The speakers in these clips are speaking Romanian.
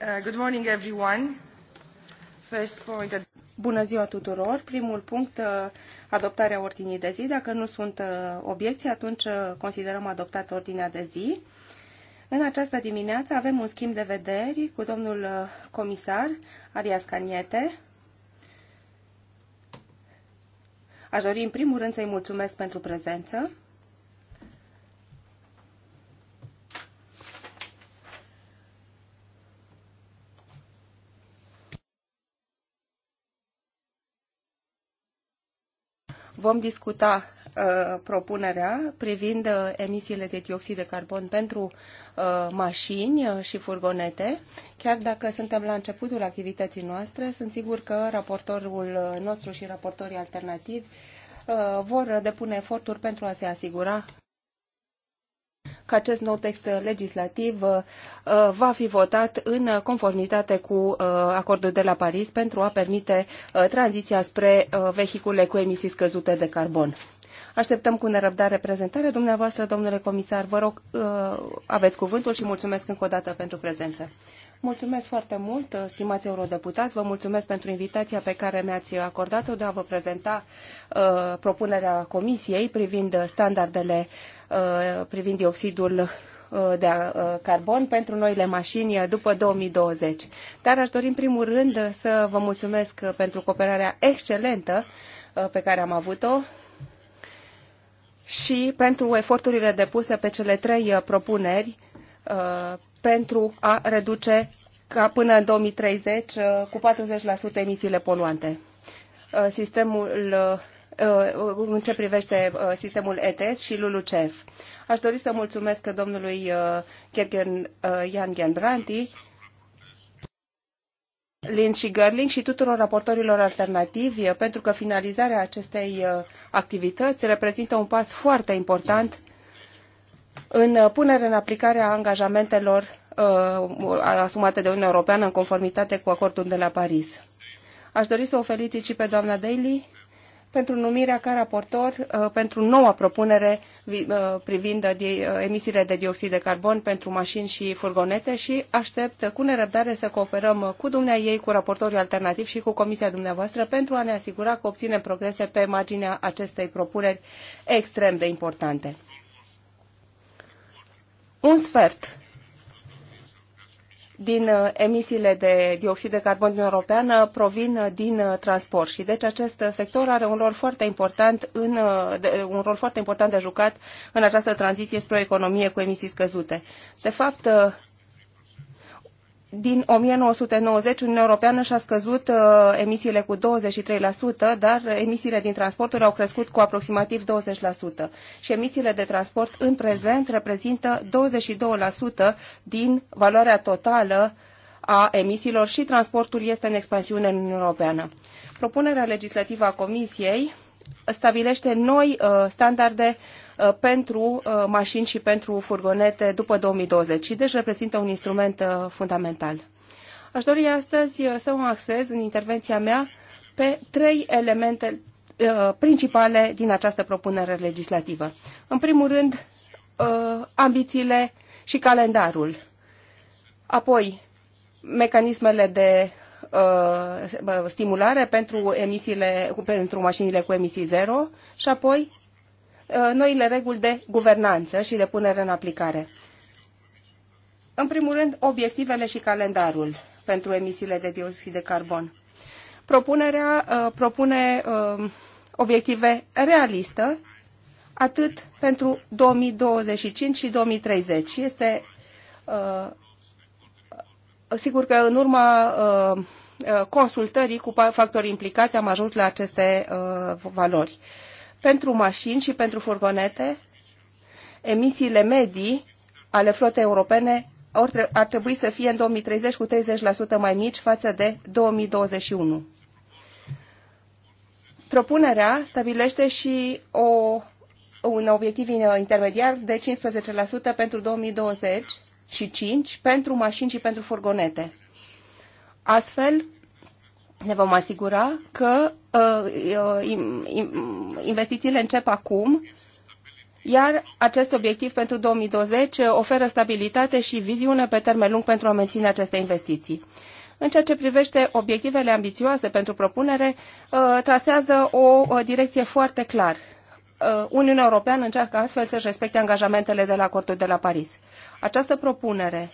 Uh, uh, Bună ziua tuturor! Primul punct, uh, adoptarea ordinii de zi. Dacă nu sunt obiecții, atunci considerăm adoptată ordinea de zi. În această dimineață avem un schimb de vederi cu domnul comisar Arias Caniete. Aș dori în primul rând să-i mulțumesc pentru prezență. vom discuta uh, propunerea privind uh, emisiile de dioxid de carbon pentru uh, mașini și furgonete. Chiar dacă suntem la începutul activității noastre, sunt sigur că raportorul nostru și raportorii alternativi vor depune eforturi pentru a se asigura că acest nou text legislativ uh, uh, va fi votat în conformitate cu uh, acordul de la Paris pentru a permite tranziția spre vehicule cu emisii scăzute de carbon. Așteptăm cu nerăbdare prezentarea dumneavoastră, domnule comisar. Vă rog, aveți cuvântul și mulțumesc încă o dată pentru prezență. Mulțumesc foarte mult, stimați eurodeputați, vă mulțumesc pentru invitația pe care mi-ați acordat-o de a vă prezenta uh, propunerea Comisiei privind standardele uh, privind dioxidul uh, de uh, carbon pentru noile mașini după 2020. Dar aș dori în primul rând să vă mulțumesc pentru cooperarea excelentă uh, pe care am avut-o și pentru eforturile depuse pe cele trei propuneri pentru a reduce ca până în 2030 uh, cu 40% emisiile poluante. Uh, sistemul uh, în ce privește sistemul ETS și LULUCF. Aș dori să mulțumesc domnului Gergen Jan Genbranti, Lind și Gerling și tuturor raportorilor alternativi, pentru că finalizarea acestei activități reprezintă un pas foarte important în punerea în aplicare a angajamentelor uh, asumate de Uniunea Europeană în conformitate cu acordul de la Paris. Aș dori să o felicit și pe doamna Daly pentru numirea ca raportor uh, pentru noua propunere uh, privind uh, emisiile de dioxid de carbon pentru mașini și furgonete și aștept cu nerăbdare să cooperăm cu dumnea ei, cu raportorul alternativ și cu comisia dumneavoastră pentru a ne asigura că obținem progrese pe marginea acestei propuneri extrem de importante. Un sfert din uh, emisiile de dioxid de carbon din Europeană provin uh, din uh, transport și deci acest sector are un rol foarte important în, un rol foarte important de jucat în această tranziție spre o economie cu emisii scăzute. De fapt, din 1990 Uniunea Europeană și-a scăzut uh, emisiile cu 23%, dar emisiile din transporturi au crescut cu aproximativ 20%. Și emisiile de transport în prezent reprezintă 22% din valoarea totală a emisiilor și transportul este în expansiune în Uniunea Europeană. Propunerea legislativă a Comisiei stabilește noi uh, standarde uh, Uh, pentru uh, mașini și pentru furgonete după 2020 și deci reprezintă un instrument uh, fundamental. Aș dori astăzi să mă axez în intervenția mea pe trei elemente principale din această propunere legislativă. În primul rând, ambițiile și calendarul. Apoi, mecanismele de stimulare pentru emisiile, pentru mașinile cu emisii zero și apoi Uh, noile reguli de guvernanță și de punere în aplicare. În primul rând, obiectivele și calendarul pentru emisiile de dioxid de carbon. Propunerea uh, propune uh, obiective realistă atât pentru 2025 și 2030. Este sigur că în urma consultării cu factorii implicați am ajuns la aceste valori pentru mașini și pentru furgonete, emisiile medii ale flotei europene ar trebui să fie în 2030 cu 30% mai mici față de 2021. Propunerea stabilește și o, un obiectiv intermediar de 15% pentru 2020 și 5% pentru mașini și pentru furgonete. Astfel, ne vom asigura că uh, uh, investițiile încep acum, iar acest obiectiv pentru 2020 oferă stabilitate și viziune pe termen lung pentru a menține aceste investiții. În ceea ce privește obiectivele ambițioase pentru propunere, uh, trasează o direcție foarte clar. Uniunea Europeană încearcă astfel să-și respecte angajamentele de la acordul de la Paris. Această propunere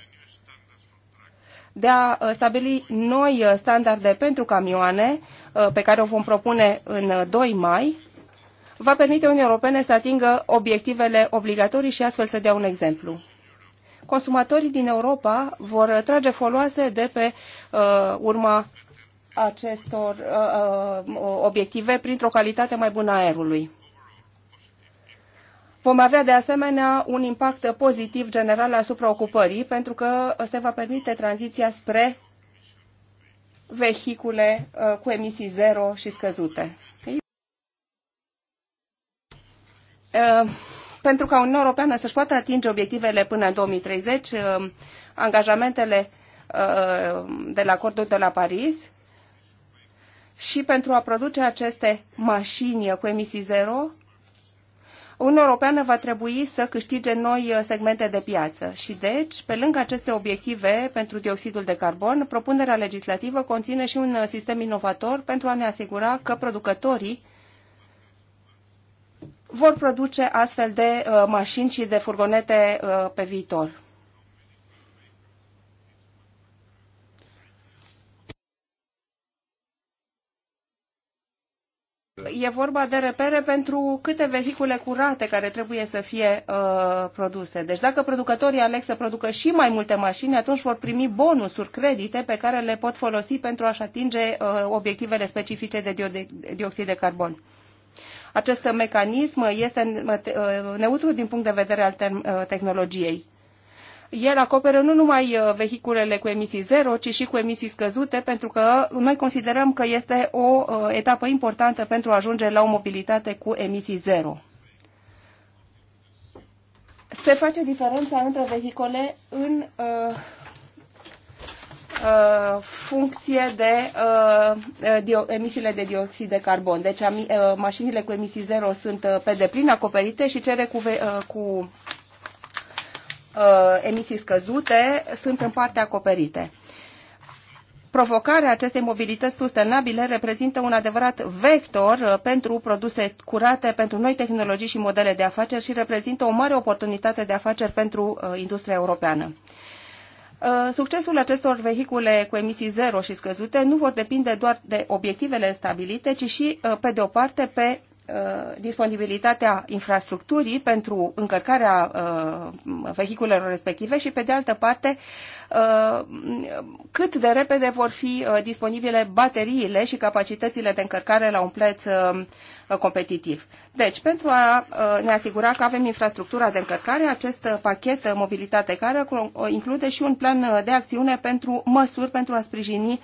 de a uh, stabili noi uh, standarde pentru camioane, uh, pe care o vom propune în 2 mai, va permite Uniunii Europene să atingă obiectivele obligatorii și astfel să dea un exemplu. Consumatorii din Europa vor trage foloase de pe uh, urma acestor uh, obiective printr-o calitate mai bună a aerului. Vom avea de asemenea un impact pozitiv general asupra ocupării, pentru că se va permite tranziția spre vehicule uh, cu emisii zero și scăzute. Uh, pentru ca Uniunea Europeană să-și poată atinge obiectivele până în 2030, uh, angajamentele de la acordul de la Paris și pentru a produce aceste mașini cu emisii zero, Uniunea Europeană va trebui să câștige noi uh, segmente de piață și deci, pe lângă aceste obiective pentru dioxidul de carbon, propunerea legislativă conține și un uh, sistem inovator pentru a ne asigura că producătorii vor produce astfel de uh, mașini și de furgonete uh, pe viitor. e vorba de repere pentru câte vehicule curate care trebuie să fie uh, produse. Deci dacă producătorii aleg să producă și mai multe mașini, atunci vor primi bonusuri, credite pe care le pot folosi pentru a-și atinge uh, obiectivele specifice de dioxid de carbon. Acest mecanism este uh, neutru din punct de vedere al uh, tehnologiei el acoperă nu numai uh, vehiculele cu emisii zero, ci și cu emisii scăzute, pentru că noi considerăm că este o uh, etapă importantă pentru a ajunge la o mobilitate cu emisii zero. Se face diferența între vehicole în uh, uh funcție de uh, emisiile de dioxid de carbon. Deci mașinile cu emisii zero sunt pe deplin acoperite și cele cu, cu Uh, emisii scăzute sunt în parte acoperite. Provocarea acestei mobilități sustenabile reprezintă un adevărat vector uh, pentru produse curate, pentru noi tehnologii și modele de afaceri și reprezintă o mare oportunitate de afaceri pentru uh, industria europeană. Succesul acestor vehicule cu emisii zero și scăzute nu vor depinde doar de obiectivele stabilite, ci și, pe de o parte, pe Uh, disponibilitatea infrastructurii pentru încărcarea uh, vehiculelor respective și, pe de altă parte, Uh, cât de repede vor fi uh, disponibile bateriile și capacitățile de încărcare la un preț uh, competitiv. Deci, pentru a ne asigura că avem infrastructura de încărcare, acest pachet mobilitate care include și un plan de acțiune pentru măsuri pentru a sprijini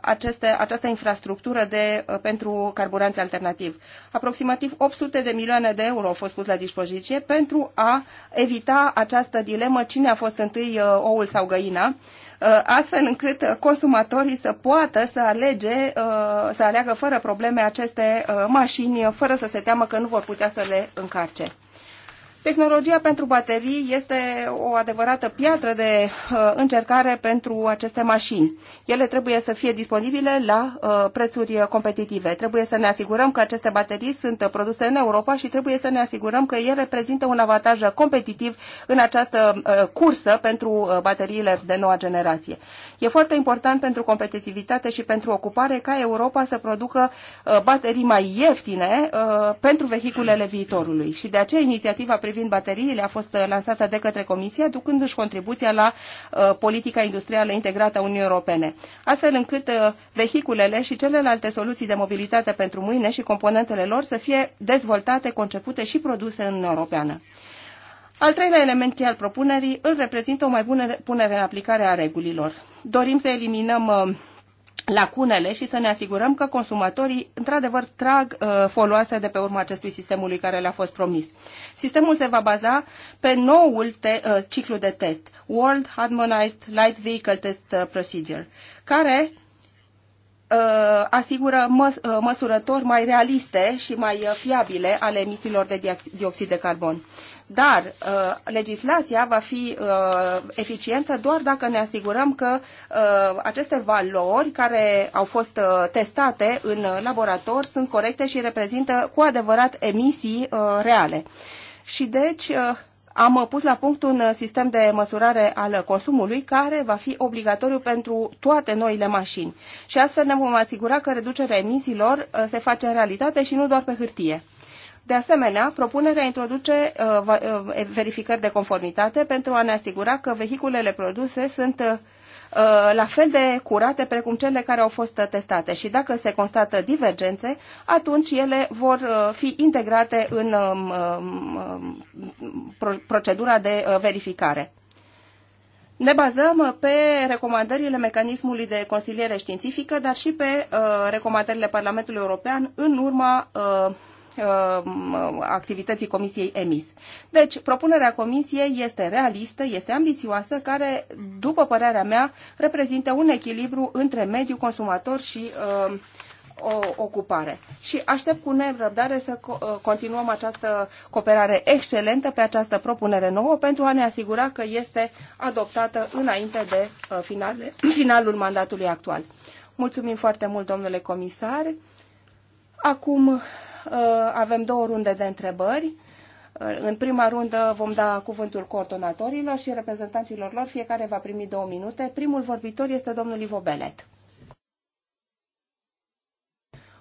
aceste, această infrastructură de, pentru carburanți alternativ. Aproximativ 800 de milioane de euro au fost pus la dispoziție pentru a evita această dilemă cine a fost întâi oul sau găină, uh, astfel încât consumatorii să poată să alege, uh, să aleagă fără probleme aceste uh, mașini, fără să se teamă că nu vor putea să le încarce. Tehnologia pentru baterii este o adevărată piatră de uh, încercare pentru aceste mașini. Ele trebuie să fie disponibile la uh, prețuri competitive. Trebuie să ne asigurăm că aceste baterii sunt produse în Europa și trebuie să ne asigurăm că ele reprezintă un avantaj competitiv în această uh, cursă pentru bateriile de noua generație. E foarte important pentru competitivitate și pentru ocupare ca Europa să producă baterii mai ieftine pentru vehiculele viitorului. Și de aceea inițiativa privind bateriile a fost uh, lansată de către Comisie, aducându-și contribuția la uh, politica industrială integrată a Uniunii Europene, astfel încât uh, vehiculele și celelalte soluții de mobilitate pentru mâine și componentele lor să fie dezvoltate, concepute și produse în Uniunea Europeană. Al treilea element al propunerii îl reprezintă o mai bună punere în aplicare a regulilor. Dorim să eliminăm lacunele și să ne asigurăm că consumatorii într-adevăr trag uh, foloase de pe urma acestui sistemului care le-a fost promis. Sistemul se va baza pe noul te- uh, ciclu de test, World Harmonized Light Vehicle Test uh, Procedure, care uh, asigură măs- uh, măsurători mai realiste și mai uh, fiabile ale emisiilor de dioxid de carbon. Dar uh, legislația va fi uh, eficientă doar dacă ne asigurăm că uh, aceste valori care au fost uh, testate în laborator sunt corecte și reprezintă cu adevărat emisii uh, reale. Și deci uh, am pus la punct un uh, sistem de măsurare al consumului care va fi obligatoriu pentru toate noile mașini. Și astfel ne vom asigura că reducerea emisiilor uh, se face în realitate și nu doar pe hârtie. De asemenea, propunerea introduce uh, uh, verificări de conformitate pentru a ne asigura că vehiculele produse sunt uh, la fel de curate precum cele care au fost testate și dacă se constată divergențe, atunci ele vor fi integrate în um, um, um, procedura de verificare. Ne bazăm pe recomandările mecanismului de consiliere științifică, dar și pe recomandările Parlamentului European în urma Uh, activității Comisiei EMIS. Deci, propunerea Comisiei este realistă, este ambițioasă, care, după părerea mea, reprezintă un echilibru între mediu, consumator și uh, o ocupare. Și aștept cu nerăbdare să uh, continuăm această cooperare excelentă pe această propunere nouă pentru a ne asigura că este adoptată înainte de uh, finale, finalul mandatului actual. Mulțumim foarte mult, domnule comisar. Acum Uh, avem două runde de întrebări. Uh, în prima rundă vom da cuvântul coordonatorilor și reprezentanților lor. Fiecare va primi două minute. Primul vorbitor este domnul Ivo Belet.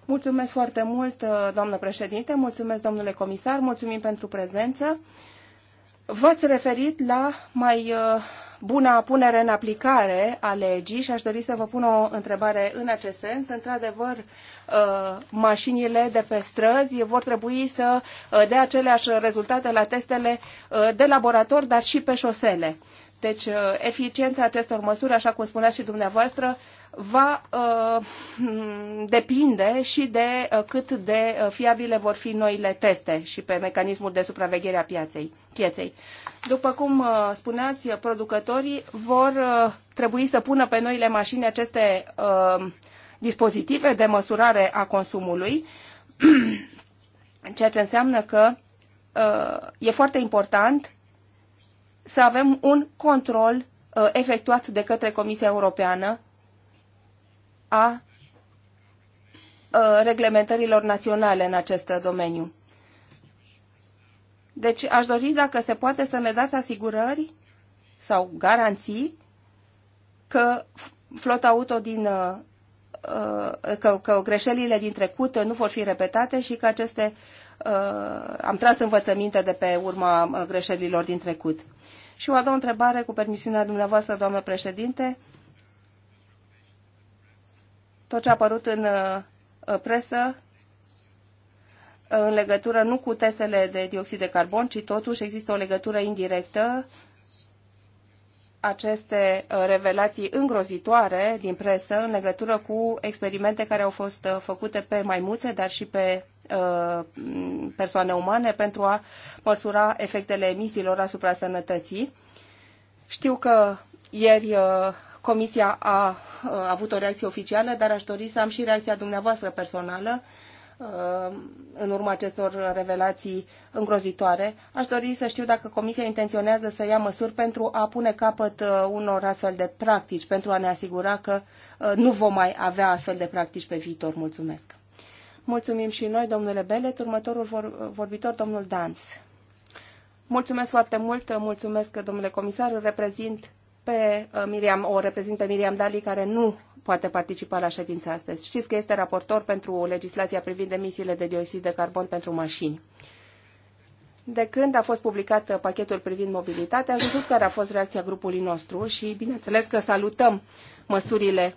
Mulțumesc foarte mult, uh, doamnă președinte, mulțumesc, domnule comisar, mulțumim pentru prezență. V-ați referit la mai buna punere în aplicare a legii și aș dori să vă pun o întrebare în acest sens. Într-adevăr, uh, mașinile de pe străzi vor trebui să uh, dea aceleași rezultate la testele uh, de laborator, dar și pe șosele. Deci, eficiența acestor măsuri, așa cum spuneați și dumneavoastră, va uh, depinde și de uh, cât de uh, fiabile vor fi noile teste și pe mecanismul de supraveghere a piaței, pieței. După cum uh, spuneați, producătorii vor uh, trebui să pună pe noile mașini aceste uh, dispozitive de măsurare a consumului, ceea ce înseamnă că uh, e foarte important să avem un control uh, efectuat de către Comisia Europeană a reglementărilor naționale în acest domeniu. Deci aș dori dacă se poate să ne dați asigurări sau garanții că flota auto din că, că greșelile din trecut nu vor fi repetate și că aceste am tras învățăminte de pe urma greșelilor din trecut. Și o a doua întrebare, cu permisiunea dumneavoastră, doamnă președinte, tot ce a apărut în uh, uh, presă uh, în legătură nu cu testele de dioxid de carbon, ci totuși există o legătură indirectă aceste revelații îngrozitoare din presă în legătură cu experimente care au fost făcute pe maimuțe, dar și pe persoane umane pentru a măsura efectele emisiilor asupra sănătății. Știu că ieri Comisia a, a avut o reacție oficială, dar aș dori să am și reacția dumneavoastră personală uh, în urma acestor revelații îngrozitoare. Aș dori să știu dacă Comisia intenționează să ia măsuri pentru a pune capăt uh, unor astfel de practici, pentru a ne asigura că uh, nu vom mai avea astfel de practici pe viitor. Mulțumesc! Mulțumim și noi, domnule Belet. Următorul vor, vorbitor, domnul Dans. Mulțumesc foarte mult, mulțumesc, domnule comisar, reprezint pe uh, Miriam, o reprezint pe Miriam Dali, care nu poate participa la ședința astăzi. Știți că este raportor pentru legislația privind emisiile de dioxid de carbon pentru mașini. De când a fost publicat uh, pachetul privind mobilitatea, am văzut care a fost reacția grupului nostru și, bineînțeles, că salutăm măsurile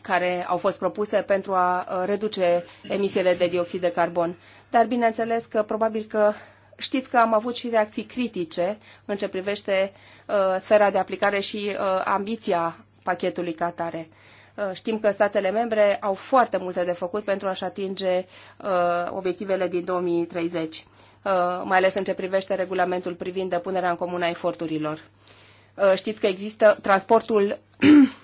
care au fost propuse pentru a uh, reduce emisiile de dioxid de carbon. Dar, bineînțeles, că probabil că știți că am avut și reacții critice în ce privește uh, sfera de aplicare și uh, ambiția pachetului ca tare. Uh, știm că statele membre au foarte multe de făcut pentru a-și atinge obiectivele din 2030, mai ales în ce privește regulamentul privind depunerea în comună a eforturilor. Știți că există transportul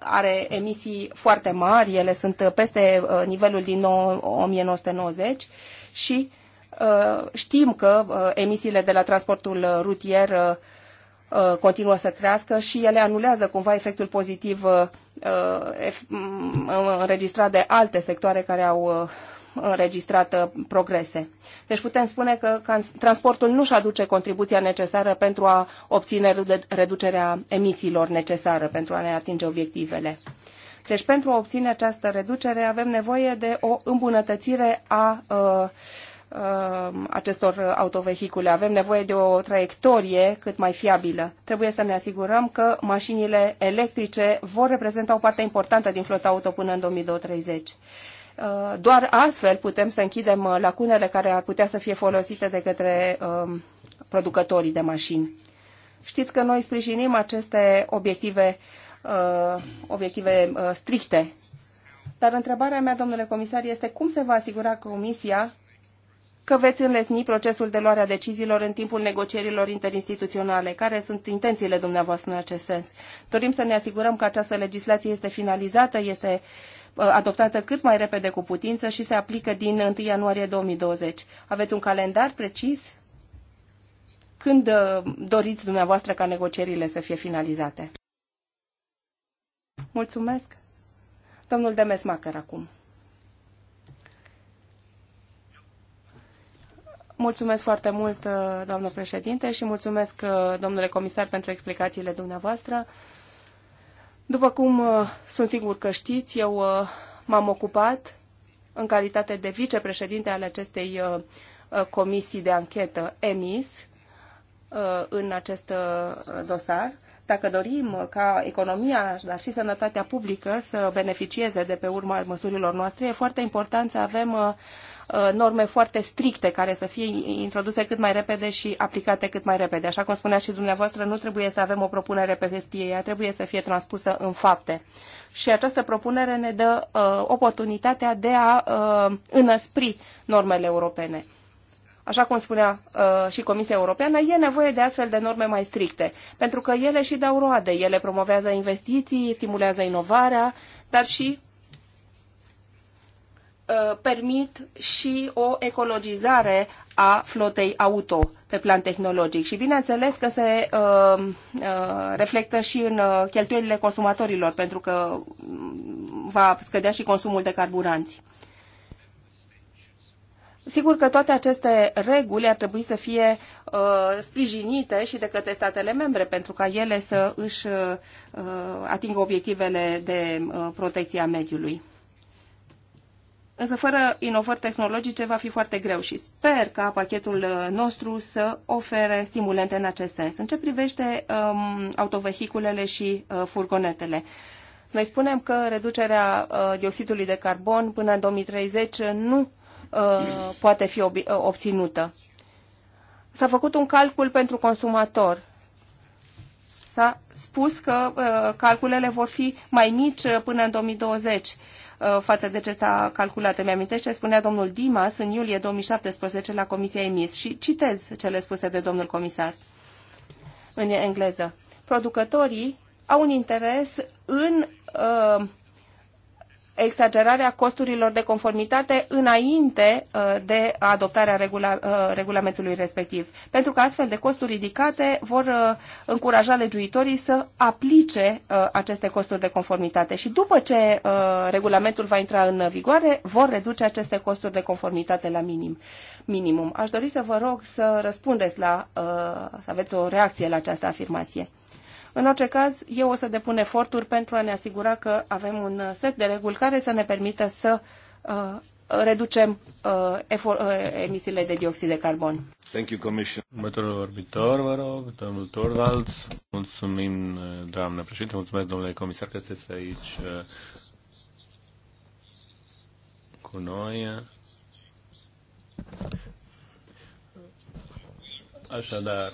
are emisii foarte mari, ele sunt peste nivelul din 1990 și Uh, știm că uh, emisiile de la transportul rutier uh, continuă să crească și ele anulează cumva efectul pozitiv înregistrat de alte sectoare care au înregistrat progrese. Deci putem spune că transportul nu-și aduce contribuția necesară pentru a obține reducerea emisiilor necesară pentru a ne atinge obiectivele. Deci pentru a obține această reducere avem nevoie de o îmbunătățire a uh, Uh, acestor autovehicule. Avem nevoie de o traiectorie cât mai fiabilă. Trebuie să ne asigurăm că mașinile electrice vor reprezenta o parte importantă din flota auto până în 2030. Uh, doar astfel putem să închidem uh, lacunele care ar putea să fie folosite de către producătorii de mașini. Știți că noi sprijinim aceste obiective, obiective stricte. Dar întrebarea mea, domnule comisar, este cum se va asigura Comisia că veți înlesni procesul de luare a deciziilor în timpul negocierilor interinstituționale. Care sunt intențiile dumneavoastră în acest sens? Dorim să ne asigurăm că această legislație este finalizată, este uh, adoptată cât mai repede cu putință și se aplică din 1 ianuarie 2020. Aveți un calendar precis? Când uh, doriți dumneavoastră ca negocierile să fie finalizate? Mulțumesc. Domnul Demes Macăr acum. Mulțumesc foarte mult, uh, doamnă președinte, și mulțumesc, uh, domnule comisar, pentru explicațiile dumneavoastră. După cum uh, sunt sigur că știți, eu m-am ocupat în calitate de vicepreședinte al acestei comisii de anchetă emis în acest dosar. Dacă dorim ca economia, dar și sănătatea publică să beneficieze de pe urma măsurilor noastre, e foarte important să avem Uh, norme foarte stricte care să fie introduse cât mai repede și aplicate cât mai repede. Așa cum spunea și dumneavoastră, nu trebuie să avem o propunere pe hârtie, ea trebuie să fie transpusă în fapte. Și această propunere ne dă uh, oportunitatea de a uh, înăspri normele europene așa cum spunea uh, și Comisia Europeană, e nevoie de astfel de norme mai stricte, pentru că ele și dau roade, ele promovează investiții, stimulează inovarea, dar și Uh, permit și o ecologizare a flotei auto pe plan tehnologic și bineînțeles că se uh, uh, reflectă și în uh, cheltuielile consumatorilor pentru că mm, va scădea și consumul de carburanți. Sigur că toate aceste reguli ar trebui să fie uh, sprijinite și de către statele membre pentru ca ele să își uh, atingă obiectivele de uh, protecție a mediului. Însă fără inovări tehnologice va fi foarte greu și sper ca pachetul uh, nostru să ofere stimulente în acest sens. În ce privește um, autovehiculele și uh, furgonetele? Noi spunem că reducerea uh, dioxidului de carbon până în 2030 uh, nu uh, poate fi uh, obținută. S-a făcut un calcul pentru consumator s-a spus că uh, calculele vor fi mai mici până în 2020. Uh, față de ce s-a calculat. Îmi ce spunea domnul Dimas în iulie 2017 la Comisia EMIS și citez cele spuse de domnul comisar în engleză. Producătorii au un interes în uh, exagerarea costurilor de conformitate înainte uh, de adoptarea regula, uh, regulamentului respectiv. Pentru că astfel de costuri ridicate vor uh, încuraja legiuitorii să aplice aceste costuri de conformitate și după ce regulamentul va intra în vigoare, vor reduce aceste costuri de conformitate la minim, minimum. Aș dori să vă rog să răspundeți la, să aveți o reacție la această afirmație. În orice caz, eu o să depun eforturi pentru a ne asigura că avem un set de reguli care să ne permită să uh, reducem uh, efor, uh, emisiile de dioxid de carbon. Thank you, Commission. Următorul orbitor, vă rog, domnul Torvalds. Mulțumim, doamnă președinte, mulțumesc, domnule comisar, că sunteți aici uh, cu noi. Așadar,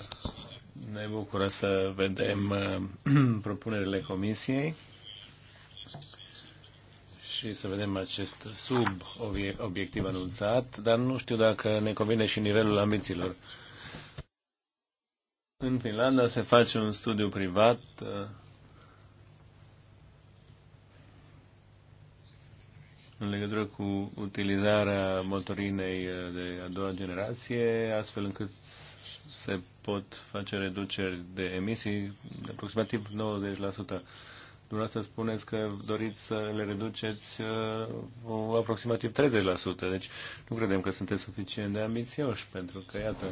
ne bucură să vedem uh, propunerile comisiei și să vedem acest sub-obiectiv anunțat, dar nu știu dacă ne convine și nivelul ambițiilor. În Finlanda se face un studiu privat uh, în legătură cu utilizarea motorinei uh, de a doua generație, astfel încât se pot face reduceri de emisii de aproximativ 90%. Dumneavoastră spuneți că doriți să le reduceți uh, aproximativ 30%, deci nu credem că sunteți suficient de ambițioși, pentru că, iată,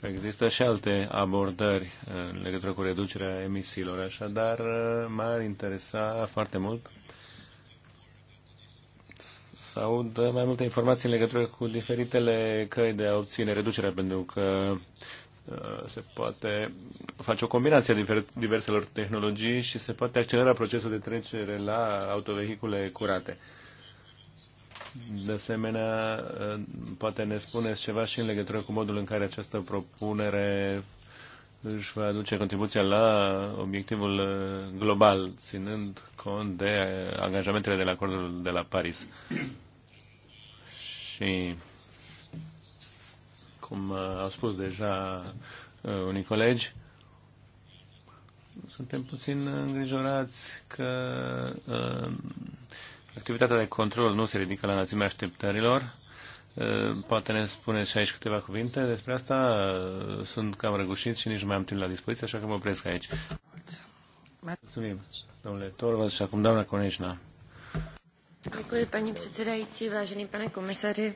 există și alte abordări uh, în legătură cu reducerea emisiilor, așadar uh, m-ar interesa foarte mult să aud mai multe informații în legătură cu diferitele căi de a obține reducerea, pentru că uh, se poate face o combinație a diverselor tehnologii și se poate accelera procesul de trecere la autovehicule curate. De asemenea, uh, poate ne spuneți ceva și în legătură cu modul în care această propunere își va aduce contribuția la obiectivul uh, global, ținând cont de angajamentele de la acordul de la Paris. Și, cum uh, au spus deja uh, unii colegi, suntem puțin îngrijorați că uh, activitatea de control nu se ridică la înălțimea așteptărilor. Uh, poate ne spuneți și aici câteva cuvinte despre asta. sunt cam răgușit și nici nu mai am timp la dispoziție, așa că mă opresc aici. Mulțumim, domnule Torvăz și acum doamna Coneșna paní předsedající, vážený pane komisaři.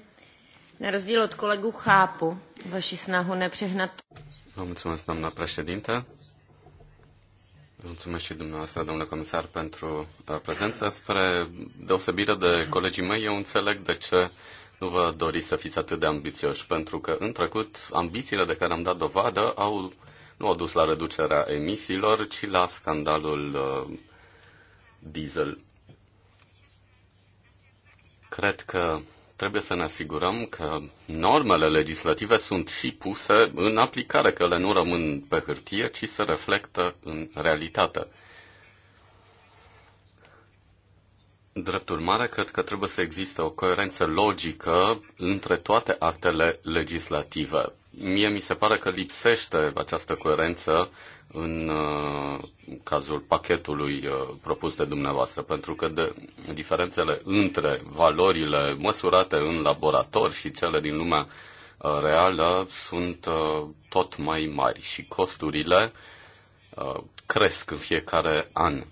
Na rozdíl od kolegů chápu vaši snahu nepřehnat. mulțumesc, doamna președintă. Mulțumesc și dumneavoastră, domnule comisar, pentru uh, prezență. Spre deosebire de colegii mei, eu înțeleg de ce nu vă doriți să fiți atât de ambițioși, pentru că în trecut ambițiile de care am dat dovadă au, nu au dus la reducerea emisiilor, ci la scandalul uh, diesel. Cred că trebuie să ne asigurăm că normele legislative sunt și puse în aplicare, că ele nu rămân pe hârtie, ci se reflectă în realitate. Drept urmare, cred că trebuie să existe o coerență logică între toate actele legislative. Mie mi se pare că lipsește această coerență în uh, cazul pachetului uh, propus de dumneavoastră, pentru că de diferențele între valorile măsurate în laborator și cele din lumea uh, reală sunt tot mai mari și costurile cresc în fiecare an.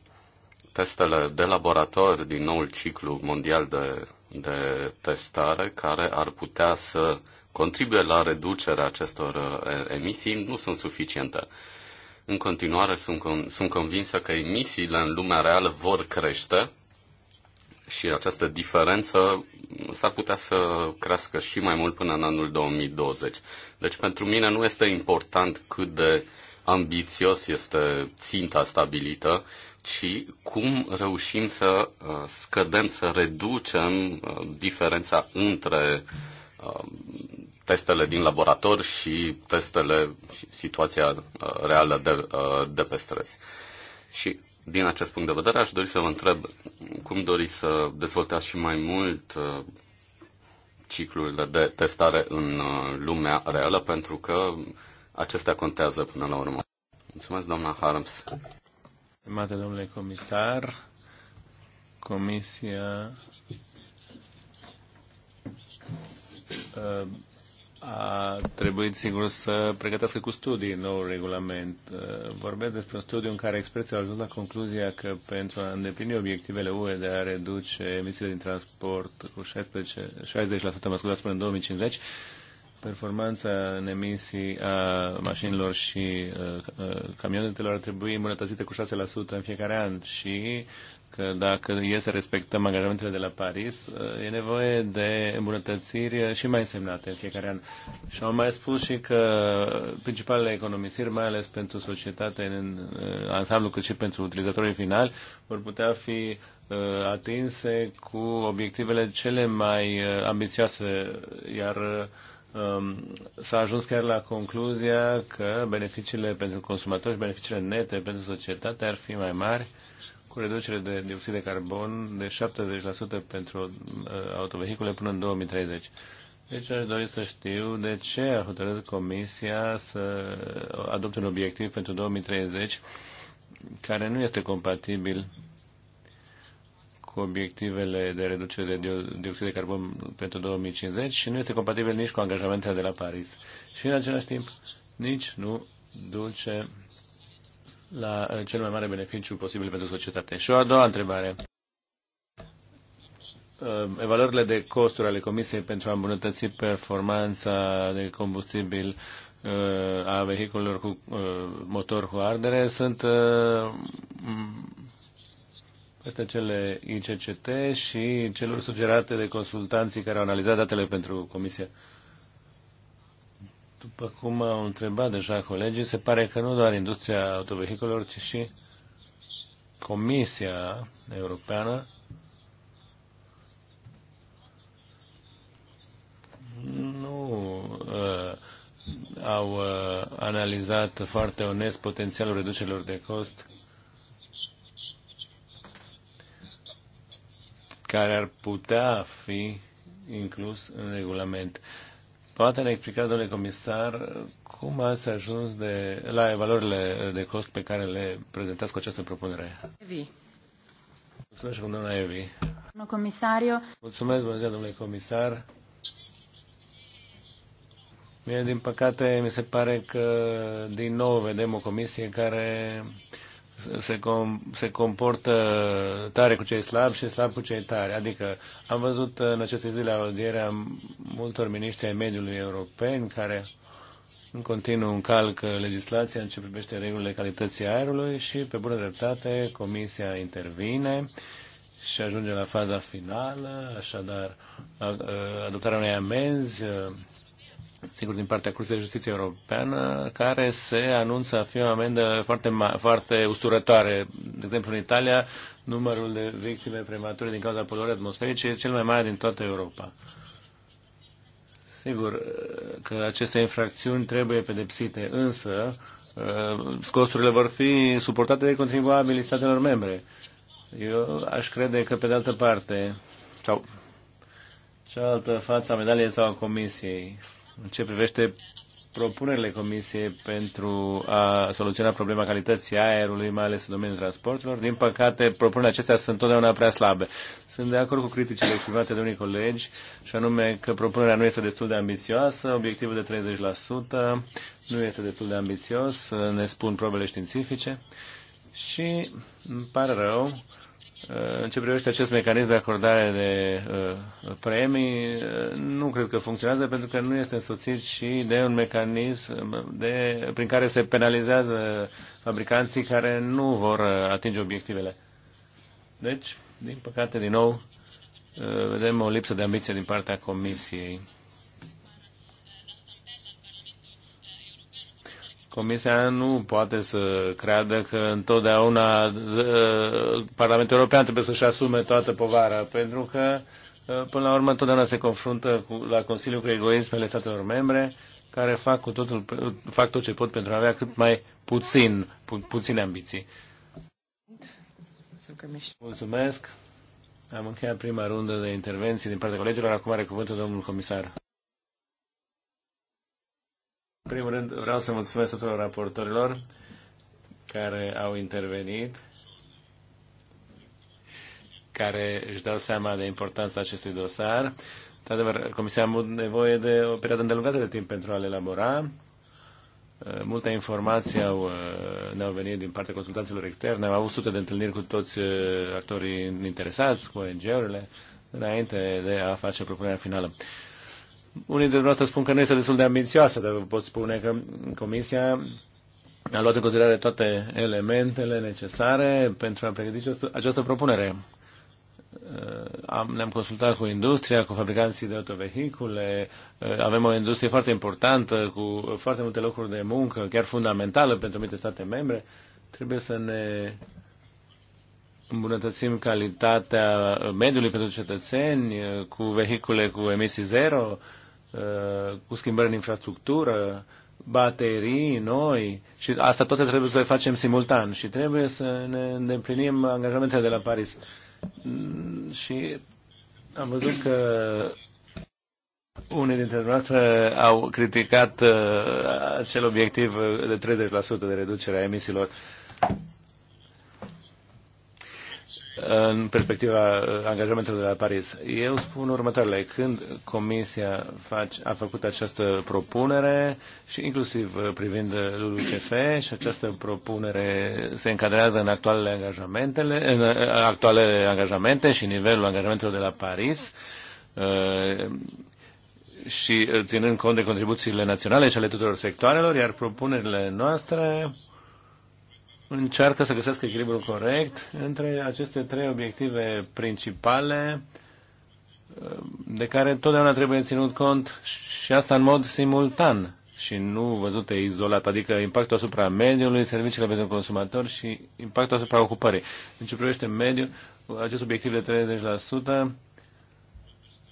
Testele de laborator din noul ciclu mondial de, de testare, care ar putea să contribuie la reducerea acestor emisii, nu sunt suficiente. În continuare sunt, sunt convinsă că emisiile în lumea reală vor crește și această diferență s-ar putea să crească și mai mult până în anul 2020. Deci pentru mine nu este important cât de ambițios este ținta stabilită, ci cum reușim să uh, scădem, să reducem uh, diferența între uh, testele din laborator și testele și situația uh, reală de, uh, de pe stres. Și din acest punct de vedere aș dori să vă întreb cum doriți să dezvoltați și mai mult uh, ciclurile de testare în lumea reală, pentru că acestea contează până la urmă. Mulțumesc, doamna Harms. Mate, domnule comisar, Comisia a trebuit, singur să pregătească cu studii nou regulament. Vorbesc despre un studiu în care experții au ajuns la concluzia că pentru a îndeplini obiectivele UE de a reduce emisiile din transport cu 16, 60% mă scuzați, până în 2050, performanța în emisii a mașinilor și uh, camionetelor ar trebui îmbunătățită cu 6% în fiecare an și că dacă e să respectăm angajamentele de la Paris, e nevoie de îmbunătățiri și mai însemnate în fiecare an. Și am mai spus și că principalele economisiri, mai ales pentru societate în ansamblu, cât și pentru utilizatorii finali, vor putea fi uh, atinse cu obiectivele cele mai uh, ambițioase, iar um, s-a ajuns chiar la concluzia că beneficiile pentru consumatori și beneficiile nete pentru societate ar fi mai mari cu reducere de dioxid de carbon de 70% pentru uh, autovehicule până în 2030. Deci aș dori să știu de ce a hotărât Comisia să adopte un obiectiv pentru 2030 care nu este compatibil cu obiectivele de reducere de dioxid de carbon pentru 2050 și nu este compatibil nici cu angajamentele de la Paris. Și în același timp nici nu duce la cel mai mare beneficiu posibil pentru societate. Și o a doua întrebare. Ehm, evaluările de costuri ale Comisiei pentru a îmbunătăți performanța de combustibil ehm, a vehiculelor cu ehm, motor cu ardere sunt peste cele ICCT și celor sugerate de consultanții care au analizat datele pentru Comisia. După cum au întrebat deja colegii, se pare că nu doar industria autovehiculelor, ci și Comisia Europeană nu uh, au uh, analizat foarte onest potențialul reducerilor de cost care ar putea fi inclus în regulament. Uh, Poate ne explica, domnule comisar, cum ați ajuns de, la valorile de cost pe care le prezentați cu această propunere? Evi. Mulțumesc, domnule Evi. Domnul comisario. Mulțumesc, bună ziua, domnule comisar. Mie, din păcate, mi se pare că din nou vedem o comisie care uh, se, com, se comportă tare cu cei slabi și slab cu cei tari. Adică am văzut în aceste zile audierea multor miniștri ai mediului europeni care în continuu încalcă legislația în ce privește regulile calității aerului și, pe bună dreptate, Comisia intervine și ajunge la faza finală, așadar adoptarea unei amenzi sigur, din partea Curții de Justiție Europeană, care se anunță a fi o amendă foarte, foarte usturătoare. De exemplu, în Italia, numărul de victime premature din cauza poluării atmosferice e cel mai mare din toată Europa. Sigur eh, că aceste infracțiuni trebuie pedepsite, însă eh, costurile vor fi suportate de contribuabilii statelor membre. Eu aș crede că, pe de altă parte, sau cealaltă față a medaliei sau a comisiei, în ce privește propunerile Comisiei pentru a soluționa problema calității aerului, mai ales în domeniul transporturilor. Din păcate, propunerile acestea sunt întotdeauna prea slabe. Sunt de acord cu criticile exprimate de unii colegi, și anume că propunerea nu este destul de ambițioasă, obiectivul de 30% nu este destul de ambițios, ne spun probele științifice. Și îmi pare rău în ce privește acest mecanism de acordare de uh, premii, uh, nu cred că funcționează pentru că nu este însoțit și de un mecanism de, prin care se penalizează fabricanții care nu vor atinge obiectivele. Deci, din păcate, din nou, uh, vedem o lipsă de ambiție din partea Comisiei. Comisia nu poate să creadă că întotdeauna uh, Parlamentul European trebuie să-și asume toată povara, pentru că, uh, până la urmă, întotdeauna se confruntă cu, la Consiliu cu egoismele statelor membre, care fac, cu totul, fac tot ce pot pentru a avea cât mai puțin, pu, puține ambiții. Mulțumesc. Am încheiat prima rundă de intervenții din partea colegilor. Acum are cuvântul domnul comisar primul rând, vreau să mulțumesc tuturor raportorilor care au intervenit, care își dau seama de importanța acestui dosar. Într-adevăr, Comisia a avut nevoie de o perioadă îndelungată de timp pentru a-l elabora. Eh, multe informații au, eh, ne-au venit din partea consultanților externe. Am avut sute de întâlniri cu toți eh, actorii interesați, cu ONG-urile, înainte de a face propunerea finală. Unii dintre noastre spun că nu este destul de ambițioasă, dar vă pot spune că Comisia a luat în considerare toate elementele necesare pentru a pregăti această, această propunere. Uh, am, ne-am consultat cu industria, cu fabricanții de autovehicule, uh, avem o industrie foarte importantă, cu foarte multe locuri de muncă, chiar fundamentală pentru multe state membre. Trebuie să ne îmbunătățim calitatea mediului pentru cetățeni eh, cu vehicule cu emisii zero, eh, cu schimbări în infrastructură, baterii noi și asta toate trebuie să le facem simultan și trebuie să ne îndeplinim angajamentele de la Paris. Mm, și am văzut că unii dintre noastre au criticat eh, acel obiectiv de 30% de reducere a emisiilor în perspectiva uh, angajamentelor de la Paris. Eu spun următoarele. Când Comisia a făcut această propunere și inclusiv uh, privind uh, LULUCF și această propunere se încadrează în actualele, angajamentele, în actualele angajamente și nivelul angajamentelor de la Paris, și ținând cont de contribuțiile naționale și ale tuturor sectoarelor, iar propunerile noastre încearcă să găsească echilibrul corect între aceste trei obiective principale de care totdeauna trebuie ținut cont și asta în mod simultan și nu văzute izolat, adică impactul asupra mediului, serviciile pentru consumator și impactul asupra ocupării. În ce privește mediul, acest obiectiv de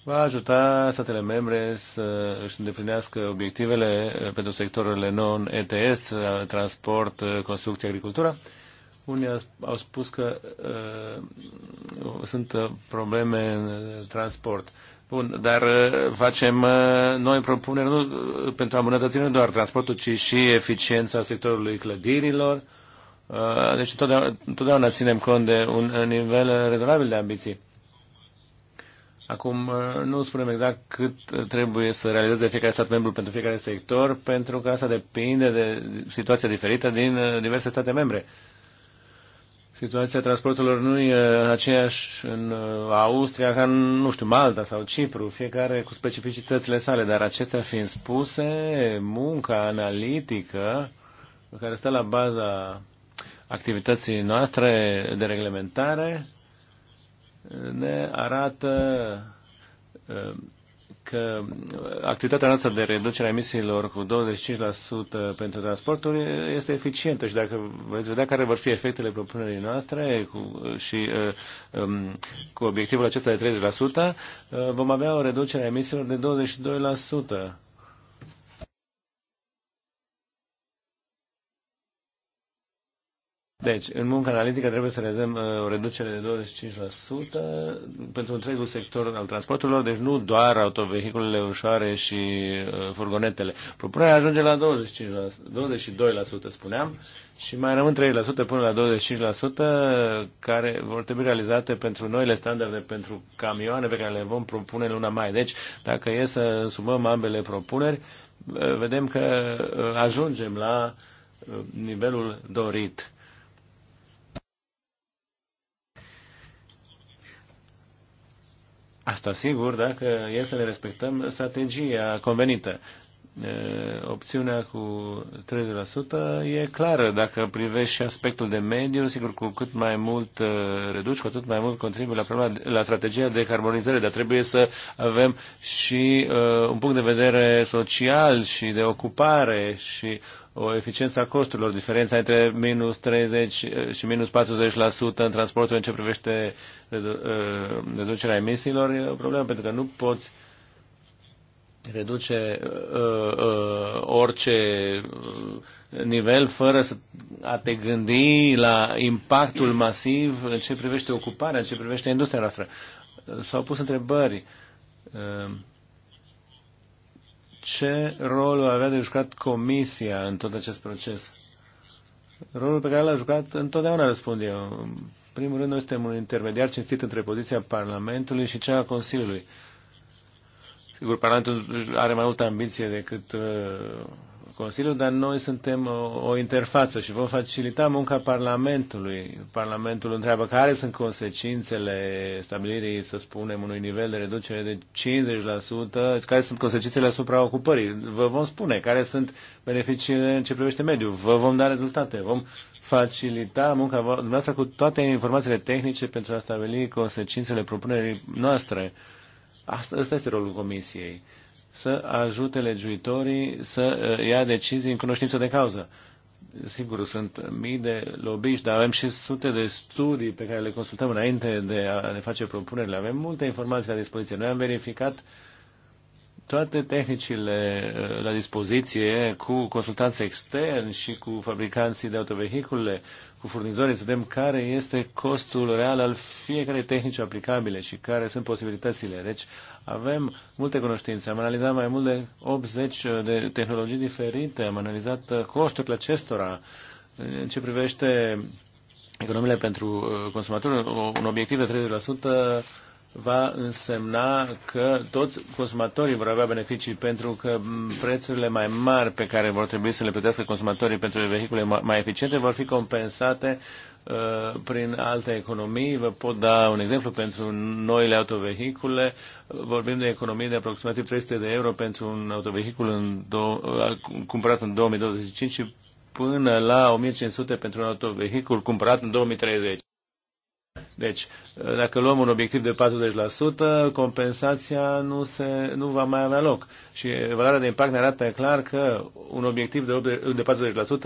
va ajuta statele membre să își îndeplinească obiectivele pentru sectorele non-ETS, transport, construcție, agricultură. Unii au spus că uh, sunt uh, probleme în transport. Bun, dar uh, facem uh, noi propuneri nu pentru a îmbunătăți nu doar transportul, ci și eficiența sectorului clădirilor. Deci întotdeauna, întotdeauna ținem cont de un nivel rezonabil de ambiții. Acum uh, nu spunem exact cât trebuie să realizeze fiecare stat membru pentru fiecare sector, pentru că asta depinde de situația diferită din uh, diverse state membre. Situația transporturilor nu e aceeași în uh, Austria ca în, nu știu, Malta sau Cipru, fiecare cu specificitățile sale, dar acestea fiind spuse, munca analitică care stă la baza activității noastre de reglementare ne arată uh, că activitatea noastră de reducere a emisiilor cu 25% pentru transporturi este eficientă și dacă veți vedea care vor fi efectele propunerii noastre cu, și uh, um, cu obiectivul acesta de 30%, uh, vom avea o reducere a emisiilor de 22%. Deci, în munca analitică trebuie să uh, o reducere de 25% pentru întregul sector al transporturilor, deci nu doar autovehiculele ușoare și uh, furgonetele. Propunerea ajunge la 25%, 22%, spuneam, și mai rămân 3% până la 25% care vor trebui realizate pentru noile standarde pentru camioane pe care le vom propune luna mai. Deci, dacă e să sumăm ambele propuneri, uh, vedem că uh, ajungem la nivelul dorit. Asta sigur dacă e să ne respectăm strategia convenită opțiunea cu 30% e clară. Dacă privești și aspectul de mediu, sigur, cu cât mai mult reduci, cu atât mai mult contribui la, problema, la strategia de carbonizare, dar trebuie să avem și uh, un punct de vedere social și de ocupare și o eficiență a costurilor, diferența între minus 30 și minus 40% în transportul în ce privește reducerea emisiilor e o problemă, pentru că nu poți uh, reduce uh, uh, orice uh, nivel fără să a te gândi la impactul masiv în ce privește ocuparea, în ce privește industria noastră. S-au pus întrebări. Uh, ce rol avea de jucat Comisia în tot acest proces? Rolul pe care l-a jucat întotdeauna, răspund eu. În primul rând, noi suntem un intermediar cinstit între poziția Parlamentului și cea a Consiliului. Sigur, Parlamentul are mai multă ambiție decât uh, Consiliul, dar noi suntem o, uh, o interfață și vom facilita munca Parlamentului. Parlamentul întreabă care sunt consecințele stabilirii, să spunem, unui nivel de reducere de 50%, care sunt consecințele asupra ocupării. Vă vom spune care sunt beneficiile în ce privește mediul. Vă vom da rezultate. Vom facilita munca dumneavoastră cu toate informațiile tehnice pentru a stabili consecințele propunerii noastre. Asta, asta este rolul Comisiei, să ajute legiuitorii să uh, ia decizii în cunoștință de cauză. Sigur, sunt mii de lobiști, dar avem și sute de studii pe care le consultăm înainte de a ne face propunerile. Avem multe informații la dispoziție. Noi am verificat toate tehnicile uh, la dispoziție cu consultanți externi și cu fabricanții de autovehicule, cu furnizorii să vedem care este costul real al fiecarei tehnici aplicabile și care sunt posibilitățile. Deci avem multe cunoștințe. Am analizat mai mult de 80 de tehnologii diferite, am analizat costurile acestora în ce privește economiile pentru uh, consumatori, un obiectiv de 30% va însemna că toți consumatorii vor avea beneficii pentru că prețurile mai mari pe care vor trebui să le plătească consumatorii pentru vehicule mai eficiente vor fi compensate uh, prin alte economii. Vă pot da un exemplu pentru noile autovehicule. Vorbim de economii de aproximativ 300 de euro pentru un autovehicul în do- uh, cumpărat în 2025 și până la 1500 pentru un autovehicul cumpărat în 2030. Deci, dacă luăm un obiectiv de 40%, compensația nu, se, nu va mai avea loc. Și valoarea de impact ne arată clar că un obiectiv de, de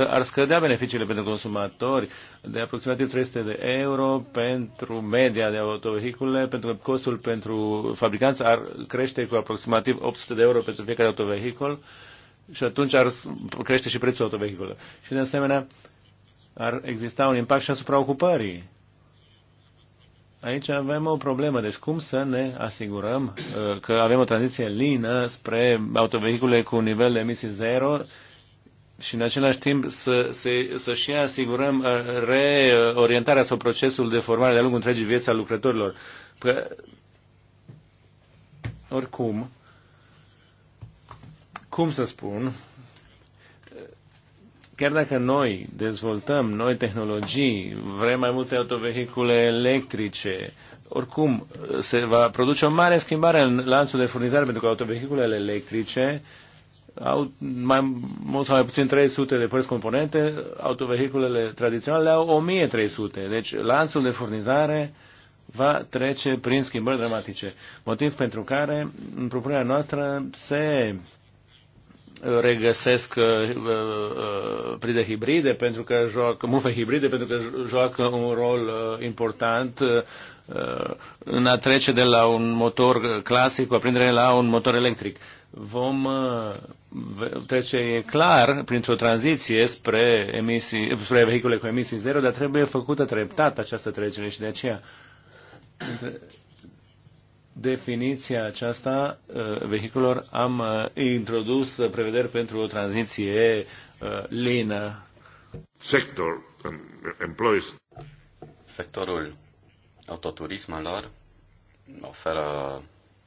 40% ar scădea beneficiile pentru consumatori de aproximativ 300 de euro pentru media de autovehicule, pentru că costul pentru fabricanți ar crește cu aproximativ 800 de euro pentru fiecare autovehicul și atunci ar crește și prețul autovehiculelor. Și de asemenea, ar exista un impact și asupra ocupării aici avem o problemă. Deci cum să ne asigurăm uh, că avem o tranziție lină spre autovehicule cu nivel de emisii zero și în același timp să, să, să și asigurăm uh, reorientarea sau procesul de formare de-a lungul întregii vieți a lucrătorilor. Că, oricum, cum să spun, chiar dacă noi dezvoltăm noi tehnologii, vrem mai multe autovehicule electrice, oricum se va produce o mare schimbare în lanțul de furnizare pentru că autovehiculele electrice au mai mult sau mai puțin 300 de părți componente, autovehiculele tradiționale au 1300. Deci lanțul de furnizare va trece prin schimbări dramatice. Motiv pentru care în propunerea noastră se regăsesc uh, uh, pride hibride pentru că joacă, mufe hibride pentru că joacă un rol uh, important în a trece de la un motor clasic cu aprindere la un motor electric. Vom trece, e clar, printr-o tranziție spre, emisii, spre vehicule cu emisii zero, dar trebuie făcută treptat această trecere și de aceea definiția aceasta uh, vehiculor am uh, introdus uh, prevederi pentru o tranziție lină. Sector um, employees. Sectorul autoturismelor oferă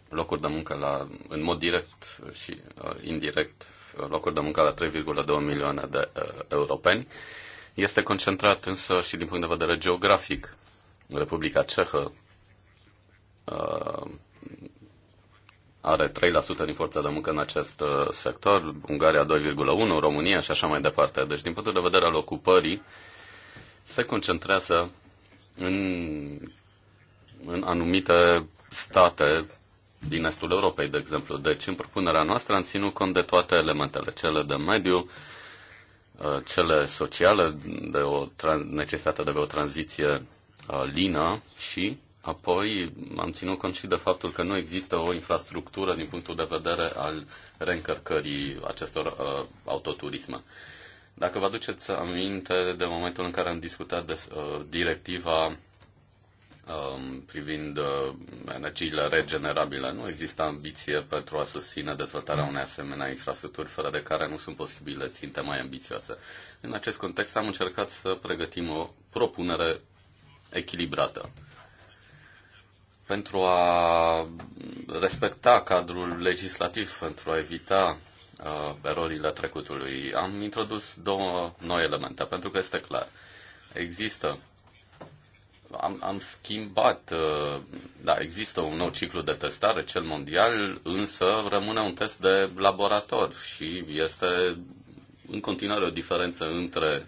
locuri de muncă la, în mod direct și uh, indirect locuri de muncă la 3,2 milioane de uh, europeni. Este concentrat însă și din punct de vedere geografic. Republica Cehă uh, are 3% din forța de muncă în acest uh, sector, Ungaria 2,1%, România și așa mai departe. Deci, din punctul de vedere al ocupării, se concentrează în, în anumite state din estul Europei, de exemplu. Deci, în propunerea noastră am ținut cont de toate elementele, cele de mediu, uh, cele sociale, de o necesitate de o tranziție uh, lină și Apoi am ținut cont și de faptul că nu există o infrastructură din punctul de vedere al reîncărcării acestor uh, autoturisme. Dacă vă aduceți aminte de momentul în care am discutat de uh, directiva um, privind uh, energiile regenerabile, nu există ambiție pentru a susține dezvoltarea unei asemenea infrastructuri fără de care nu sunt posibile ținte mai ambițioase. În acest context am încercat să pregătim o propunere echilibrată pentru a respecta cadrul legislativ, pentru a evita uh, erorile trecutului, am introdus două noi elemente, pentru că este clar. Există am, am schimbat, uh, da, există un nou ciclu de testare, cel mondial, însă rămâne un test de laborator și este în continuare o diferență între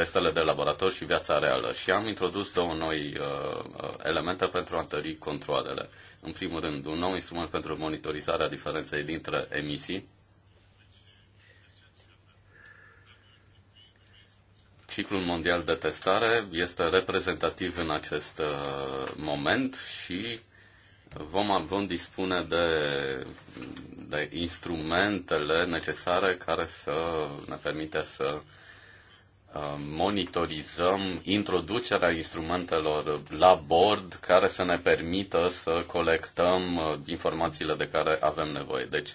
testele de laborator și viața reală. Și am introdus două noi uh, uh, elemente pentru a întări controlele. În primul rând, un nou instrument pentru monitorizarea diferenței dintre emisii Ciclul mondial de testare este reprezentativ în acest uh, moment și vom, vom dispune de, de instrumentele necesare care să ne permite să monitorizăm introducerea instrumentelor la bord care să ne permită să colectăm uh, informațiile de care avem nevoie. Deci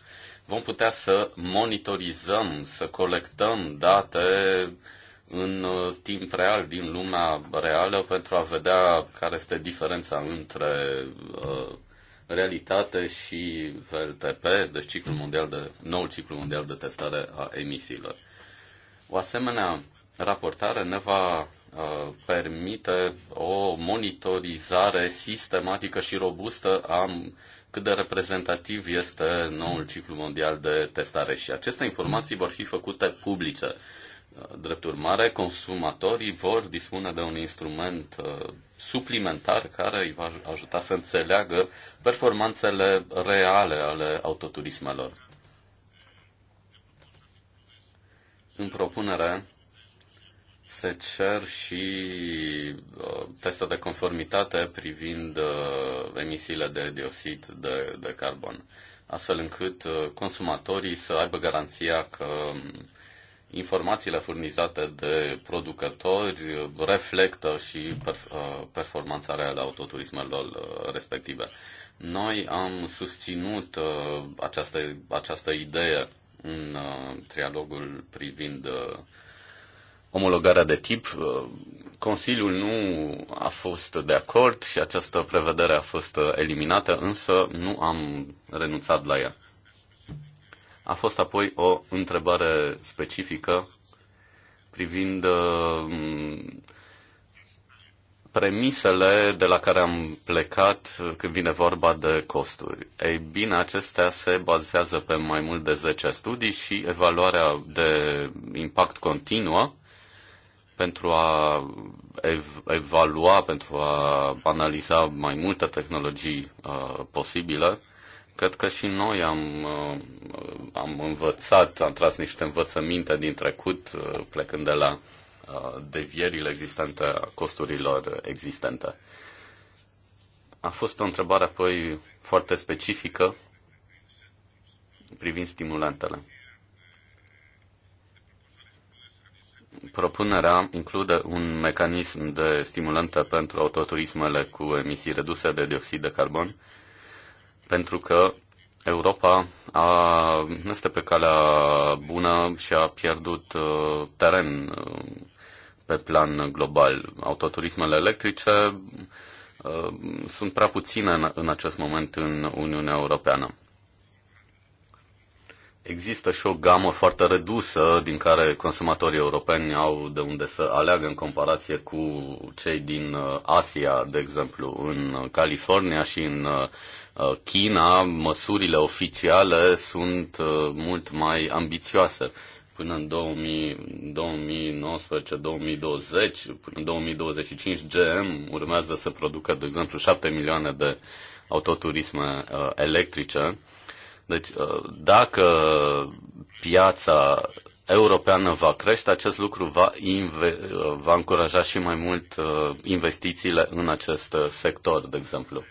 vom putea să monitorizăm, să colectăm date în uh, timp real, din lumea reală, pentru a vedea care este diferența între uh, realitate și VLTP, deci ciclul mondial de, noul ciclu mondial de testare a emisiilor. O asemenea raportare ne va uh, permite o monitorizare sistematică și robustă a cât de reprezentativ este noul ciclu mondial de testare și aceste informații vor fi făcute publice. Uh, drept urmare, consumatorii vor dispune de un instrument uh, suplimentar care îi va ajuta să înțeleagă performanțele reale ale autoturismelor. În propunere, se cer și uh, teste de conformitate privind uh, emisiile de dioxid de, de carbon, astfel încât uh, consumatorii să aibă garanția că um, informațiile furnizate de producători reflectă și performanța reală a autoturismelor respective. Noi am susținut această, această idee în trialogul privind omologarea de tip. Uh, Consiliul nu a fost de acord și această prevedere a fost uh, eliminată, însă nu am renunțat la ea. A fost apoi o întrebare specifică privind uh, premisele de la care am plecat când vine vorba de costuri. Ei bine, acestea se bazează pe mai mult de 10 studii și evaluarea de impact continuă pentru a ev- evalua, pentru a analiza mai multe tehnologii uh, posibile. Cred că și noi am, uh, am învățat, am tras niște învățăminte din trecut, uh, plecând de la uh, devierile existente, a costurilor existente. A fost o întrebare apoi foarte specifică privind stimulantele. Propunerea include un mecanism de stimulantă pentru autoturismele cu emisii reduse de dioxid de carbon, pentru că Europa a, nu este pe calea bună și a pierdut uh, teren uh, pe plan global. Autoturismele electrice uh, sunt prea puține în, în acest moment în Uniunea Europeană. Există și o gamă foarte redusă din care consumatorii europeni au de unde să aleagă în comparație cu cei din uh, Asia, de exemplu, în California și în uh, uh, China, măsurile oficiale sunt mult mai ambițioase. Până în 2019-2020, până în 2025, GM urmează să producă, de exemplu, 7 milioane de autoturisme electrice deci, uh, dacă piața europeană va crește, acest lucru va, inve- uh, va încuraja și mai mult uh, investițiile în acest sector, de exemplu.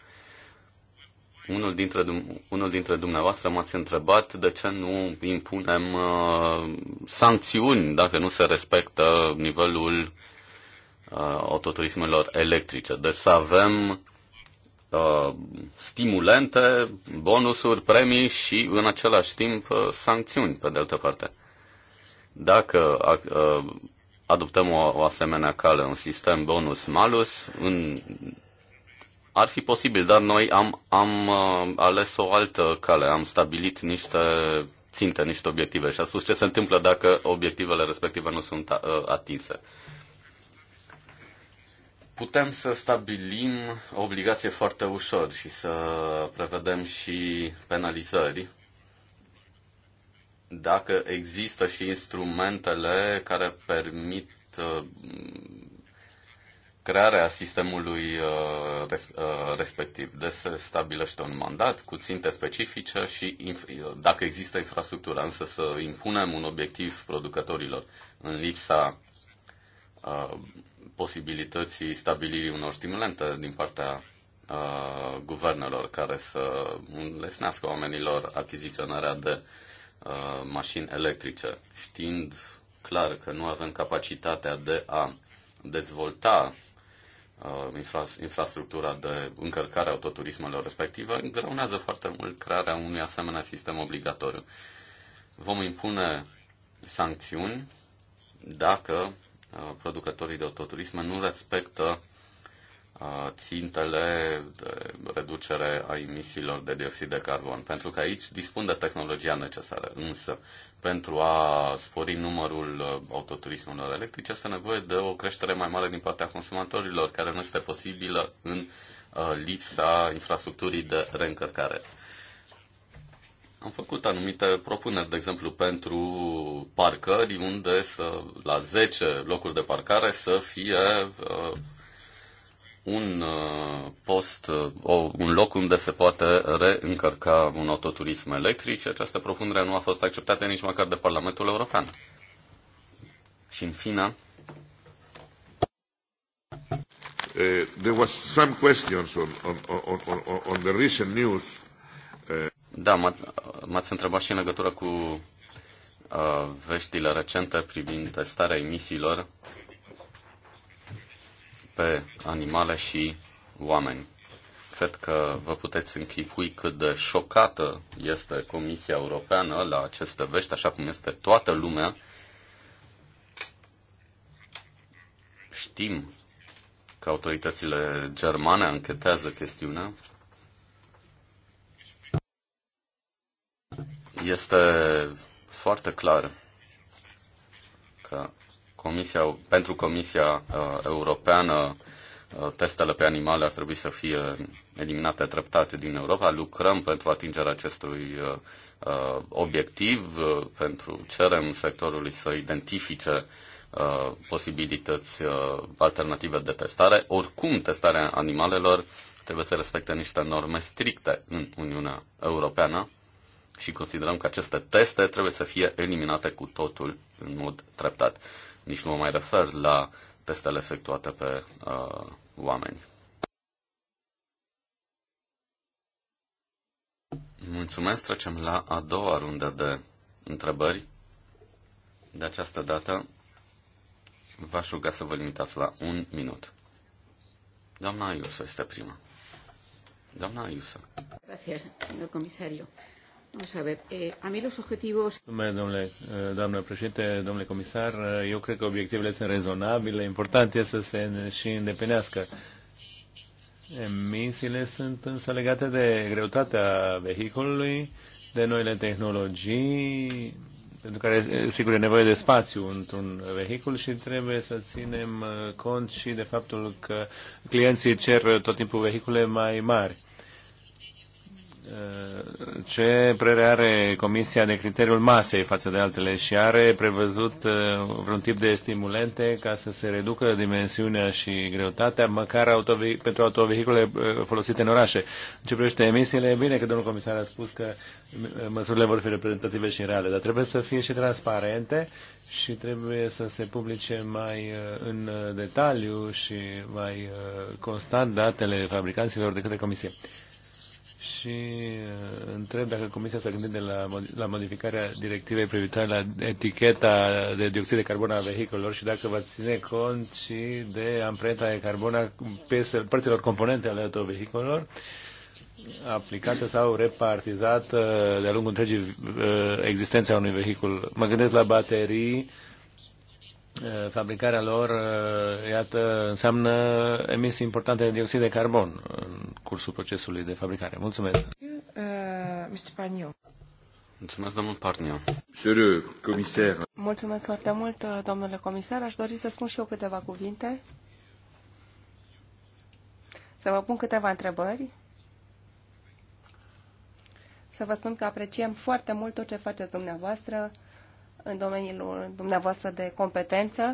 Unul dintre, unul dintre dumneavoastră m-ați întrebat de ce nu impunem uh, sancțiuni dacă nu se respectă nivelul uh, autoturismelor electrice. Deci să avem Uh, stimulente, bonusuri, premii și în același timp uh, sancțiuni, pe de altă parte. Dacă uh, adoptăm o, o asemenea cale, un sistem bonus-malus, în... ar fi posibil, dar noi am, am ales o altă cale, am stabilit niște ținte, niște obiective și a spus ce se întâmplă dacă obiectivele respective nu sunt atinse. Putem să stabilim o obligație foarte ușor și să prevedem și penalizări dacă există și instrumentele care permit uh, crearea sistemului uh, uh, respectiv. Deci se stabilește un mandat cu ținte specifice și dacă există infrastructura, însă să impunem un obiectiv producătorilor în lipsa posibilității stabilirii unor stimulente din partea uh, guvernelor care să lesnească oamenilor achiziționarea de uh, mașini electrice, știind clar că nu avem capacitatea de a dezvolta uh, infrastructura de încărcare a autoturismelor respective, îngreunează foarte mult crearea unui asemenea sistem obligatoriu. Vom impune sancțiuni dacă Uh, producătorii de autoturisme nu respectă uh, țintele de reducere a emisiilor de dioxid de carbon, pentru că aici dispun de tehnologia necesară. Însă, pentru a spori numărul uh, autoturismelor electrice, este nevoie de o creștere mai mare din partea consumatorilor, care nu este posibilă în lipsa infrastructurii de reîncărcare. Am făcut anumite propuneri, de exemplu, pentru parcări, unde să, la 10 locuri de parcare să fie uh, un uh, post, uh, un loc unde se poate reîncărca un autoturism electric și această propunere nu a fost acceptată nici măcar de Parlamentul European. Și în fine... Uh, there was some questions on, on, on, on, on the recent news. Uh... Da, m-ați întrebat și în legătură cu uh, veștile recente privind testarea emisiilor pe animale și oameni. Cred că vă puteți închipui cât de șocată este Comisia Europeană la aceste vești, așa cum este toată lumea. Știm că autoritățile germane anchetează chestiunea, Este foarte clar că Comisia, pentru Comisia uh, Europeană uh, testele pe animale ar trebui să fie eliminate treptat din Europa. Lucrăm pentru atingerea acestui uh, obiectiv, pentru cerem sectorului să identifice posibilități alternative de testare. Oricum, testarea animalelor trebuie să respecte niște norme stricte în Uniunea Europeană și considerăm că aceste teste trebuie să fie eliminate cu totul în mod treptat. Nici nu mă mai refer la testele efectuate pe uh, oameni. Mulțumesc, trecem la a doua rundă de întrebări. De această dată v-aș ruga să vă limitați la un minut. Doamna Iusă, este prima. Doamna Iusă. Gracias, señor comisario. Eh, a mí los objetivos... Domnule, eh, doamnă președinte, domnule comisar, eh, eu cred că obiectivele sunt rezonabile, important este să se și îndeplinească. Emisiile sunt însă legate de greutatea vehiculului, de noile tehnologii, pentru care, sigur, e nevoie de spațiu într-un vehicul și trebuie să ținem cont și de faptul că clienții cer tot timpul vehicule mai mari ce părere are Comisia de criteriul masei față de altele și are prevăzut uh, vreun tip de stimulente ca să se reducă dimensiunea și greutatea, măcar autovehi- pentru autovehicule uh, folosite în orașe. În ce privește emisiile, e bine că domnul comisar a spus că uh, măsurile vor fi reprezentative și reale, dar trebuie să fie și transparente și trebuie să se publice mai în detaliu și mai constant datele fabricanților decât către Comisie și uh, întreb dacă Comisia s-a gândit de la, la modificarea directivei privitoare la eticheta de dioxid de carbon a vehiculelor și dacă va ține cont și de amprenta de carbon a părților componente ale autovehiculelor aplicată sau repartizată de-a lungul întregii uh, existenței a unui vehicul. Mă gândesc la baterii, Eh, fabricarea lor, eh, iată, înseamnă emisii importante de dioxid de carbon în cursul procesului de fabricare. Mulțumesc. Eh, Mulțumesc, domnul Parnio. comisar. Mulțumesc foarte mult, domnule comisar. Aș dori să spun și eu câteva cuvinte. Să vă pun câteva întrebări. Să vă spun că apreciem foarte mult tot ce faceți dumneavoastră în domeniul dumneavoastră de competență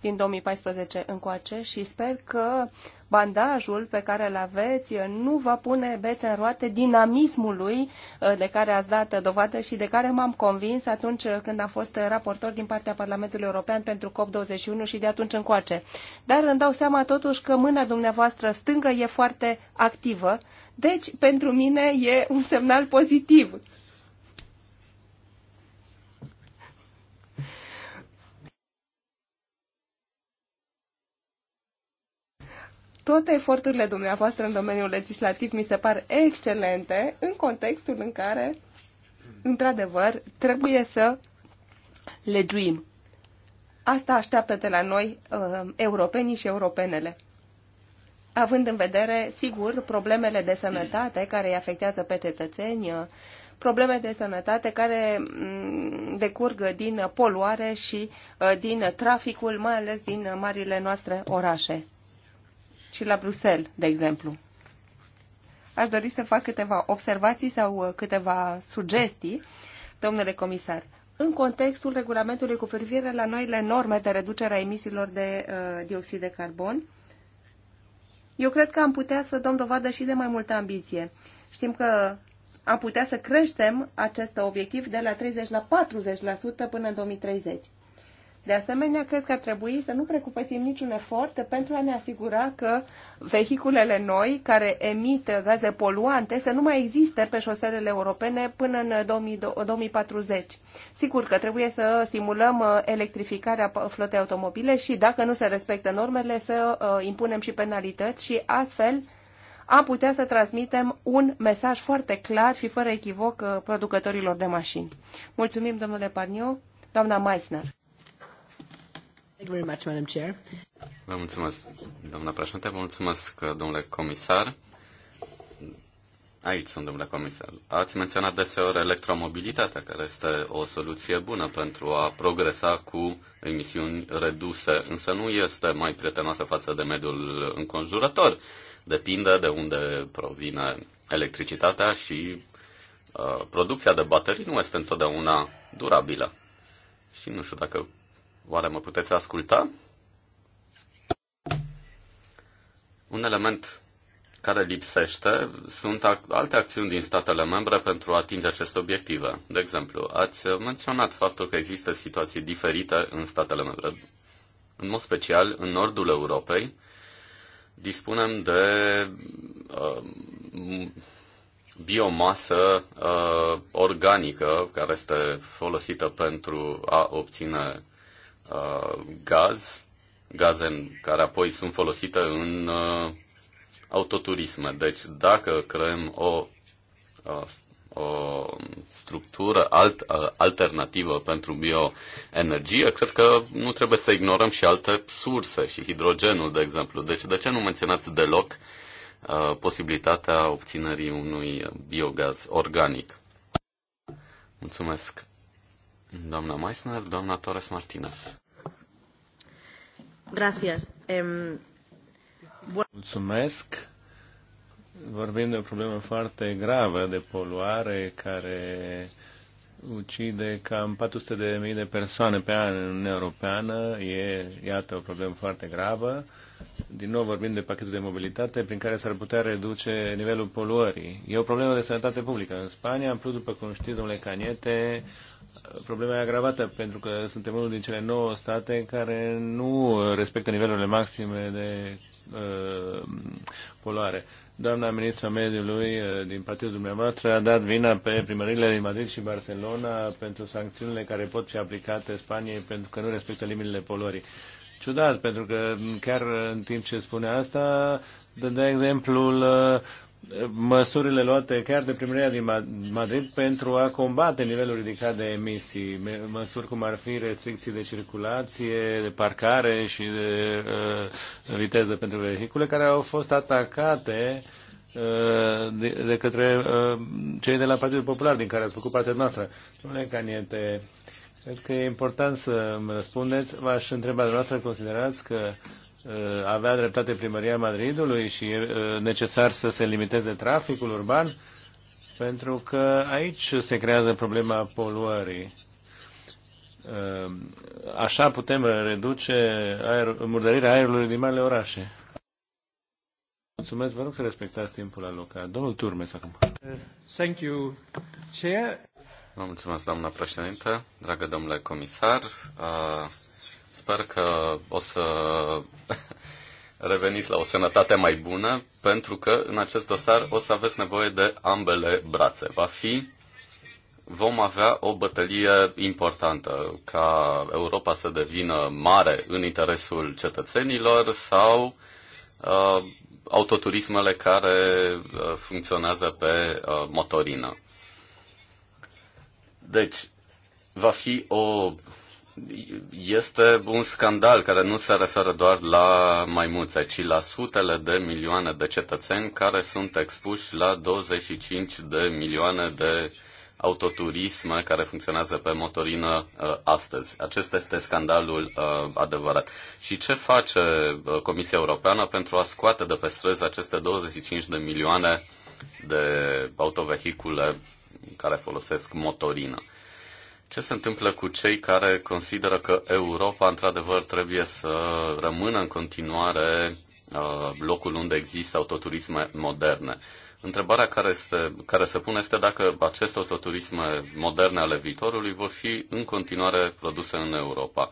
din 2014 încoace și sper că bandajul pe care îl aveți nu va pune bețe în roate dinamismului uh, de care ați dat dovadă și de care m-am convins atunci când am fost raportor din partea Parlamentului European pentru COP21 și de atunci încoace. Dar îmi dau seama totuși că mâna dumneavoastră stângă e foarte activă, deci pentru mine e un semnal pozitiv Toate eforturile dumneavoastră în domeniul legislativ mi se par excelente în contextul în care, într-adevăr, trebuie să legiuim. Asta așteaptă de la noi uh, europenii și europenele având în vedere, sigur, problemele de sănătate care îi afectează pe cetățeni, uh, probleme de sănătate care mm, decurg din poluare și uh, din traficul, mai ales din marile noastre orașe și la Bruxelles, de exemplu. Aș dori să fac câteva observații sau uh, câteva sugestii, domnule comisar, în contextul regulamentului cu privire la noile norme de reducere a emisiilor de uh, dioxid de carbon. Eu cred că am putea să dăm dovadă și de mai multă ambiție. Știm că am putea să creștem acest obiectiv de la 30 la 40% până în 2030. De asemenea, cred că ar trebui să nu precupățim niciun efort pentru a ne asigura că vehiculele noi care emit gaze poluante să nu mai existe pe șoselele europene până în 2040. Sigur că trebuie să stimulăm uh, electrificarea flotei automobile și dacă nu se respectă normele să uh, impunem și penalități și astfel am putea să transmitem un mesaj foarte clar și fără echivoc uh, producătorilor de mașini. Mulțumim, domnule Parniu, doamna Meissner. Thank you very much, Madam Chair. Vă mulțumesc, doamna președinte, vă mulțumesc, domnule comisar. Aici sunt, domnule comisar. Ați menționat deseori electromobilitatea, care este o soluție bună pentru a progresa cu emisiuni reduse, însă nu este mai prietenoasă față de mediul înconjurător. Depinde de unde provine electricitatea și uh, producția de baterii nu este întotdeauna durabilă. Și nu știu dacă Oare mă puteți asculta? Un element care lipsește sunt alte acțiuni din statele membre pentru a atinge aceste obiective. De exemplu, ați menționat faptul că există situații diferite în statele membre. În mod special, în nordul Europei, dispunem de uh, biomasă uh, organică care este folosită pentru a obține uh, gaz, gaze care apoi sunt folosite în uh, autoturisme. Deci dacă creăm o, uh, o structură alt, uh, alternativă pentru bioenergie, cred că nu trebuie să ignorăm și alte surse, și hidrogenul, de exemplu. Deci de ce nu menționați deloc uh, posibilitatea obținerii unui biogaz organic? Mulțumesc. Doamna Meissner, doamna Torres Martinez. Gracias. Um... Mulțumesc. Vorbim de o problemă foarte gravă de poluare care ucide cam 400.000 de, mii de persoane pe an în Uniunea Europeană. E, iată, o problemă foarte gravă. Din nou vorbim de pachetul de mobilitate prin care s-ar putea reduce nivelul poluării. E o problemă de sănătate publică. În Spania, în plus, după cum știți, domnule Caniete, problema e agravată pentru că suntem unul din cele nouă state care nu respectă nivelurile maxime de uh, poluare. Doamna ministra mediului uh, din partidul dumneavoastră a dat vina pe primările din Madrid și Barcelona pentru sancțiunile care pot fi aplicate Spaniei pentru că nu respectă limitele poluării. Ciudat, pentru că chiar în timp ce spune asta, dădea exemplul uh, măsurile luate chiar de primăria din Madrid pentru a combate nivelul ridicat de emisii, măsuri cum ar fi restricții de circulație, de parcare și de uh, viteză pentru vehicule, care au fost atacate uh, de, de către uh, cei de la Partidul Popular, din care ați făcut partea noastră. Domnule Caniete, cred că e important să îmi răspundeți. V-aș întreba dumneavoastră, considerați că Uh, avea dreptate primăria Madridului și e uh, necesar să se limiteze traficul urban, pentru că aici se creează problema poluării. Uh, așa putem reduce aer, murdărirea aerului din marile orașe. Mulțumesc, vă rog să respectați timpul alocat. Domnul Turmes acum. Thank you, Chair. Vă mulțumesc, doamna președintă, dragă domnule comisar. Sper că o să reveniți la o sănătate mai bună, pentru că în acest dosar o să aveți nevoie de ambele brațe. Va fi, vom avea o bătălie importantă ca Europa să devină mare în interesul cetățenilor sau uh, autoturismele care uh, funcționează pe uh, motorină. Deci, va fi o este un scandal care nu se referă doar la maimuțe, ci la sutele de milioane de cetățeni care sunt expuși la 25 de milioane de autoturisme care funcționează pe motorină uh, astăzi. Acesta este scandalul uh, adevărat. Și ce face uh, Comisia Europeană pentru a scoate de pe străzi aceste 25 de milioane de autovehicule care folosesc motorină? Ce se întâmplă cu cei care consideră că Europa, într-adevăr, trebuie să rămână în continuare uh, locul unde există autoturisme moderne? Întrebarea care, este, care se pune este dacă aceste autoturisme moderne ale viitorului vor fi în continuare produse în Europa.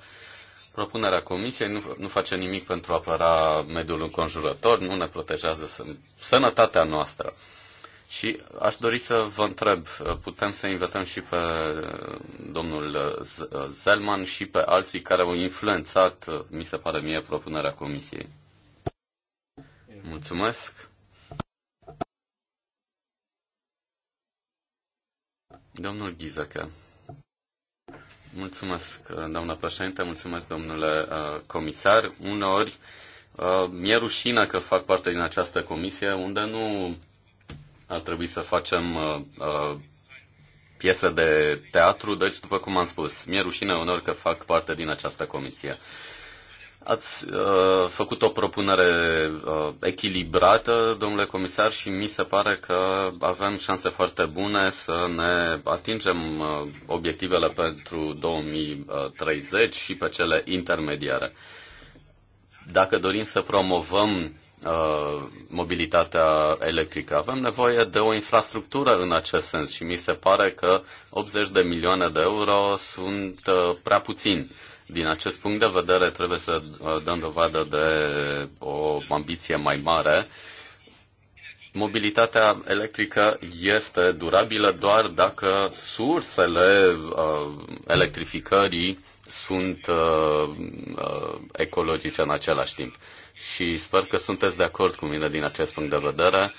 Propunerea Comisiei nu, nu face nimic pentru a apăra mediul înconjurător, nu ne protejează sănătatea noastră. Și aș dori să vă întreb, putem să invităm și pe domnul Zelman și pe alții care au influențat, mi se pare mie, propunerea comisiei. Mulțumesc. Domnul Ghizăcă. Mulțumesc, doamna președinte, mulțumesc, domnule uh, comisar. Uneori uh, mi-e rușină că fac parte din această comisie unde nu ar trebui să facem uh, uh, piese de teatru, deci, după cum am spus, mi-e rușine unor că fac parte din această comisie. Ați uh, făcut o propunere uh, echilibrată, domnule comisar, și mi se pare că avem șanse foarte bune să ne atingem uh, obiectivele pentru 2030 și pe cele intermediare. Dacă dorim să promovăm Uh, mobilitatea electrică. Avem nevoie de o infrastructură în acest sens și mi se pare că 80 de milioane de euro sunt uh, prea puțini. Din acest punct de vedere trebuie să uh, dăm dovadă de o ambiție mai mare. Mobilitatea electrică este durabilă doar dacă sursele electrificării sunt ecologice în același timp și sper că sunteți de acord cu mine din acest punct de vedere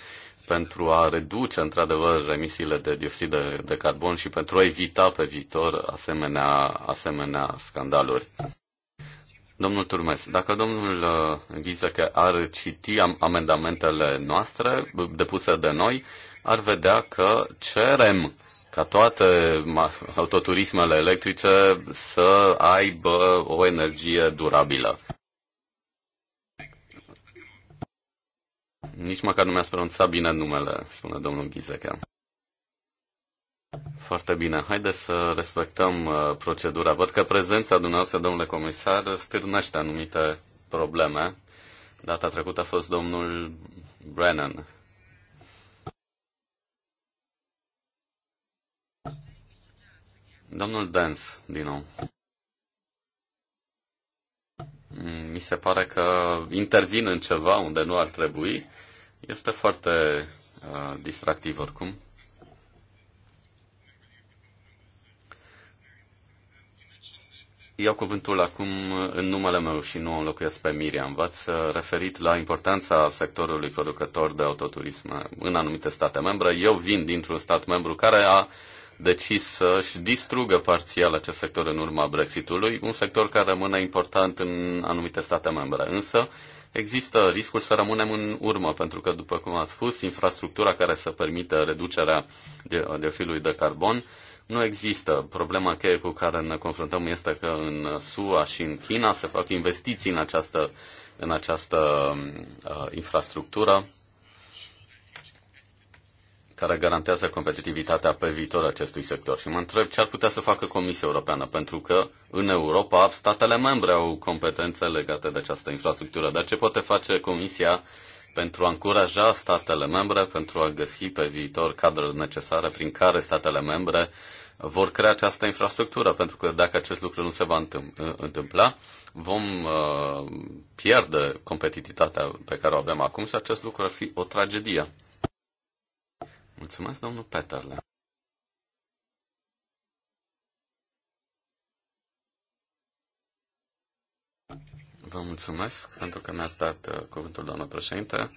pentru a reduce într-adevăr emisiile de dioxid de, de carbon și pentru a evita pe viitor asemenea, asemenea scandaluri. Domnul Turmes, dacă domnul uh, Ghizeche ar citi amendamentele noastre depuse de noi, ar vedea că cerem ca toate autoturismele electrice să aibă o energie durabilă. Nici măcar nu mi-ați pronunțat bine numele, spune domnul Ghizeca. Foarte bine. Haideți să respectăm uh, procedura. Văd că prezența dumneavoastră, domnule comisar, stârnește anumite probleme. Data trecută a fost domnul Brennan. Domnul Dance, din nou. Mi se pare că intervin în ceva unde nu ar trebui. Este foarte uh, distractiv oricum. Iau cuvântul acum în numele meu și nu o înlocuiesc pe Miriam. V-ați uh, referit la importanța sectorului producător de autoturism în anumite state membre. Eu vin dintr-un stat membru care a decis să-și distrugă parțial acest sector în urma Brexitului, un sector care rămâne important în anumite state membre. Însă, există riscul să rămânem în urmă, pentru că, după cum ați spus, infrastructura care să permită reducerea dioxidului de carbon nu există. Problema cheie cu care ne confruntăm este că în SUA și în China se fac investiții în această, în această uh, infrastructură care garantează competitivitatea pe viitor acestui sector. Și mă întreb ce ar putea să facă Comisia Europeană, pentru că în Europa statele membre au competențe legate de această infrastructură. Dar ce poate face Comisia pentru a încuraja statele membre, pentru a găsi pe viitor cadrele necesare prin care statele membre vor crea această infrastructură, pentru că dacă acest lucru nu se va întâmpla, vom uh, pierde competitivitatea pe care o avem acum și acest lucru ar fi o tragedie. Mulțumesc, domnul Peterle. Vă mulțumesc pentru că mi-ați dat uh, cuvântul, doamnă președinte.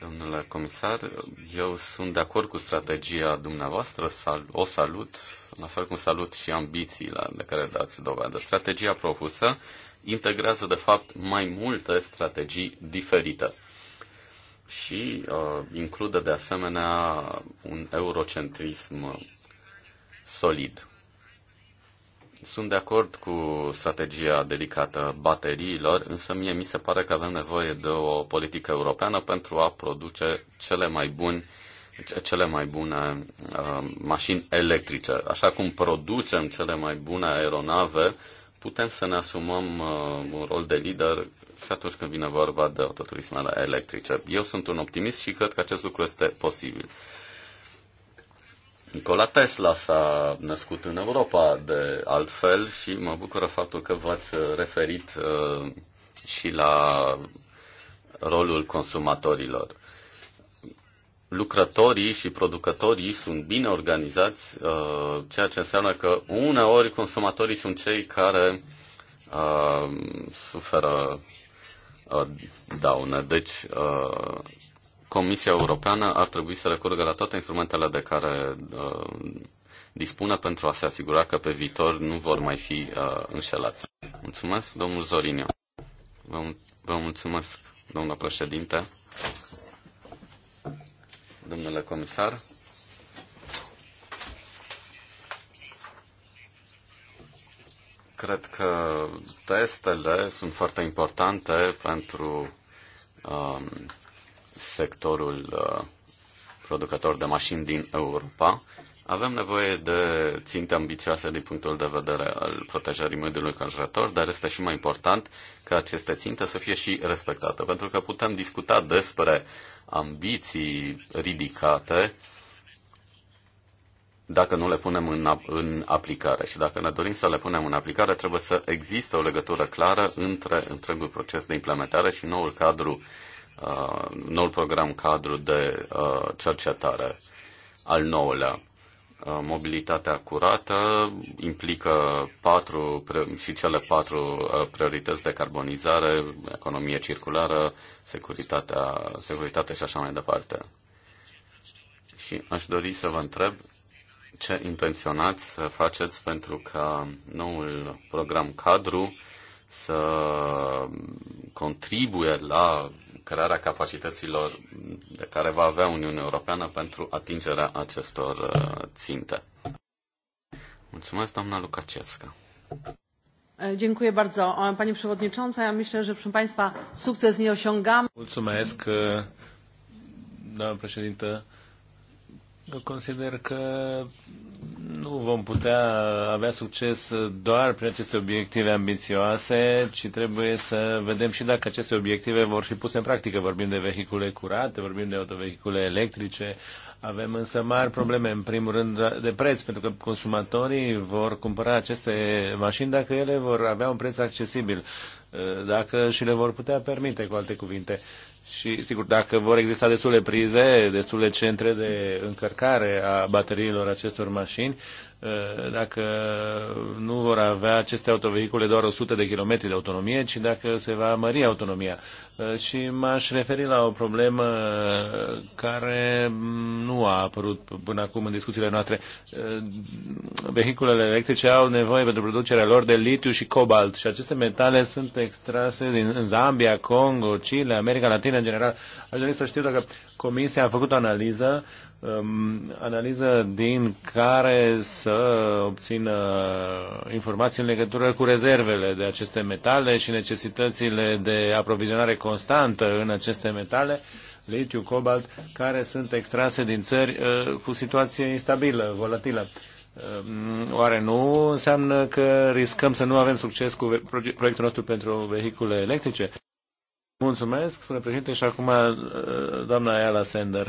Domnule comisar, eu sunt de acord cu strategia dumneavoastră, o salut, la fel cum salut și ambițiile de care dați dovadă. Strategia propusă integrează, de fapt, mai multe strategii diferite și uh, include de asemenea un eurocentrism solid. Sunt de acord cu strategia dedicată bateriilor, însă mie mi se pare că avem nevoie de o politică europeană pentru a produce cele mai buni cele mai bune uh, mașini electrice. Așa cum producem cele mai bune aeronave, putem să ne asumăm uh, un rol de lider și atunci când vine vorba de autoturismele electrice. Eu sunt un optimist și cred că acest lucru este posibil. Nicola Tesla s-a născut în Europa de altfel și mă bucură faptul că v-ați referit uh, și la rolul consumatorilor. Lucrătorii și producătorii sunt bine organizați, uh, ceea ce înseamnă că uneori consumatorii sunt cei care uh, suferă Uh, daună. Deci, uh, Comisia Europeană ar trebui să recurgă la toate instrumentele de care uh, dispune pentru a se asigura că pe viitor nu vor mai fi înșelați. Mulțumesc, domnul Zorinio. Vă, vă mulțumesc, domnul președinte, domnule comisar. Cred că testele sunt foarte importante pentru um, sectorul uh, producător de mașini din Europa. Avem nevoie de ținte ambițioase din punctul de vedere al protejării mediului conjurător, dar este și mai important ca aceste ținte să fie și respectate, pentru că putem discuta despre ambiții ridicate, uh, dacă nu le punem în, în aplicare. Și dacă ne dorim să le punem în aplicare, trebuie să există o legătură clară între întregul proces de implementare și noul cadru, uh, noul program cadru de uh, cercetare al nouălea. Uh, mobilitatea curată implică patru și cele patru uh, priorități de carbonizare, economie circulară, securitatea, securitate și așa mai departe. Și aș dori să vă întreb ce intenționați să faceți pentru ca noul program cadru să contribuie la crearea capacităților de care va avea Uniunea Europeană pentru atingerea acestor uh, ținte. Mulțumesc, doamna Lukaczewska. Dziękuję bardzo, Pani Przewodnicząca. Ja myślę, że proszę Państwa, sukces nie osiągamy. Mulțumesc, doamna președinte. Eu consider că nu vom putea avea succes doar prin aceste obiective ambițioase, ci trebuie să vedem și dacă aceste obiective vor fi puse în practică. Vorbim de vehicule curate, vorbim de autovehicule electrice, avem însă mari probleme, în primul rând, de preț, pentru că consumatorii vor cumpăra aceste mașini dacă ele vor avea un preț accesibil, dacă și le vor putea permite, cu alte cuvinte. Și, sigur, dacă vor exista destule prize, destule centre de încărcare a bateriilor acestor mașini, Eh, dacă nu vor avea aceste autovehicule doar 100 de kilometri de autonomie, ci dacă se va mări autonomia. Eh, și m-aș referi la o problemă care nu a apărut până acum în discuțiile noastre. Eh, vehiculele electrice au nevoie pentru producerea lor de litiu și cobalt și aceste metale sunt extrase din Zambia, Congo, Chile, America Latină în general. Aș dori să știu dacă Comisia a făcut o analiză uh, Um, analiză din care să obțină informații în legătură cu rezervele de aceste metale și necesitățile de aprovizionare constantă în aceste metale, litiu, cobalt, care sunt extrase din țări uh, cu situație instabilă, volatilă. Um, oare nu înseamnă că riscăm să nu avem succes cu proiectul nostru pentru vehicule electrice? Mulțumesc, spune președinte, și acum uh, doamna Ayala Sender.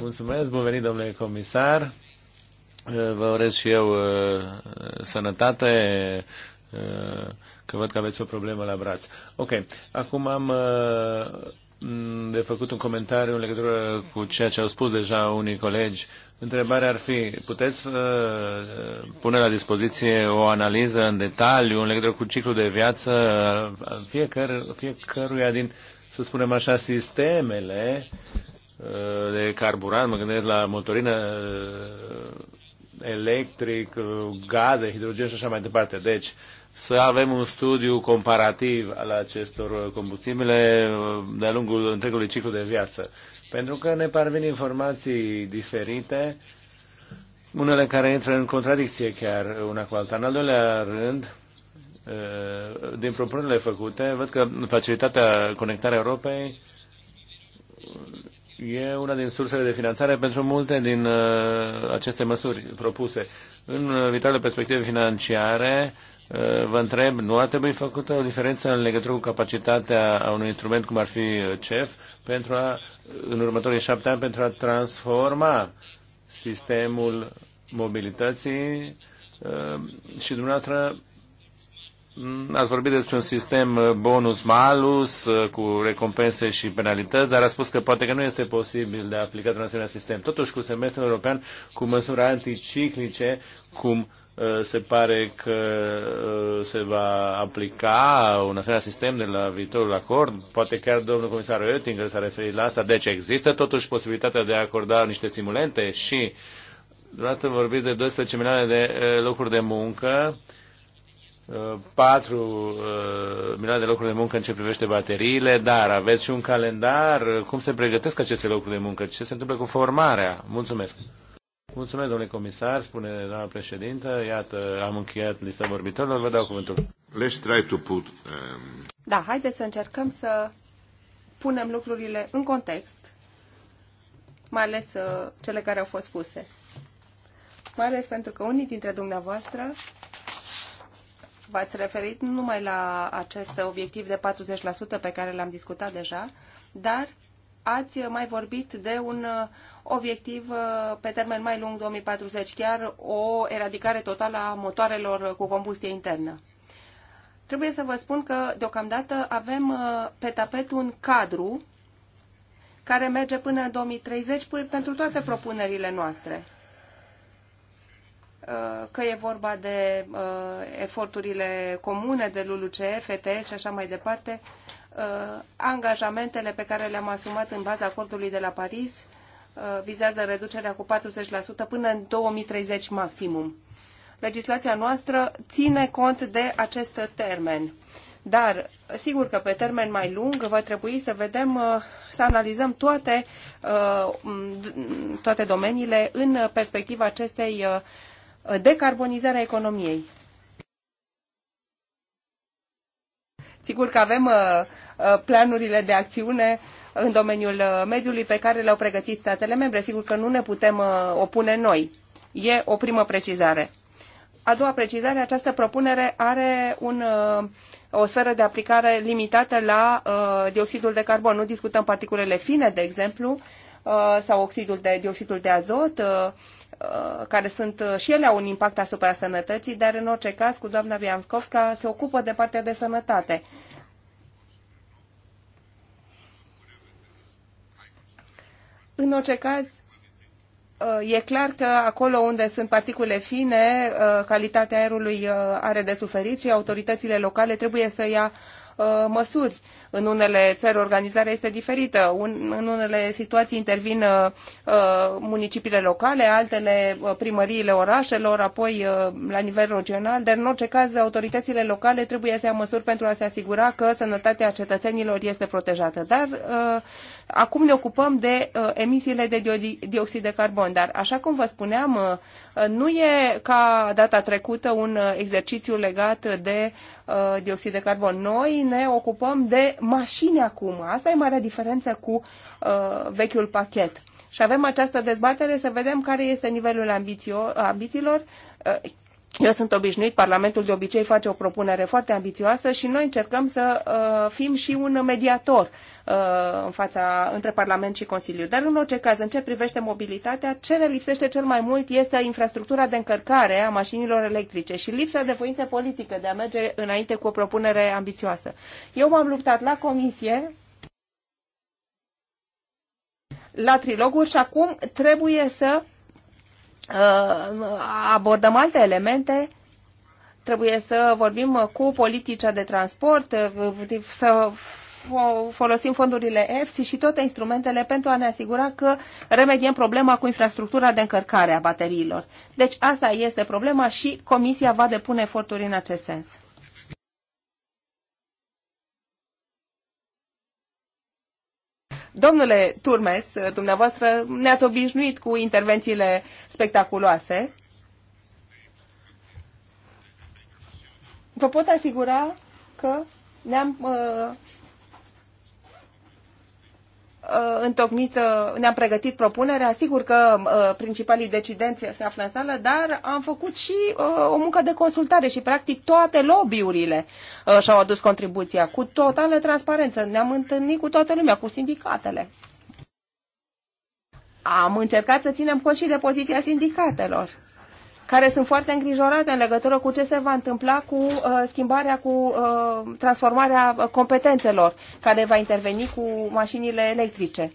Mulțumesc, bun venit, domnule comisar. Vă urez și eu uh, sănătate, uh, că văd că aveți o problemă la braț. Ok, acum am uh, de făcut un comentariu în legătură cu ceea ce au spus deja unii colegi. Întrebarea ar fi, puteți pune la dispoziție o analiză în detaliu în legătură cu ciclul de viață al fiecăr, fiecăruia din, să spunem așa, sistemele Uh, de carburant, mă gândesc la motorină uh, electric, uh, gaze, hidrogen și așa mai departe. Deci, să avem un studiu comparativ al acestor combustibile de-a lungul întregului ciclu de viață. Pentru că ne parvin informații diferite, unele care intră în contradicție chiar una cu alta. În al doilea rând, din propunerile făcute, văd că facilitatea conectarea Europei e una din sursele de finanțare pentru multe din uh, aceste măsuri propuse. În uh, viitoarele perspective financiare, uh, vă întreb, nu ar trebui făcută o diferență în legătură cu capacitatea a unui instrument cum ar fi uh, CEF pentru a, în următorii șapte ani pentru a transforma sistemul mobilității uh, și dumneavoastră Mm, ați vorbit despre un sistem uh, bonus-malus uh, cu recompense și penalități, dar a spus că poate că nu este posibil de aplicat un asemenea sistem. Totuși, cu semestrul european, cu măsuri anticiclice, cum uh, se pare că se va aplica un asemenea sistem de la viitorul acord. Poate chiar domnul comisar Oettinger s-a referit la asta. Deci există totuși posibilitatea de a acorda niște stimulente și, deodată vorbiți de 12 milioane de locuri de muncă, 4 uh, milioane de locuri de muncă în ce privește bateriile, dar aveți și un calendar? Cum se pregătesc aceste locuri de muncă? Ce se întâmplă cu formarea? Mulțumesc! Mulțumesc, domnule comisar, spune doamna președintă. Iată, am încheiat lista vorbitorilor, vă dau cuvântul. Let's try to put... Um... Da, haideți să încercăm să punem lucrurile în context, mai ales uh, cele care au fost spuse. Mai ales pentru că unii dintre dumneavoastră v-ați referit nu numai la acest obiectiv de 40% pe care l-am discutat deja, dar ați mai vorbit de un obiectiv uh, pe termen mai lung 2040, chiar o eradicare totală a motoarelor cu combustie internă. Trebuie să vă spun că deocamdată avem uh, pe tapet un cadru care merge până în 2030 pentru toate propunerile noastre. Uh, că e vorba de uh, eforturile comune de LULUCF, FTS și așa mai departe, uh, angajamentele pe care le-am asumat în baza acordului de la Paris vizează reducerea cu 40% până în 2030 maximum. Legislația noastră ține cont de acest termen. Dar, sigur că pe termen mai lung va trebui să vedem, să analizăm toate, toate domeniile în perspectiva acestei decarbonizarea economiei. Sigur că avem uh, uh, planurile de acțiune uh, în domeniul mediului pe care le-au pregătit statele membre. Sigur că nu ne putem opune noi. E o primă precizare. A doua precizare, această propunere are un, o sferă de aplicare limitată la uh, dioxidul de carbon. Nu discutăm particulele fine, de exemplu, uh, sau oxidul de dioxidul de azot, uh, Uh, care sunt uh, și ele au un impact asupra sănătății, dar în orice caz cu doamna Biancovska se ocupă de partea de sănătate. În orice caz, uh, e clar că acolo unde sunt particule fine, calitatea aerului are de suferit și autoritățile locale trebuie să ia măsuri. În unele țări organizarea este diferită. Un, în unele situații intervin uh, uh municipiile locale, altele uh, primăriile orașelor, apoi uh, la nivel regional. Dar în orice caz, autoritățile locale trebuie să ia măsuri pentru a se asigura că sănătatea cetățenilor este protejată. Dar uh, acum ne ocupăm de uh, emisiile de dioxid de carbon. Dar, așa cum vă spuneam, uh, nu e ca data trecută un uh, exercițiu legat de uh, dioxid de carbon. Noi ne ocupăm de mașini acum. Asta e marea diferență cu uh, vechiul pachet. Și avem această dezbatere să vedem care este nivelul ambițio- ambițiilor. Uh, eu sunt obișnuit, Parlamentul de obicei face o propunere foarte ambițioasă și noi încercăm să uh, fim și un mediator Uh, în fața, între Parlament și Consiliu. Dar în orice caz, în ce privește mobilitatea, ce ne lipsește cel mai mult este infrastructura de încărcare a mașinilor electrice și lipsa de voință politică de a merge înainte cu o propunere ambițioasă. Eu m-am luptat la comisie la triloguri și acum trebuie să uh, abordăm alte elemente trebuie să vorbim cu politica de transport, uh, să folosim fondurile EFSI și toate instrumentele pentru a ne asigura că remediem problema cu infrastructura de încărcare a bateriilor. Deci asta este problema și Comisia va depune eforturi în acest sens. Domnule Turmes, dumneavoastră ne-ați obișnuit cu intervențiile spectaculoase. Vă pot asigura că ne-am uh, Uh, întocmit, ne-am pregătit propunerea. Sigur că uh, principalii decidenți se află în sală, dar am făcut și uh, o muncă de consultare și practic toate lobbyurile și-au adus contribuția cu totală transparență. Ne-am întâlnit cu toată lumea, cu sindicatele. Am încercat să ținem cont și de poziția sindicatelor care sunt foarte îngrijorate în legătură cu ce se va întâmpla cu uh, schimbarea, cu uh, transformarea uh, competențelor care va interveni cu mașinile electrice.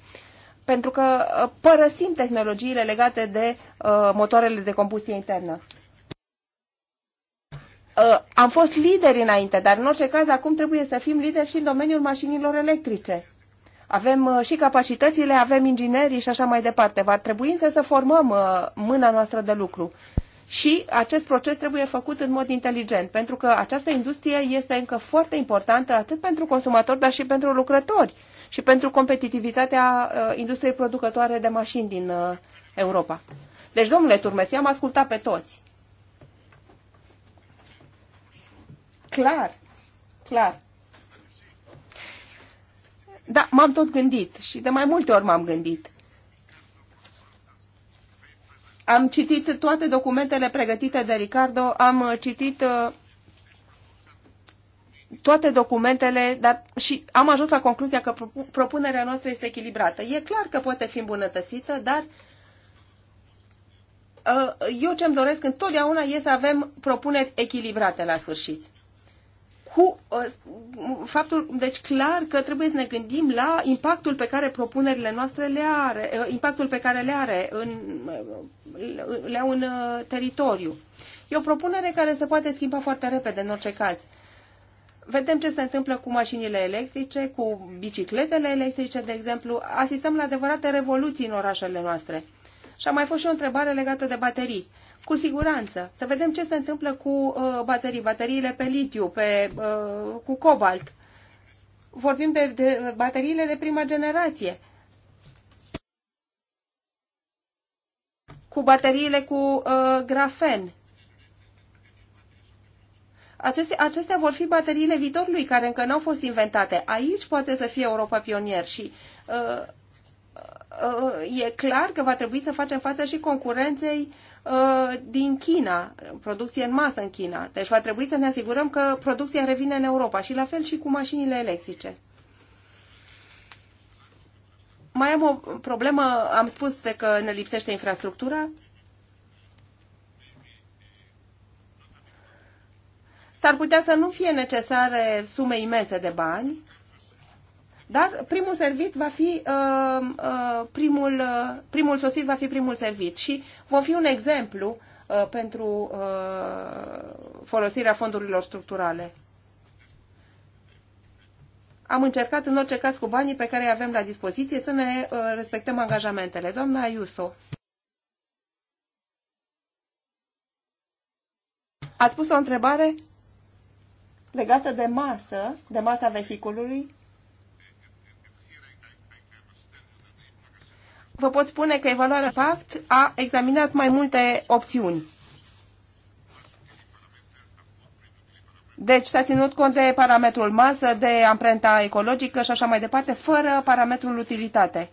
Pentru că uh, părăsim tehnologiile legate de uh, motoarele de combustie internă uh, am fost lideri înainte, dar în orice caz acum trebuie să fim lideri și în domeniul mașinilor electrice. Avem și capacitățile, avem inginerii și așa mai departe. Va trebui însă să formăm mâna noastră de lucru și acest proces trebuie făcut în mod inteligent, pentru că această industrie este încă foarte importantă atât pentru consumatori, dar și pentru lucrători și pentru competitivitatea uh, industriei producătoare de mașini din uh, Europa. Deci, domnule Turmesi, am ascultat pe toți. Clar, clar. Da, m-am tot gândit și de mai multe ori m-am gândit. Am citit toate documentele pregătite de Ricardo, am uh, citit uh, toate documentele, dar și am ajuns la concluzia că propunerea noastră este echilibrată. E clar că poate fi îmbunătățită, dar uh, eu ce-mi doresc întotdeauna e să avem propuneri echilibrate la sfârșit cu uh, faptul, deci clar că trebuie să ne gândim la impactul pe care propunerile noastre le are, uh, impactul pe care le are în, uh, le au în teritoriu. E o propunere care se poate schimba foarte repede în orice caz. Vedem ce se întâmplă cu mașinile electrice, cu bicicletele electrice, de exemplu. Asistăm la adevărate revoluții în orașele noastre. Și a mai fost și o întrebare legată de baterii. Cu siguranță. Să vedem ce se întâmplă cu uh, baterii, bateriile pe litiu, pe, uh, cu cobalt. Vorbim de, de bateriile de prima generație. Cu bateriile cu uh, grafen. Aceste, acestea vor fi bateriile viitorului care încă nu au fost inventate. Aici poate să fie Europa pionier și uh, e clar că va trebui să facem față și concurenței uh, din China, producție în masă în China. Deci va trebui să ne asigurăm că producția revine în Europa și la fel și cu mașinile electrice. Mai am o problemă, am spus de că ne lipsește infrastructura. S-ar putea să nu fie necesare sume imense de bani, dar primul servit va fi uh, uh, primul, uh, primul sosit va fi primul servit și vom fi un exemplu uh, pentru uh, folosirea fondurilor structurale. Am încercat în orice caz cu banii pe care îi avem la dispoziție să ne uh, respectăm angajamentele. Doamna Ayuso. Ați pus o întrebare legată de masă, de masa vehiculului? vă pot spune că evaluarea PACT a examinat mai multe opțiuni. Deci s-a ținut cont de parametrul masă, de amprenta ecologică și așa mai departe, fără parametrul utilitate.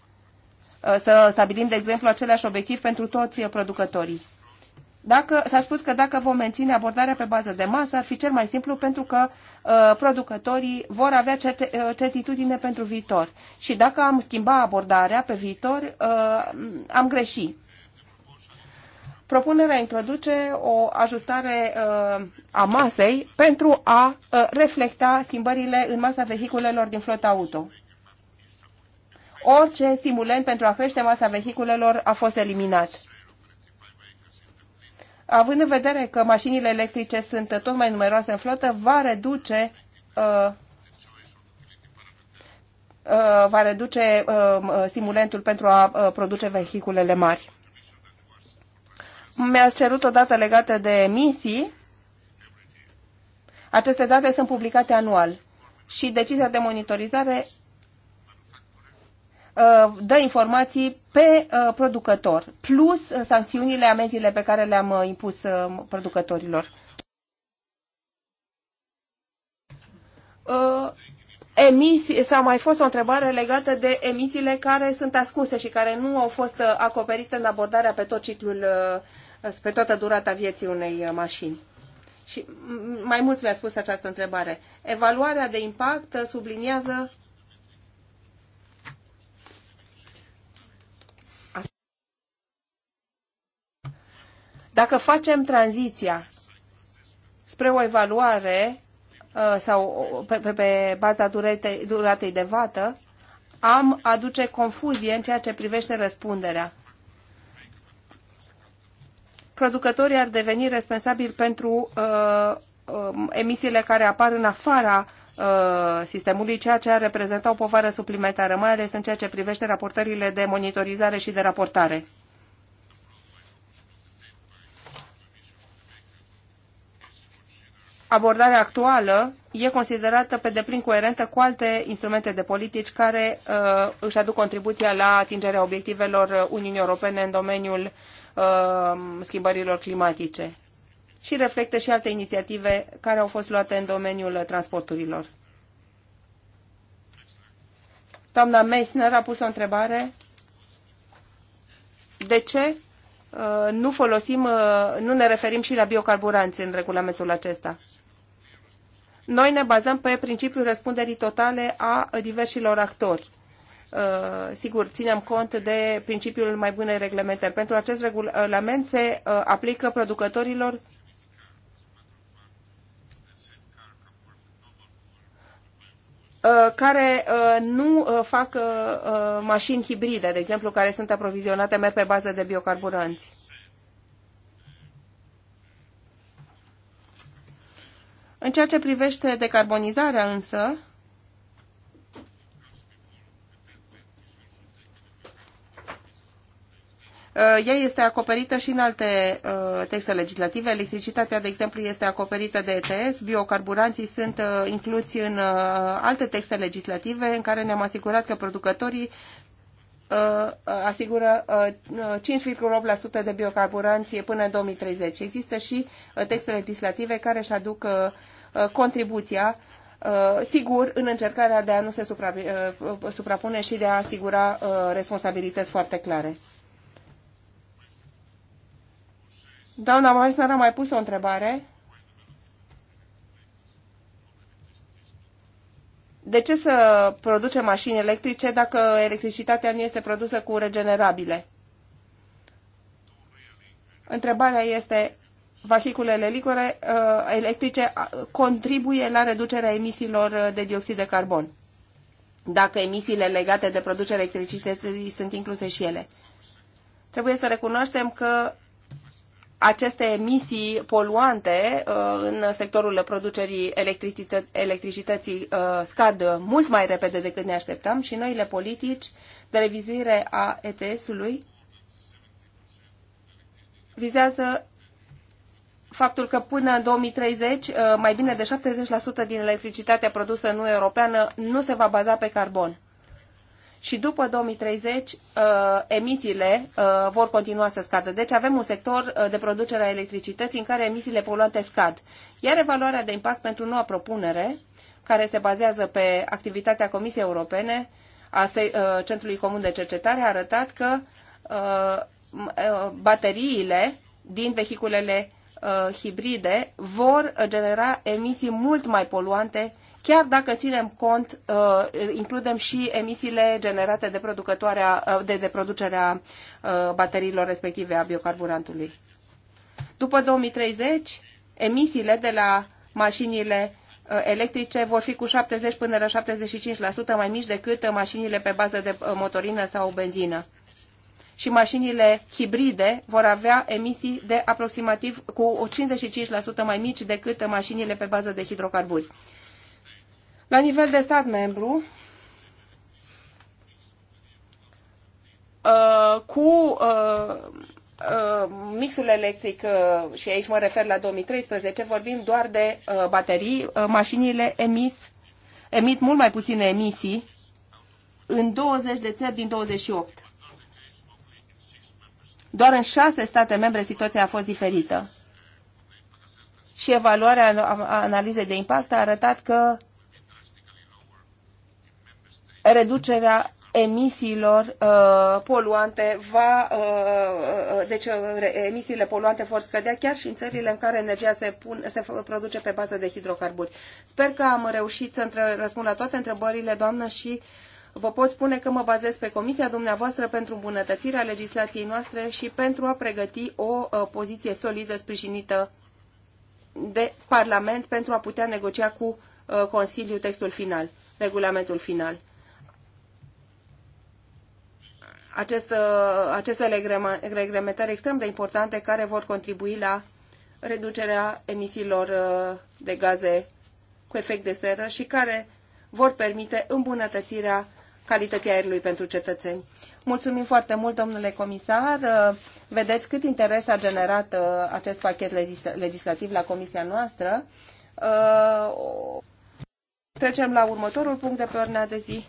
Să stabilim, de exemplu, același obiectiv pentru toți producătorii. Dacă s-a spus că dacă vom menține abordarea pe bază de masă, ar fi cel mai simplu pentru că uh, producătorii vor avea uh, certitudine pentru viitor. Și dacă am schimba abordarea pe viitor, uh, am greșit. Propunerea introduce o ajustare uh, a masei pentru a uh, reflecta schimbările în masa vehiculelor din flota auto. Orice stimulent pentru a crește masa vehiculelor a fost eliminat având în vedere că mașinile electrice sunt tot mai numeroase în flotă, va reduce uh, uh, va reduce uh, stimulentul pentru a uh, produce vehiculele mari. Mi-ați cerut o dată legată de emisii. Aceste date sunt publicate anual și decizia de monitorizare Uh, dă informații pe uh, producător, plus uh, sancțiunile, amenziile pe care le-am impus producătorilor. Emisii, sau mai fost o întrebare legată de emisiile care sunt ascunse și care nu au fost acoperite în abordarea pe tot ciclul, pe toată durata vieții unei mașini. Și mai mulți mi-a spus această întrebare. Evaluarea de impact subliniază Dacă facem tranziția spre o evaluare uh, sau uh, pe, pe, pe baza duratei de vată, am aduce confuzie în ceea ce privește răspunderea. Producătorii ar deveni responsabili pentru uh, uh, emisiile care apar în afara uh, sistemului, ceea ce ar reprezenta o povară suplimentară, mai ales în ceea ce privește raportările de monitorizare și de raportare. abordarea actuală e considerată pe deplin coerentă cu alte instrumente de politici care uh, își aduc contribuția la atingerea obiectivelor Uniunii Europene în domeniul uh, schimbărilor climatice și reflectă și alte inițiative care au fost luate în domeniul transporturilor. Doamna Meissner a pus o întrebare. De ce uh, nu folosim, uh, nu ne referim și la biocarburanți în regulamentul acesta? Noi ne bazăm pe principiul răspunderii totale a diversilor actori. Uh, sigur, ținem cont de principiul mai bune reglementări. Pentru acest regulament se uh, aplică producătorilor uh, care nu fac mașini hibride, de exemplu, care sunt aprovizionate merg pe bază de biocarburanți. În ceea ce privește decarbonizarea însă, uh, ea este acoperită și în alte uh, texte legislative. Electricitatea, de exemplu, este acoperită de ETS, biocarburanții sunt uh, incluți în alte texte legislative în care ne-am asigurat că producătorii asigură 5,8% de biocarburanții până în 2030. Există și texte legislative care își aduc Uh, contribuția uh, sigur, în încercarea de a nu se uh, suprapune și de a asigura responsabilități foarte clare. Doamna Meissner a mai pus o întrebare. De ce să producem mașini electrice dacă electricitatea nu este produsă cu regenerabile? Întrebarea este licore uh, electrice uh, contribuie la reducerea emisiilor uh, de dioxid de carbon. Dacă emisiile legate de producerea electricității sunt incluse și ele. Trebuie să recunoaștem că aceste emisii poluante uh, în sectorul producerii electricită electricității scad mult mai repede decât ne așteptam și noile politici de revizuire a ETS-ului vizează faptul că până în 2030 uh, mai bine de 70% din electricitatea produsă în Uniunea Europeană nu se va baza pe carbon. Și după 2030 uh, emisiile uh, vor continua să scadă. Deci avem un sector de producere a electricității în care emisiile poluante scad. Iar evaluarea de impact pentru noua propunere, care se bazează pe activitatea Comisiei Europene a Centrului Comun de Cercetare, a arătat că bateriile din vehiculele Uh, hibride vor genera emisii mult mai poluante chiar dacă ținem cont, uh, includem și emisiile generate de, producătoarea, uh, de, de producerea bateriilor respective a biocarburantului. După 2030, emisiile de la mașinile electrice vor fi cu 70 până la 75% mai mici decât mașinile pe bază de motorină sau benzină și mașinile hibride vor avea emisii de aproximativ cu 55% mai mici decât mașinile pe bază de hidrocarburi. La nivel de stat membru, uh, cu uh, uh, mixul electric, și aici mă refer la 2013, vorbim doar de baterii, mașinile emis, emit mult mai puține emisii în 20 de țări din 28. Doar în șase state membre situația a fost diferită. Și evaluarea analizei de impact a arătat că reducerea emisiilor uh, poluante va, uh, uh, uh deci uh, emisiile poluante vor scădea chiar și în țările în care energia se, pun, se produce pe bază de hidrocarburi. Sper că am reușit să între, răspund la toate întrebările, doamnă, și vă pot spune că mă bazez pe comisia dumneavoastră pentru îmbunătățirea legislației noastre și pentru a pregăti o uh, poziție solidă sprijinită de Parlament pentru a putea negocia cu uh, Consiliul textul final, regulamentul final. Acest, uh, aceste reglementări extrem de importante care vor contribui la reducerea emisiilor de gaze cu efect de seră și care vor permite îmbunătățirea calității aerului pentru cetățeni. Mulțumim foarte mult, domnule comisar. Vedeți cât interes a generat uh, acest pachet legislativ la comisia noastră. Uh, trecem la următorul punct de pe ordinea de zi.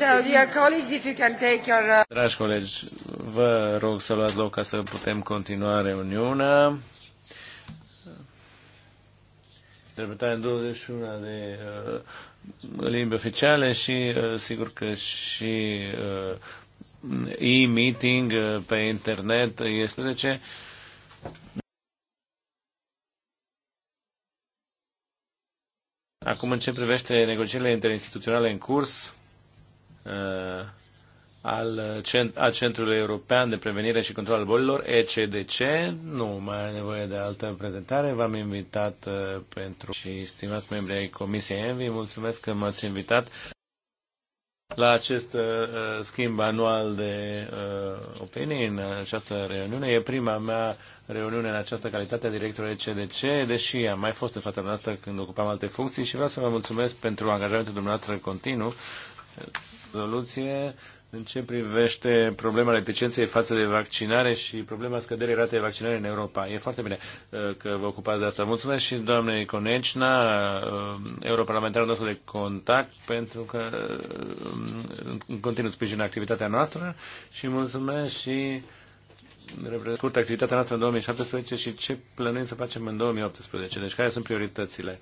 Uh, Dragi colegi, vă rog să luați loc ca să putem continua reuniunea. Interpretare în 21 de uh, limbi oficiale și uh, sigur că și uh, e-meeting uh, pe internet este de ce Acum, în ce privește negocierile interinstituționale în curs, al uh, cent- a Centrului European de Prevenire și Control al Bolilor, ECDC. Nu mai are nevoie de altă prezentare. V-am invitat uh, pentru și stimați membri ai Comisiei Envi. Mulțumesc că m-ați invitat la acest uh, uh, schimb anual de uh, opinii în această reuniune. E prima mea reuniune în această calitate a directorului CDC, deși am mai fost în fața noastră când ocupam alte funcții și vreau să vă mulțumesc pentru angajamentul dumneavoastră continuu. Soluție în ce privește problema reticenței față de vaccinare și problema scăderii ratei de vaccinare în Europa. E foarte bine uh, că vă ocupați de asta. Mulțumesc și doamnei Conecina, uh, europarlamentarul nostru de contact, pentru că în uh, continuu sprijină activitatea noastră și mulțumesc și scurt activitatea noastră în 2017 și ce plănuim să facem în 2018. Deci care sunt prioritățile?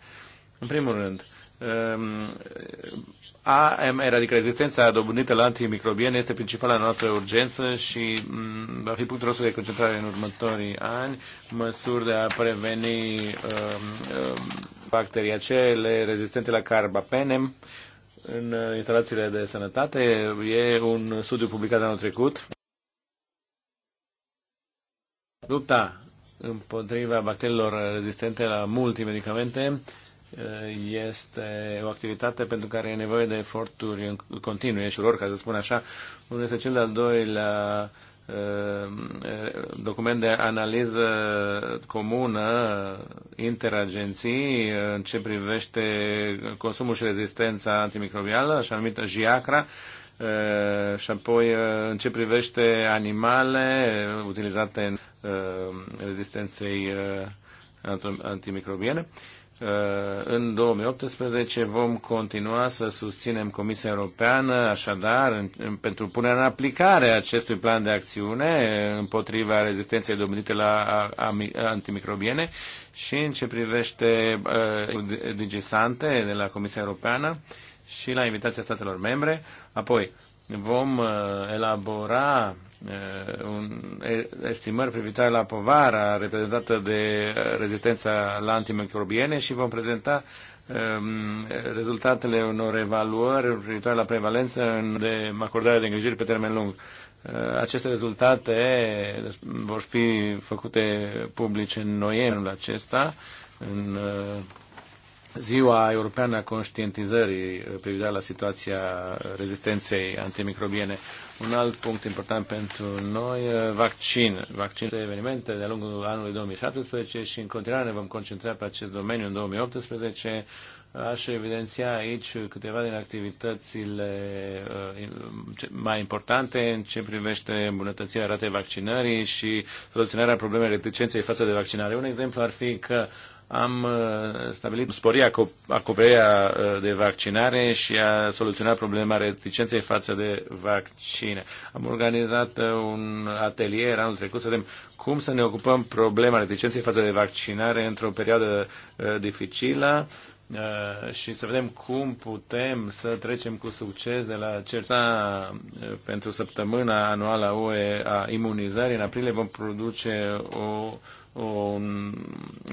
În primul rând, um, AMR, adică rezistența dobândită la antimicrobiene, este principala noastră urgență și mm, va fi punctul nostru de concentrare în următorii ani, măsuri de a preveni uh, uh, bacteria cele rezistente la carbapenem în uh, instalațiile de sănătate. E un studiu publicat anul trecut. Lupta împotriva bacteriilor rezistente la multimedicamente medicamente este o activitate pentru care e nevoie de eforturi continue și lor, ca să spun așa. Unul este cel de-al doilea uh, document de analiză comună interagenții în ce privește consumul și rezistența antimicrobială, așa numită JIACRA, uh, și apoi uh, în ce privește animale utilizate în rezistenței antimicrobiene. Uh, în 2018 vom continua să susținem Comisia Europeană, așadar, în, în, pentru punerea în aplicare a acestui plan de acțiune împotriva rezistenței dobândite la a, a, antimicrobiene și în ce privește uh, digisante de la Comisia Europeană și la invitația statelor membre. Apoi, vom uh, elabora Eh, un estimări privitoare la povara reprezentată de eh, rezistența la antimicrobiene și vom prezenta um, rezultatele unor evaluări privitoare la prevalență de acordare de îngrijiri pe termen lung. Eh, aceste rezultate vor fi făcute publice în noiembrie acesta în ziua europeană a conștientizării eh, privitoare la situația eh, rezistenței antimicrobiene. Un alt punct important pentru noi, eh, vaccin. Vaccin evenimente de-a lungul anului 2017 și în continuare ne vom concentra pe acest domeniu în 2018. Aș evidenția aici câteva din activitățile mai importante în ce privește îmbunătățirea ratei vaccinării și soluționarea problemei reticenței față de vaccinare. Un exemplu ar fi că am uh, stabilit sporia acoperirea uh, de vaccinare și a soluționat problema reticenței față de vaccine. Am organizat uh, un atelier anul trecut să vedem cum să ne ocupăm problema reticenței față de vaccinare într-o perioadă dificilă și să vedem cum putem să trecem cu succes de la certa pentru săptămâna anuală a UE a imunizării. În aprilie vom produce o o,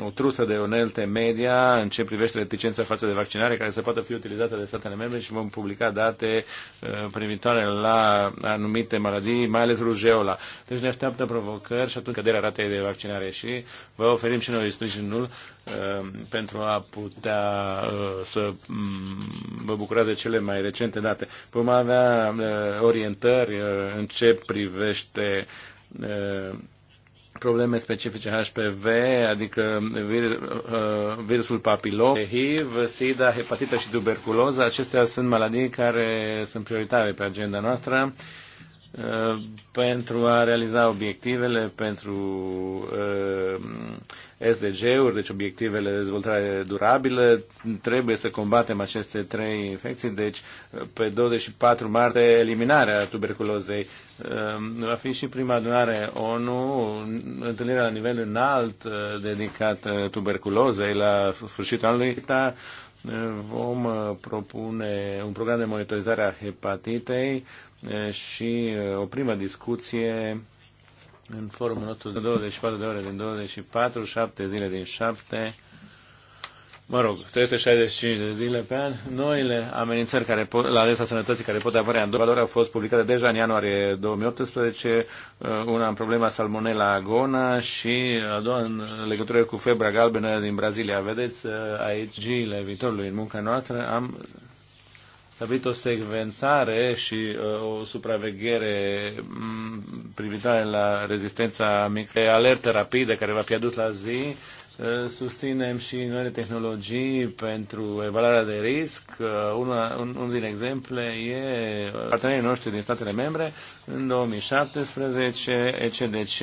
o trusă de unelte media în ce privește reticența față de vaccinare care să poată fi utilizată de statele membre și vom publica date uh, privitoare la anumite maladii, mai ales rujeola. Deci ne așteaptă provocări și atunci căderea ratei de vaccinare și vă oferim și noi sprijinul uh, pentru a putea uh, să mm, vă bucurați de cele mai recente date. Vom avea uh, orientări în ce privește probleme specifice HPV, adică vir, uh, virusul papilom, HIV, SIDA, hepatită și tuberculoză. Acestea sunt maladii care sunt prioritare pe agenda noastră pentru a realiza obiectivele pentru uh, SDG-uri, deci obiectivele de dezvoltare durabilă, trebuie să combatem aceste trei infecții, deci pe 24 martie eliminarea tuberculozei uh, va fi și prima adunare ONU, întâlnirea la nivel înalt uh, dedicată tuberculozei la sfârșitul anului vom propune un program de monitorizare a hepatitei și o prima discuție în forumul nostru de 24 de ore din 24, 7 zile din 7, mă rog, 365 de zile pe an, noile amenințări care pot, la adresa sănătății care pot apărea în doua au fost publicate deja în ianuarie 2018, una în problema Salmonella agona și a doua în legătură cu febra galbenă din Brazilia. Vedeți aici gile viitorului în munca noastră, am stabilit o secvențare și uh, o supraveghere privitoare la rezistența mică, alertă rapidă care va fi adus la zi Susținem și noile tehnologii pentru evaluarea de risc. Una, un, unul din exemple e uh, partenerii noștri din statele membre. În 2017, ECDC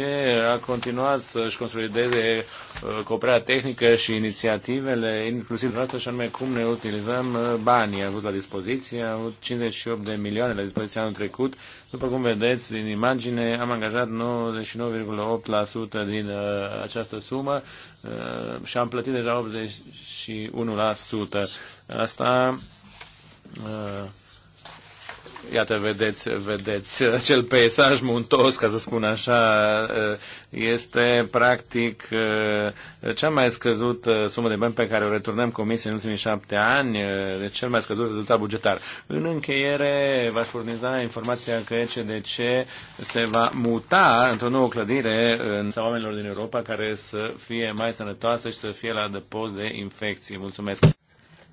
a continuat să-și consolideze uh, cooperarea tehnică și inițiativele, inclusiv noastră, și anume cum ne utilizăm uh, banii avut la dispoziție. Am avut 58 de milioane la dispoziție anul trecut. După cum vedeți din imagine, am angajat 99,8% din această sumă Uh, și am plătit deja 81%. Asta uh, Iată, vedeți, vedeți, acel peisaj muntos, ca să spun așa, este practic eh, cea mai scăzută sumă de bani pe care o returnăm comisiei în ultimii șapte ani, eh, de deci cel mai scăzut rezultat bugetar. În încheiere, v-aș furniza informația că ECDC se va muta într-o nouă clădire în oamenilor din Europa care să fie mai sănătoase și să fie la adăpost de infecții. Mulțumesc!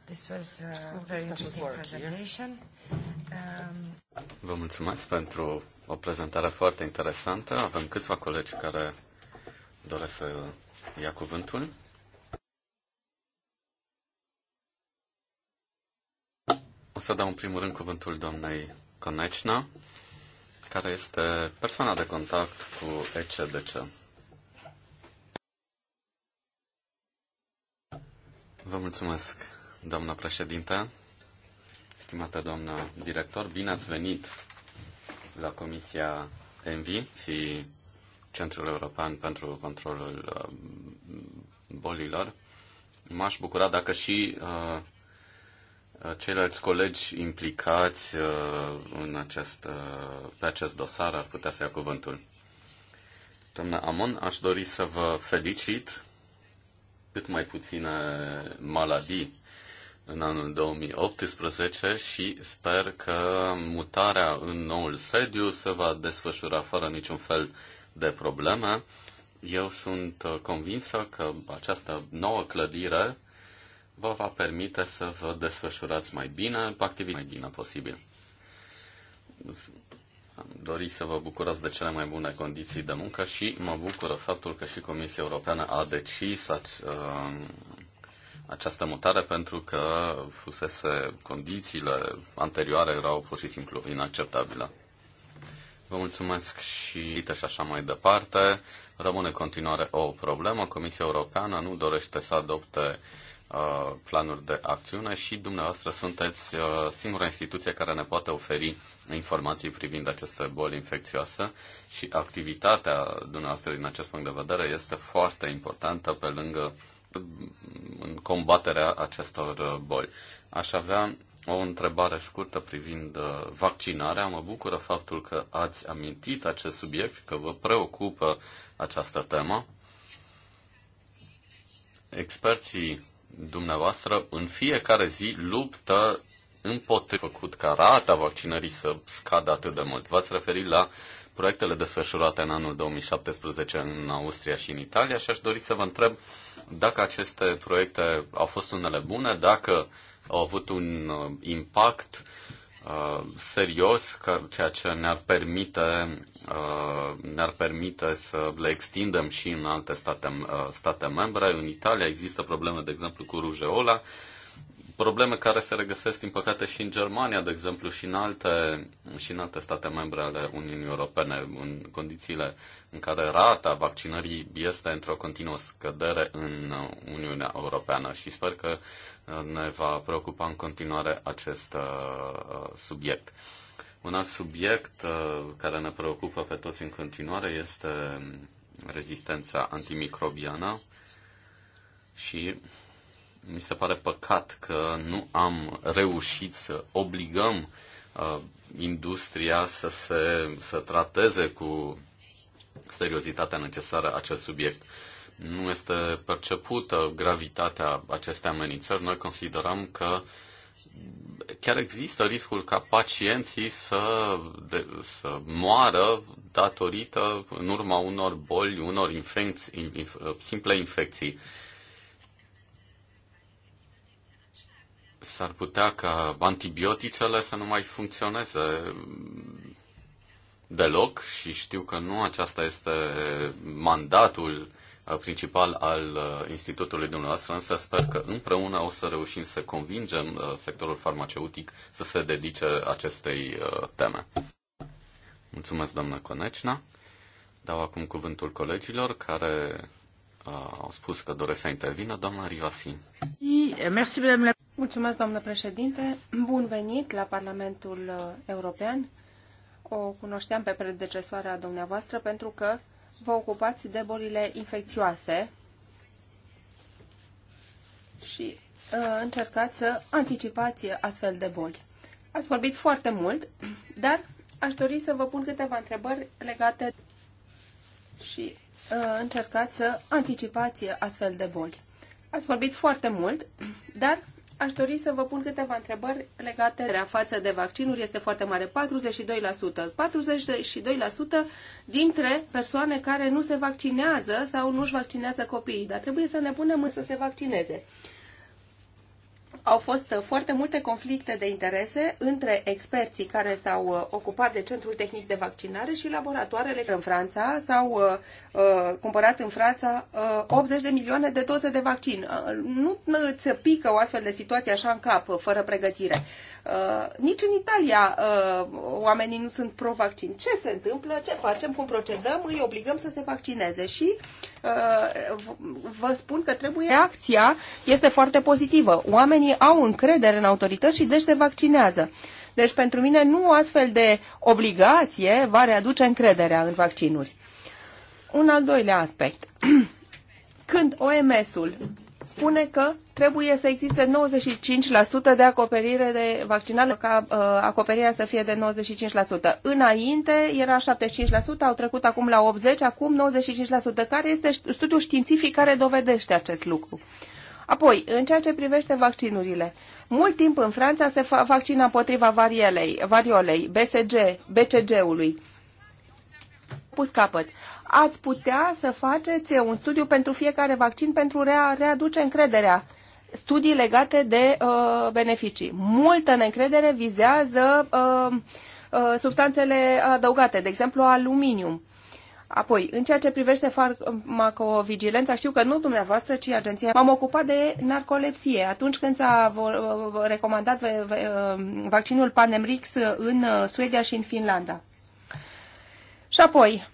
This was a very interesting presentation. Um... Vă mulțumesc pentru o prezentare foarte interesantă. Avem câțiva colegi care doresc să ia cuvântul. O să dau în primul rând cuvântul doamnei Conecna, care este persoana de contact cu ECDC. Vă mulțumesc doamnă președintă, stimată doamnă director, bine ați venit la Comisia ENVI și Centrul European pentru Controlul uh, Bolilor. M-aș bucura dacă și uh, ceilalți colegi implicați uh, în acest, uh, pe acest dosar ar putea să ia cuvântul. Doamna Amon, aș dori să vă felicit cât mai puține maladii în anul 2018 și sper că mutarea în noul sediu se va desfășura fără niciun fel de probleme. Eu sunt uh, convinsă că această nouă clădire vă va permite să vă desfășurați mai bine, activit mai bine posibil. Am dorit să vă bucurați de cele mai bune condiții de muncă și mă bucură faptul că și Comisia Europeană a decis uh, această mutare pentru că fusese condițiile anterioare erau pur și simplu inacceptabile. Vă mulțumesc și uite și așa mai departe. Rămâne continuare o problemă. Comisia Europeană nu dorește să adopte uh, planuri de acțiune și dumneavoastră sunteți uh, singura instituție care ne poate oferi informații privind aceste boli infecțioase și activitatea dumneavoastră din acest punct de vedere este foarte importantă pe lângă uh, în combaterea acestor uh, boli. Aș avea o întrebare scurtă privind uh, vaccinarea. Mă bucură faptul că ați amintit acest subiect și că vă preocupă această temă. Experții dumneavoastră în fiecare zi luptă împotriva făcut ca rata vaccinării să scadă atât de mult. V-ați referit la proiectele desfășurate în anul 2017 în Austria și în Italia și aș dori să vă întreb uh, dacă aceste proiecte au fost unele bune, dacă au avut un uh, impact uh, serios, că, ceea ce ne-ar permite, uh, ne-ar permite să le extindem și în alte state, state membre. În Italia există probleme, de exemplu, cu rujeola probleme care se regăsesc, din păcate, și în Germania, de exemplu, și în alte, și în alte state membre ale Uniunii Europene, în condițiile în care rata vaccinării este într-o continuă scădere în Uniunea Europeană și sper că ne va preocupa în continuare acest uh, subiect. Un alt subiect uh, care ne preocupă pe toți în continuare este rezistența antimicrobiană și mi se pare păcat că nu am reușit să obligăm uh, industria să se să trateze cu seriozitatea necesară acest subiect. Nu este percepută gravitatea acestei amenințări. Noi considerăm că chiar există riscul ca pacienții să, de, să moară datorită în urma unor boli, unor infecți, inf, simple infecții. Uh, s-ar putea ca antibioticele să nu mai funcționeze deloc și știu că nu aceasta este mandatul principal al uh, institutului dumneavoastră, însă sper că împreună o să reușim să convingem uh, sectorul farmaceutic să se dedice acestei uh, teme. Mulțumesc, doamnă Conecina. Dau acum cuvântul colegilor care au spus că doresc să intervină. Doamna Rivasi. Mulțumesc, domnule președinte. Bun venit la Parlamentul uh, European. O cunoșteam pe predecesoarea dumneavoastră pentru că vă ocupați de bolile infecțioase și uh, încercați să anticipați astfel de boli. Ați vorbit foarte mult, dar aș dori să vă pun câteva întrebări legate și uh, încercați să anticipați astfel de boli. Ați vorbit foarte mult, dar aș dori să vă pun câteva întrebări legate de față de vaccinuri. Este foarte mare, 42%. 42% dintre persoane care nu se vaccinează sau nu-și vaccinează copiii, dar trebuie să ne punem să se vaccineze au fost uh, foarte multe conflicte de interese între experții care s-au uh, ocupat de Centrul Tehnic de Vaccinare și laboratoarele în Franța. S-au uh, uh cumpărat în Franța uh, 80 de milioane de doze de vaccin. Uh, nu îți pică o astfel de situație așa în cap, fără pregătire. Uh, nici în Italia uh, oamenii nu sunt pro-vaccin. Ce se întâmplă? Ce facem? Cum procedăm? Îi obligăm să se vaccineze și Uh, vă spun că trebuie reacția este foarte pozitivă. Oamenii au încredere în autorități și deci se vaccinează. Deci pentru mine nu astfel de obligație va readuce încrederea în vaccinuri. Un al doilea aspect. Când OMS-ul spune că trebuie să existe 95% de acoperire de vaccinare, ca uh, acoperirea să fie de 95%. Înainte era 75%, au trecut acum la 80%, acum 95%. Care este studiul științific care dovedește acest lucru? Apoi, în ceea ce privește vaccinurile, mult timp în Franța se vaccina împotriva variolei, variolei BCG, BCG-ului pus capăt. Ați putea să faceți un studiu pentru fiecare vaccin pentru a readuce încrederea studii legate de uh, beneficii. Multă neîncredere vizează uh, uh, substanțele adăugate, de exemplu aluminium. Apoi, în ceea ce privește farmacovigilența, știu că nu dumneavoastră, ci agenția. M-am ocupat de narcolepsie. Atunci când s-a uh, recomandat uh, vaccinul Panemrix în uh, Suedia și în Finlanda. Și apoi,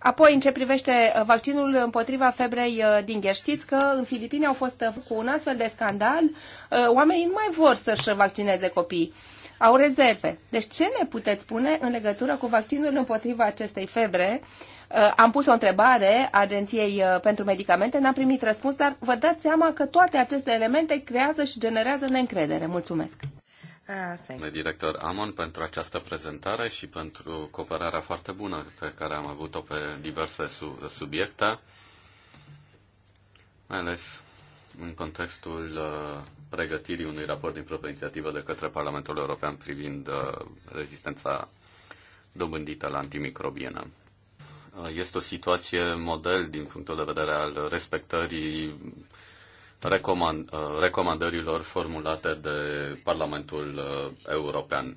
Apoi, în ce privește uh, vaccinul împotriva febrei uh, gher, știți că în Filipine au fost uh, cu un astfel de scandal, oamenii nu mai vor să-și vaccineze copiii. Au rezerve. Deci ce ne puteți spune în legătură cu vaccinul împotriva acestei febre? Am pus o întrebare Agenției pentru Medicamente, n-am primit răspuns, dar vă dați seama că toate aceste elemente creează și generează neîncredere. Mulțumesc! Ah, Domnule director Amon, pentru această prezentare și pentru cooperarea foarte bună pe care am avut-o pe diverse su- subiecte, mai ales în contextul uh, pregătirii unui raport din proprie inițiativă de către Parlamentul European privind uh, rezistența dobândită la antimicrobienă. Uh, este o situație model din punctul de vedere al respectării recomand, uh, recomandărilor formulate de Parlamentul uh, European.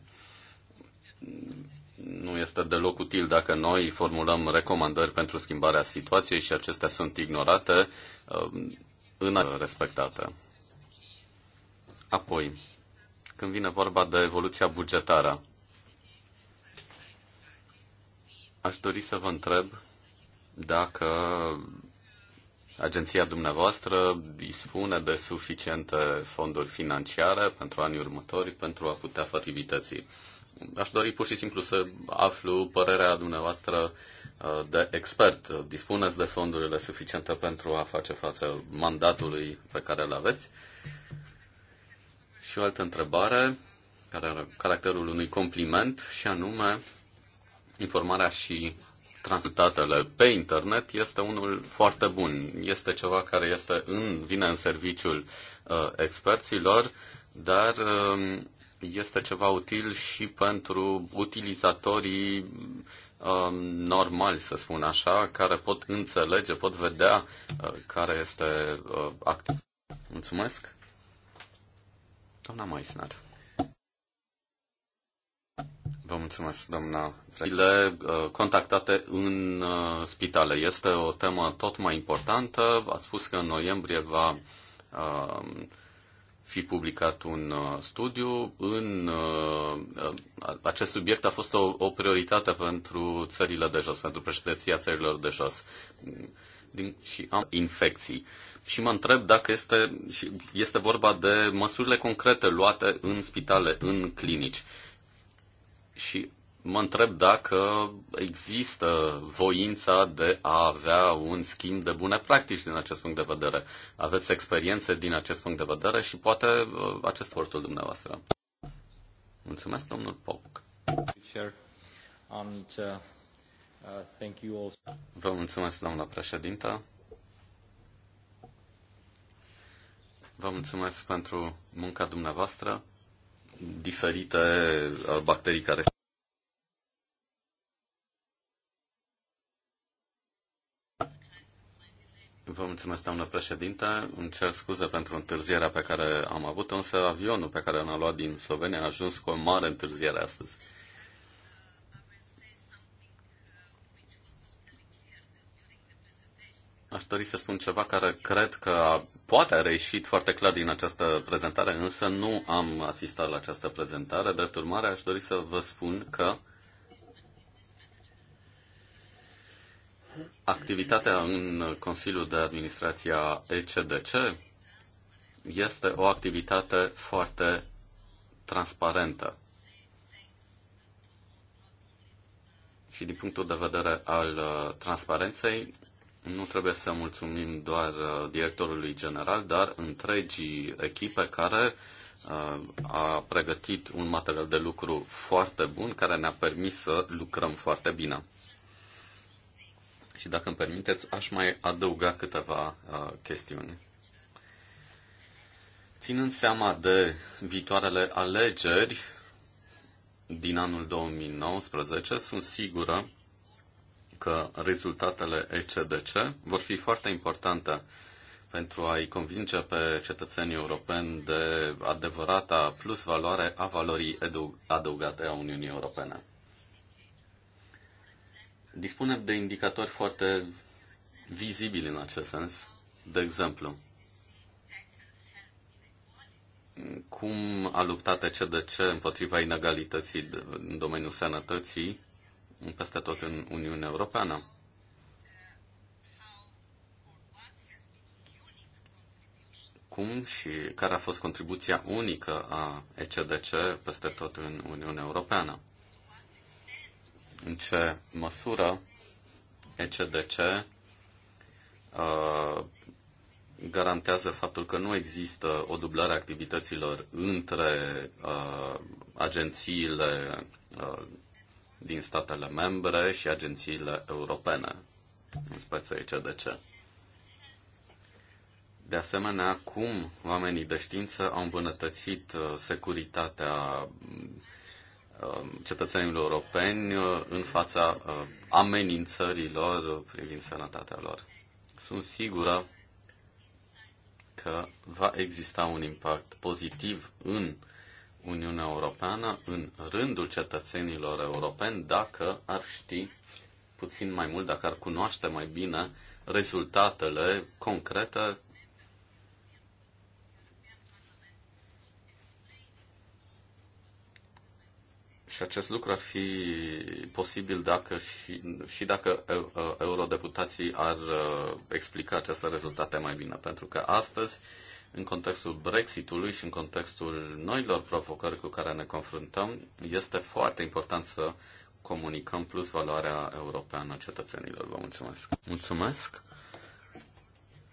Nu este deloc util dacă noi formulăm recomandări pentru schimbarea situației și acestea sunt ignorate uh, în respectate. Apoi, când vine vorba de evoluția bugetară, aș dori să vă întreb dacă Agenția dumneavoastră dispune de suficiente fonduri financiare pentru anii următori pentru a putea face activității. Aș dori pur și simplu să aflu părerea dumneavoastră uh, de expert. Dispuneți de fondurile suficiente pentru a face față mandatului pe care îl aveți? Și o altă întrebare, care are caracterul unui compliment, și anume informarea și tranzitatele pe internet este unul foarte bun. Este ceva care este în, vine în serviciul uh, experților, dar uh, este ceva util și pentru utilizatorii uh, normali, să spun așa, care pot înțelege, pot vedea uh, care este uh, actul. Mulțumesc. Doamna Maisner. Vă mulțumesc, doamna. Ele uh, contactate în uh, spitale este o temă tot mai importantă. Ați spus că în noiembrie va uh, fi publicat un studiu. În acest subiect a fost o, o prioritate pentru țările de jos, pentru președinția țărilor de jos. Din, și am infecții. Și mă întreb dacă este, este vorba de măsurile concrete luate în spitale, în clinici și mă întreb dacă există voința de a avea un schimb de bune practici din acest punct de vedere. Aveți experiențe din acest punct de vedere și poate uh, acest portul dumneavoastră. Mulțumesc, domnul Popuc. Uh, uh, Vă mulțumesc, doamna președintă. Vă mulțumesc pentru munca dumneavoastră diferite uh, bacterii care Vă mulțumesc, doamnă președinte. Îmi cer scuze pentru întârzierea pe care am avut, însă avionul pe care l-am luat din Slovenia a ajuns cu o mare întârziere astăzi. Aș dori să spun ceva care cred că poate a reieșit foarte clar din această prezentare, însă nu am asistat la această prezentare. Drept urmare, aș dori să vă spun că activitatea în Consiliul de Administrație a ECDC este o activitate foarte transparentă. Și din punctul de vedere al uh, transparenței, nu trebuie să mulțumim doar uh, directorului general, dar întregii echipe care uh, a pregătit un material de lucru foarte bun care ne-a permis să lucrăm foarte bine. Și dacă îmi permiteți, aș mai adăuga câteva uh, chestiuni. Ținând seama de viitoarele alegeri din anul 2019, sunt sigură că rezultatele ECDC vor fi foarte importante pentru a-i convinge pe cetățenii europeni de adevărata plus valoare a valorii adăugate a Uniunii Europene. Dispunem de indicatori foarte vizibili în acest sens. De exemplu, cum a luptat ECDC împotriva inegalității în domeniul sănătății peste tot în Uniunea Europeană. Cum și care a fost contribuția unică a ECDC peste tot în Uniunea Europeană? În ce măsură ECDC uh, garantează faptul că nu există o dublare a activităților între uh, agențiile uh, din statele membre și agențiile europene, în speță ce De asemenea, cum oamenii de știință au îmbunătățit uh, securitatea um, uh, cetățenilor europeni uh, în fața amenințărilor privind sănătatea lor. Sunt sigură că va exista un impact pozitiv în uh, Uniunea Europeană în rândul cetățenilor europeni dacă ar ști puțin mai mult, dacă ar cunoaște mai bine rezultatele concrete Și acest lucru ar fi posibil dacă și, și dacă uh, uh, eurodeputații ar uh, explica aceste rezultate mai bine, pentru că astăzi uh, în contextul Brexitului și în contextul noilor provocări cu care ne confruntăm, este foarte important să comunicăm plus valoarea europeană cetățenilor. Vă mulțumesc! Mulțumesc!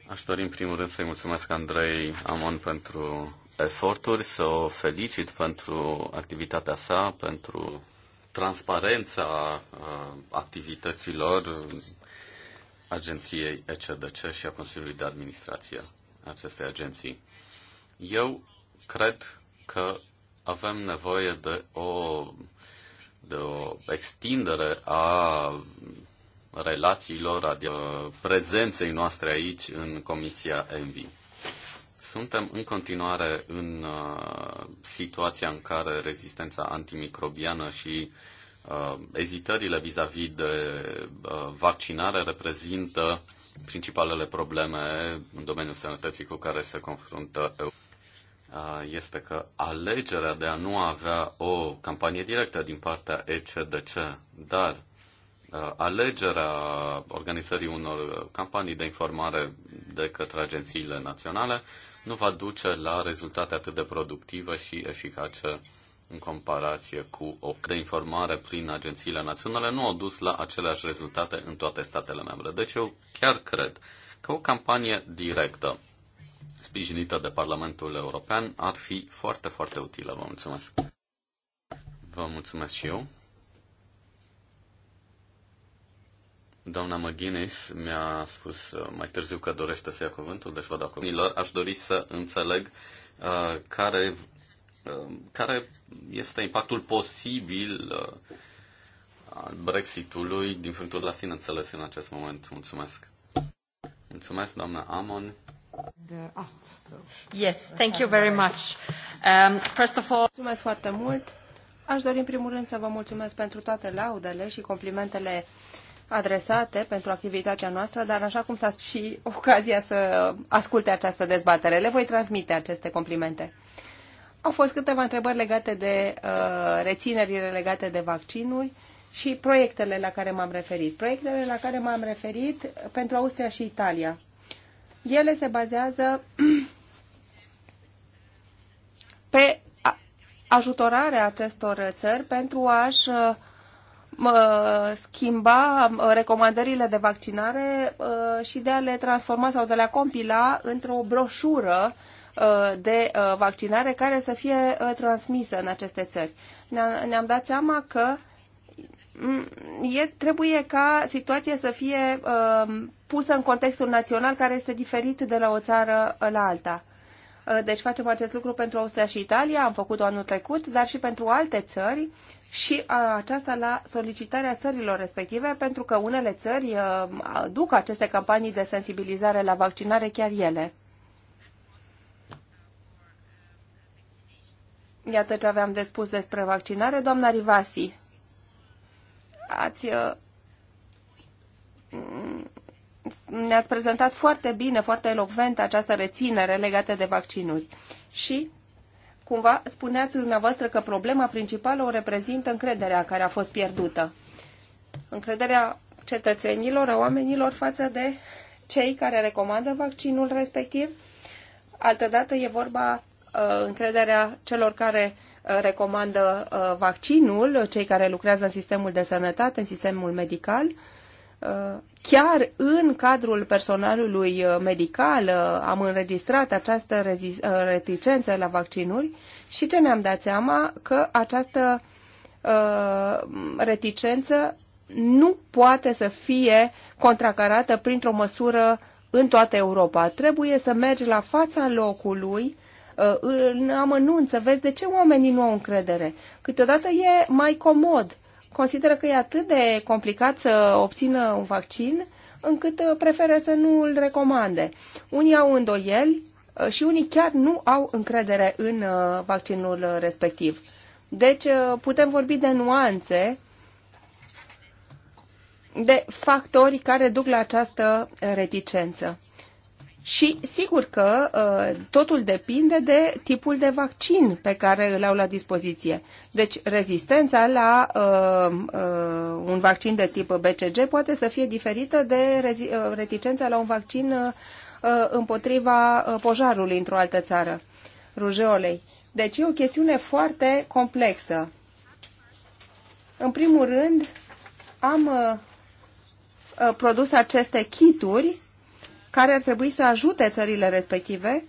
Aș dori în primul rând să-i mulțumesc Andrei Amon pentru eforturi, să o felicit pentru activitatea sa, pentru transparența uh, activităților agenției ECDC și a Consiliului de Administrație acestei agenții. Eu cred că avem nevoie de o, de o extindere a relațiilor, a prezenței noastre aici în Comisia ENVI. Suntem în continuare în uh, situația în care rezistența antimicrobiană și uh, ezitările vis-a-vis -vis de uh, vaccinare reprezintă uh, principalele probleme în domeniul sănătății cu care se confruntă eu este că alegerea de a nu avea o campanie directă din partea ECDC, dar alegerea organizării unor campanii de informare de către agențiile naționale nu va duce la rezultate atât de productive și eficace în comparație cu o de informare prin agențiile naționale, nu au dus la aceleași rezultate în toate statele membre. Deci eu chiar cred că o campanie directă sprijinită de Parlamentul European ar fi foarte, foarte utilă. Vă mulțumesc. Vă mulțumesc și eu. Doamna McGuinness mi-a spus uh, mai târziu că dorește să ia cuvântul, deci vă dau cuvântul. Aș dori să înțeleg uh, care Um, care este impactul posibil uh, al Brexitului din punctul de la sine înțeles în acest moment. Mulțumesc. Mulțumesc, doamna Amon. Uh, yes, thank you very much. Um, first of all... Mulțumesc foarte mult. Aș dori în primul rând să vă mulțumesc pentru toate laudele și complimentele adresate pentru activitatea noastră, dar așa cum s-a și ocazia să asculte această dezbatere, le voi transmite aceste complimente. Uh, au fost câteva întrebări legate de uh, reținerile legate de vaccinuri și proiectele la care m-am referit. Proiectele la care m-am referit uh, pentru Austria și Italia. Ele se bazează pe ajutorarea acestor țări pentru a-și uh, schimba uh, recomandările de vaccinare și de a le transforma sau de a le compila într-o broșură Uh, de uh, vaccinare care să fie uh, transmisă în aceste țări. Ne-am dat seama că mm, e, trebuie ca situația să fie pusă în contextul național care este diferit de la o țară la alta. deci facem acest lucru pentru Austria și Italia, am făcut-o anul trecut, dar și pentru alte țări și aceasta la solicitarea țărilor respective, pentru că unele țări duc aceste campanii de sensibilizare la vaccinare chiar ele. Iată ce aveam de spus despre vaccinare. Doamna Rivasi, ați, uh, ne-ați prezentat foarte bine, foarte elocvent această reținere legată de vaccinuri. Și cumva spuneați dumneavoastră că problema principală o reprezintă încrederea care a fost pierdută. Încrederea cetățenilor, a oamenilor față de cei care recomandă vaccinul respectiv. Altădată e vorba Uh, încrederea celor care uh, recomandă uh, vaccinul, cei care lucrează în sistemul de sănătate, în sistemul medical, chiar în cadrul personalului medical am înregistrat această reticență la vaccinuri și ce ne-am dat seama? Că această reticență nu poate să fie contracarată printr-o măsură în toată Europa. Trebuie să mergi la fața locului Uh, în amănunță, vezi de ce oamenii nu au încredere. Câteodată e mai comod. Consideră că e atât de complicat să obțină un vaccin încât uh, preferă să nu îl recomande. Unii au îndoieli uh, și unii chiar nu au încredere în vaccinul respectiv. Deci putem vorbi de nuanțe, de factori care duc la această reticență. Și sigur că uh, totul depinde de tipul de vaccin pe care îl au la dispoziție. Deci rezistența la uh, uh, un vaccin de tip BCG poate să fie diferită de reticența la un vaccin împotriva pojarului într-o altă țară, rujeolei. Deci e o chestiune foarte complexă. În primul rând, am produs aceste kituri care ar trebui să ajute țările respective,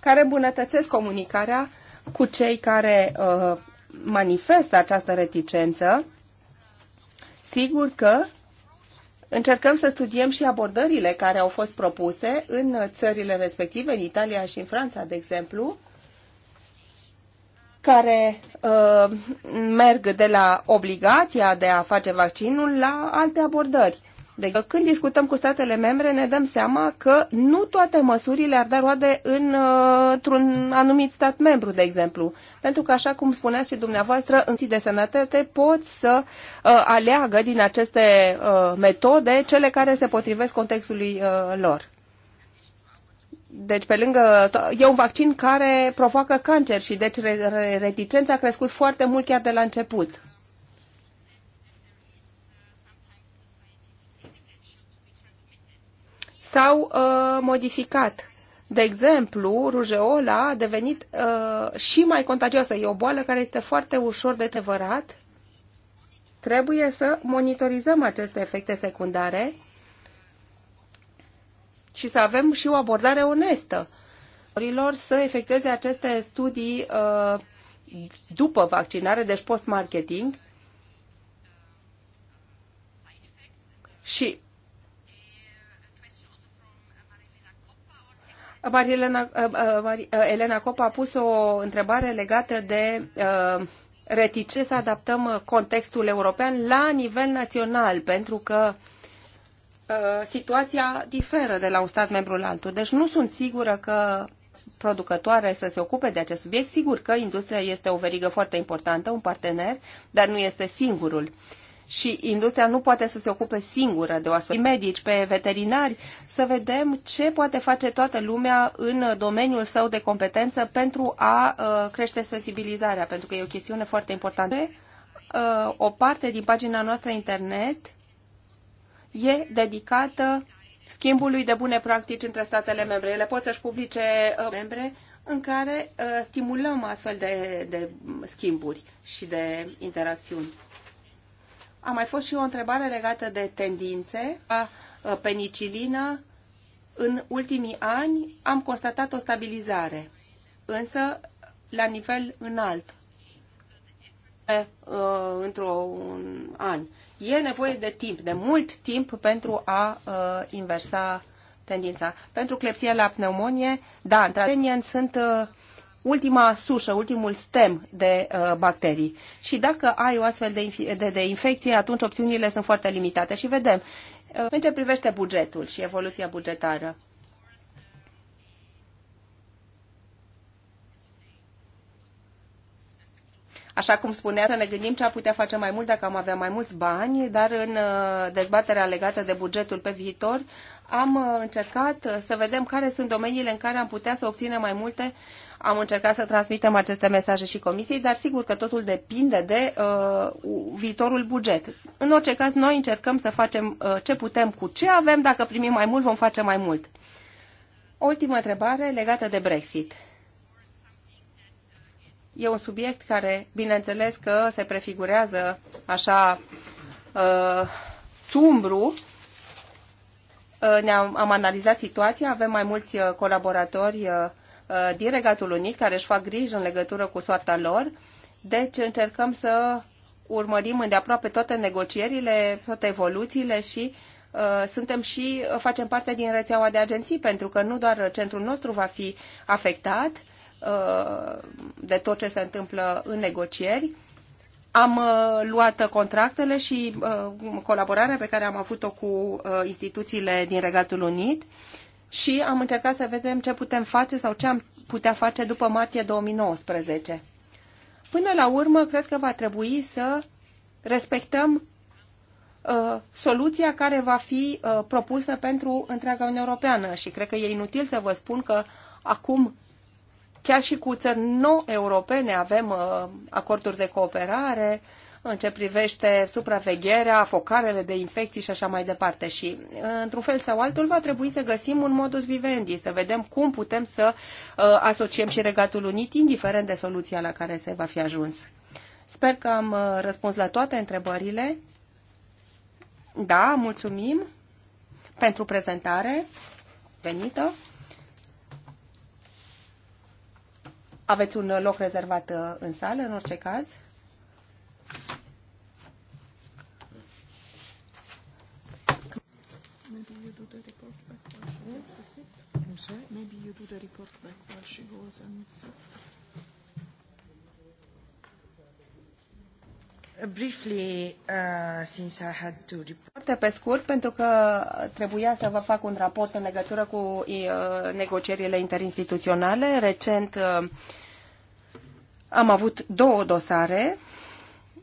care îmbunătățesc comunicarea cu cei care uh, manifestă această reticență. Sigur că Încercăm să studiem și abordările care au fost propuse în țările respective, în Italia și în Franța, de exemplu, care uh, merg de la obligația de a face vaccinul la alte abordări. Deci, când discutăm cu statele membre, ne dăm seama că nu toate măsurile ar da roade în, uh, într-un anumit stat membru, de exemplu. Pentru că, așa cum spuneați și dumneavoastră, în de sănătate pot să uh, aleagă din aceste uh, metode cele care se potrivesc contextului uh, lor. Deci, pe lângă, e un vaccin care provoacă cancer și deci reticența a crescut foarte mult chiar de la început. s-au uh, modificat. De exemplu, rujeola a devenit uh, și mai contagioasă. E o boală care este foarte ușor de tevărat. Trebuie să monitorizăm aceste efecte secundare și să avem și o abordare onestă. Să efectueze aceste studii uh, după vaccinare, deci post-marketing, și Uh, uh, uh, Elena, Copa a pus o întrebare legată de retice să adaptăm contextul european la nivel național, pentru că situația diferă de la un stat membru la altul. Deci nu sunt sigură că producătoare să se ocupe de acest subiect. Sigur că industria este o verigă foarte importantă, un partener, dar nu este singurul. Uh, și industria nu poate să se ocupe singură de o astfel. Medici, pe veterinari, să vedem ce poate face toată lumea în domeniul său de competență pentru a uh, crește sensibilizarea, pentru că e o chestiune foarte importantă. Uh, o parte din pagina noastră internet e dedicată schimbului de bune practici între statele membre. Ele pot să-și publice uh, membre în care uh, stimulăm astfel de, de schimburi și de interacțiuni. A mai fost și o întrebare legată de tendințe. A penicilină, în ultimii ani am constatat o stabilizare, însă la nivel înalt, într-un an. E nevoie de timp, de mult timp pentru a inversa tendința. Pentru clepsie la pneumonie, da, într sunt ultima sușă, ultimul stem de uh, bacterii. Și dacă ai o astfel de, inf- de, de infecție, atunci opțiunile sunt foarte limitate. Și vedem, uh, în ce privește bugetul și evoluția bugetară, Așa cum spunea, să ne gândim ce ar putea face mai mult dacă am avea mai mulți bani, dar în uh, dezbaterea legată de bugetul pe viitor am uh, încercat uh, să vedem care sunt domeniile în care am putea să obținem mai multe. Am încercat să transmitem aceste mesaje și comisiei, dar sigur că totul depinde de uh, viitorul buget. În orice caz, noi încercăm să facem uh, ce putem cu ce avem. Dacă primim mai mult, vom face mai mult. Ultima întrebare legată de Brexit. E un subiect care, bineînțeles, că se prefigurează așa uh, sumbru. Uh, Ne-am am analizat situația, avem mai mulți uh, colaboratori uh, uh, din Regatul Unit care își fac griji în legătură cu soarta lor. Deci încercăm să urmărim îndeaproape toate negocierile, toate evoluțiile și uh, suntem și uh, facem parte din rețeaua de agenții, pentru că nu doar centrul nostru va fi afectat, Uh, de tot ce se întâmplă în negocieri. Am uh, luat contractele și uh, colaborarea pe care am avut-o cu instituțiile din Regatul Unit și am încercat să vedem ce putem face sau ce am putea face după martie 2019. Până la urmă, cred că va trebui să respectăm soluția care va fi propusă pentru întreaga Uniune Europeană și cred că e inutil să vă spun că acum Chiar și cu țări nou-europene avem uh, acorduri de cooperare în ce privește supravegherea, focarele de infecții și așa mai departe. Și, uh, într-un fel sau altul, va trebui să găsim un modus vivendi, să vedem cum putem să uh, asociem și Regatul Unit, indiferent de soluția la care se va fi ajuns. Sper că am răspuns la toate întrebările. Da, mulțumim pentru prezentare venită. Aveți un loc rezervat uh, în sală, în orice caz. Maybe you do the report back while she goes and sits. Briefly, uh, since I had to report. Foarte pe scurt, pentru că trebuia să vă fac un raport în legătură cu uh, negocierile interinstituționale. Recent uh, am avut două dosare,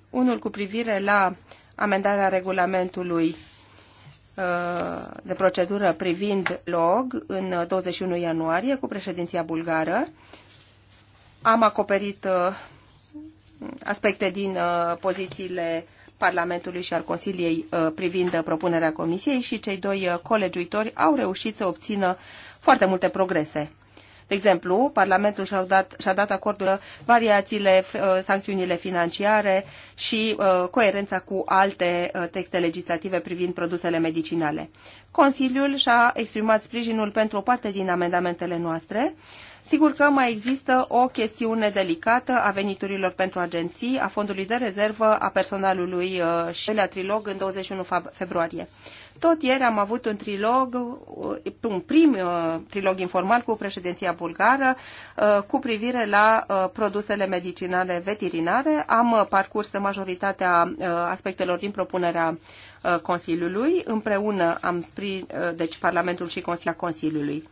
unul cu privire la amendarea regulamentului uh, de procedură privind log în 21 uh, ianuarie cu președinția bulgară. Am acoperit uh, aspecte din uh, pozițiile Parlamentului și al Consiliei uh, privind uh, propunerea Comisiei și cei doi colegiuitori au reușit să obțină foarte multe progrese. De exemplu, Parlamentul și-a dat, și dat acordul variațiile, sancțiunile financiare și coerența cu alte texte legislative privind produsele medicinale. Consiliul și-a exprimat sprijinul pentru o parte din amendamentele noastre, Sigur că mai există o chestiune delicată a veniturilor pentru agenții, a fondului de rezervă, a personalului uh, și la trilog în 21 februarie. Tot ieri am avut un trilog, uh, un prim uh, trilog informal cu președinția bulgară cu privire la produsele medicinale veterinare. Am parcurs majoritatea aspectelor din propunerea Consiliului, împreună am sprijinit, deci Parlamentul și Consiliul Consiliului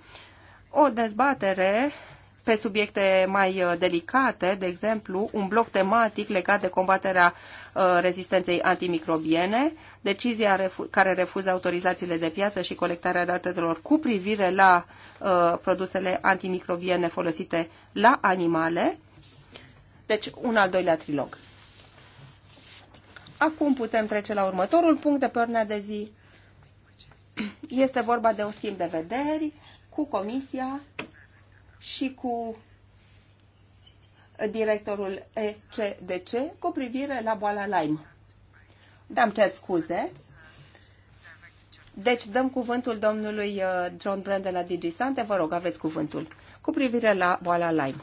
o dezbatere pe subiecte mai uh, delicate, de exemplu, un bloc tematic legat de combaterea uh, rezistenței antimicrobiene, decizia refu care refuză autorizațiile de piață și colectarea datelor cu privire la uh, produsele antimicrobiene folosite la animale. Deci, un al doilea trilog. Acum putem trece la următorul punct de pe ordinea de zi. Este vorba de un schimb de vederi cu Comisia și cu directorul ECDC cu privire la boala Lyme. Dar îmi cer scuze. Deci dăm cuvântul domnului uh, John Brand de la DigiSante. Vă rog, aveți cuvântul cu privire la boala Lyme.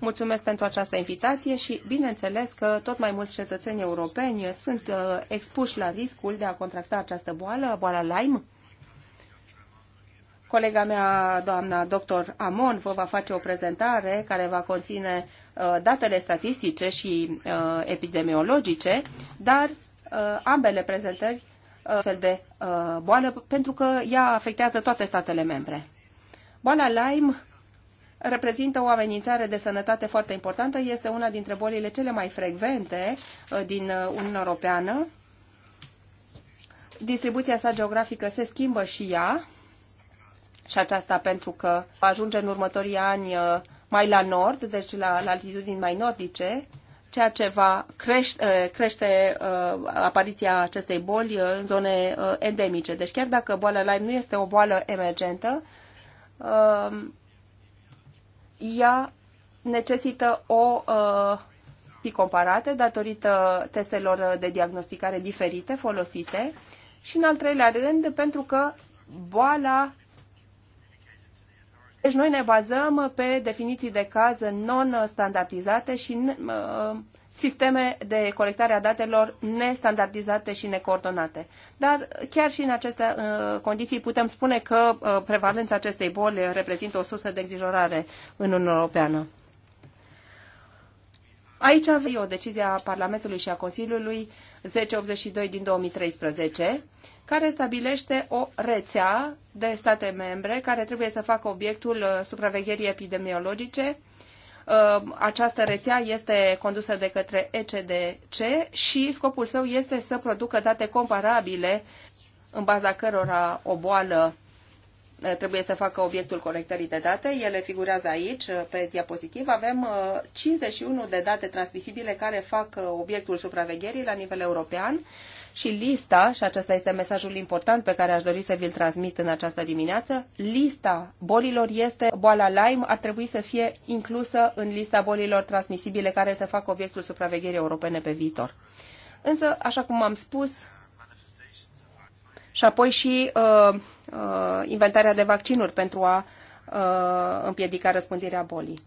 Mulțumesc pentru această invitație și bineînțeles că tot mai mulți cetățeni europeni sunt uh, expuși la riscul de a contracta această boală, boala Lyme Colega mea, doamna doctor Amon, vă va face o prezentare care va conține uh, datele statistice și uh, epidemiologice, dar uh, ambele prezentări fel de boală, pentru că ea afectează toate statele membre. Boala Lyme reprezintă o amenințare de sănătate foarte importantă, este una dintre bolile cele mai frecvente din Uniunea Europeană. Distribuția sa geografică se schimbă și ea și aceasta pentru că ajunge în următorii ani uh, mai la nord, deci la, la mai nordice, ceea ce va crește, uh, crește uh, apariția acestei boli în zone endemice. Deci chiar dacă boala Lyme nu este o boală emergentă, ea necesită o fi comparate datorită testelor de diagnosticare diferite folosite și în al treilea rând pentru că boala deci noi ne bazăm pe definiții de caz non-standardizate și sisteme de colectare a datelor nestandardizate și necoordonate. Dar chiar și în aceste uh, condiții putem spune că uh, prevalența acestei boli reprezintă o sursă de îngrijorare în Uniunea Europeană. Aici avem o decizie a Parlamentului și a Consiliului uh, 1082 din 2013, care stabilește o rețea de state membre care trebuie să facă obiectul uh, supravegherii epidemiologice. Uh, această rețea este condusă de către ECDC și scopul său este să producă date comparabile în baza cărora o boală Eh, trebuie să facă obiectul colectării de date. Ele figurează aici, eh, pe diapozitiv. Avem 51 eh, de date transmisibile care fac obiectul supravegherii la nivel european și lista, și acesta este mesajul important pe care aș dori să vi-l transmit în această dimineață, lista bolilor este boala Lyme, ar trebui să fie inclusă în lista bolilor transmisibile care să facă obiectul supravegherii europene pe viitor. Însă, așa cum am spus, și apoi și uh, uh, inventarea de vaccinuri pentru a uh, împiedica răspândirea bolii.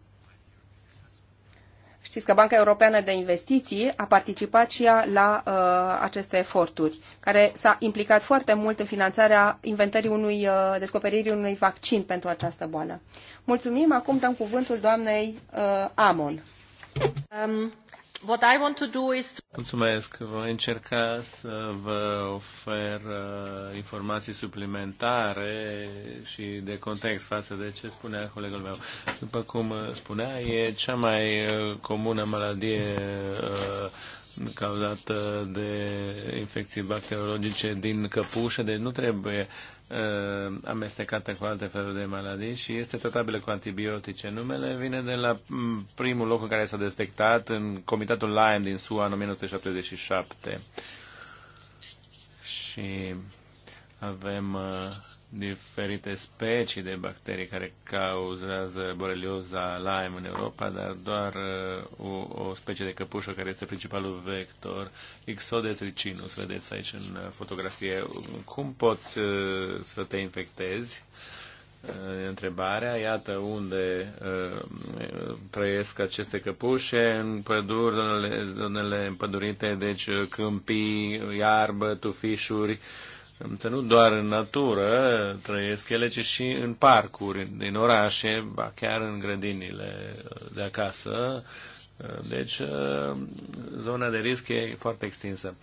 Știți că Banca Europeană de Investiții a participat și ea la uh, aceste eforturi, care s-a implicat foarte mult în finanțarea inventării unui, uh, descoperirii unui vaccin pentru această boală. Mulțumim, acum dăm cuvântul doamnei uh, Amon. Um, What I want to do is... Mulțumesc. Voi încerca să vă ofer uh, informații suplimentare și de context față de ce spunea colegul meu. După cum uh, spunea, e cea mai uh, comună maladie cauzată de infecții bacteriologice din căpușă, deci nu trebuie uh, amestecată cu alte feluri de maladii și este tratabilă cu antibiotice. Numele vine de la mm, primul loc în care s-a detectat în Comitatul Lyme din SUA în 1977. Și avem uh, diferite specii de bacterii care cauzează borelioza Lyme în Europa, dar doar uh, o, o specie de căpușă care este principalul vector, Ixodes ricinus, vedeți aici în uh, fotografie. Cum poți uh, să te infectezi? întrebarea, iată unde trăiesc aceste căpușe, în pădurile, zonele, zonele împădurite, deci câmpii, iarbă, tufișuri, Însă nu doar în natură trăiesc ele, ci și în parcuri, din orașe, ba chiar în grădinile uh, de acasă. Uh, deci, uh, zona de risc e foarte extinsă.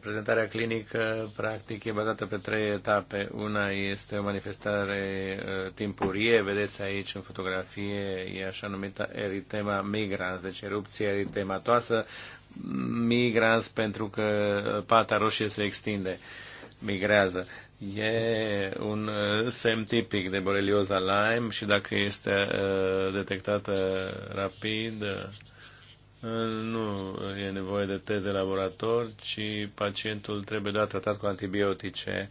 Prezentarea clinică, practic, e bazată pe trei etape. Una este o manifestare timpurie, vedeți aici în fotografie, e așa numită eritema migrans, deci erupție eritematoasă, migranți pentru că pata roșie se extinde, migrează. E un uh, semn tipic de borelioza Lyme și dacă este uh, detectată rapid, uh, nu e nevoie de test de laborator, ci pacientul trebuie doar tratat cu antibiotice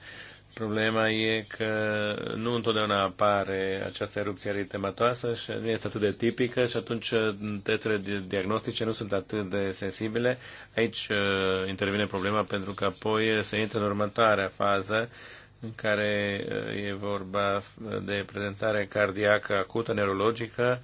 Problema e că nu întotdeauna apare această erupție eritematoasă și nu este atât de tipică și atunci uh, testele diagnostice nu sunt atât de sensibile. Aici uh, intervine problema pentru că apoi uh, se intră în următoarea fază în care e vorba de prezentare cardiacă acută, neurologică,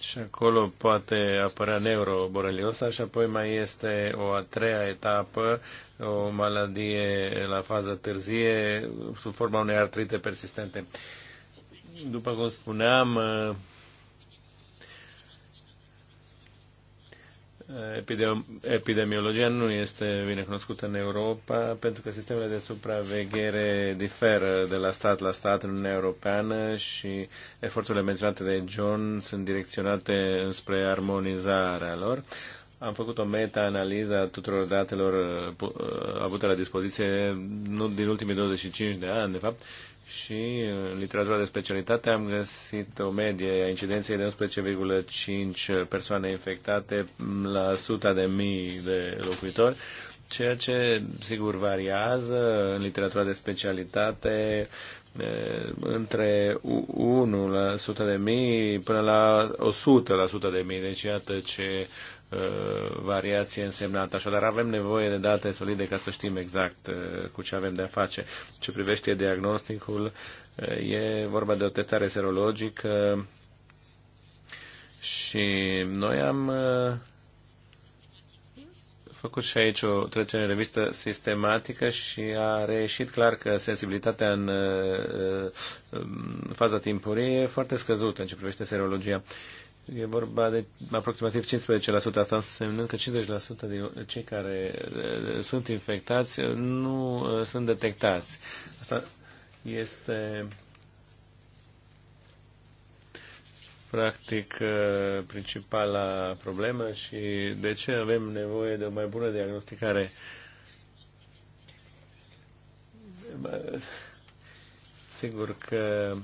și acolo poate apărea neuroboreliosa și apoi mai este o a treia etapă, o maladie la fază târzie, sub forma unei artrite persistente. După cum spuneam, Epidemiologia nu este bine cunoscută în Europa pentru că sistemele de supraveghere diferă de la stat la stat în Uniunea Europeană și eforturile menționate de John sunt direcționate spre armonizarea lor. Am făcut o meta-analiză a tuturor datelor uh, uh, avute la dispoziție nu din ultimii 25 de ani, de fapt, și în literatura de specialitate am găsit o medie a incidenței de 11,5 persoane infectate la 100 de mii de locuitori, ceea ce sigur variază în literatura de specialitate între 1 la 100 de mii până la 100 la 100 de mii. Deci iată ce Uh, variație însemnată. Așadar, avem nevoie de date solide ca să știm exact uh, cu ce avem de-a face. Ce privește diagnosticul, uh, e vorba de o testare serologică și noi am făcut și aici o trecere în revistă sistematică și a reieșit clar că sensibilitatea în faza timpurie e foarte scăzută în ce privește serologia. E vorba de aproximativ 15%, asta însemnând că 50% din cei care eh, sunt infectați nu eh, sunt detectați. Asta este practic eh, principala problemă și de ce avem nevoie de o mai bună diagnosticare. Sigur că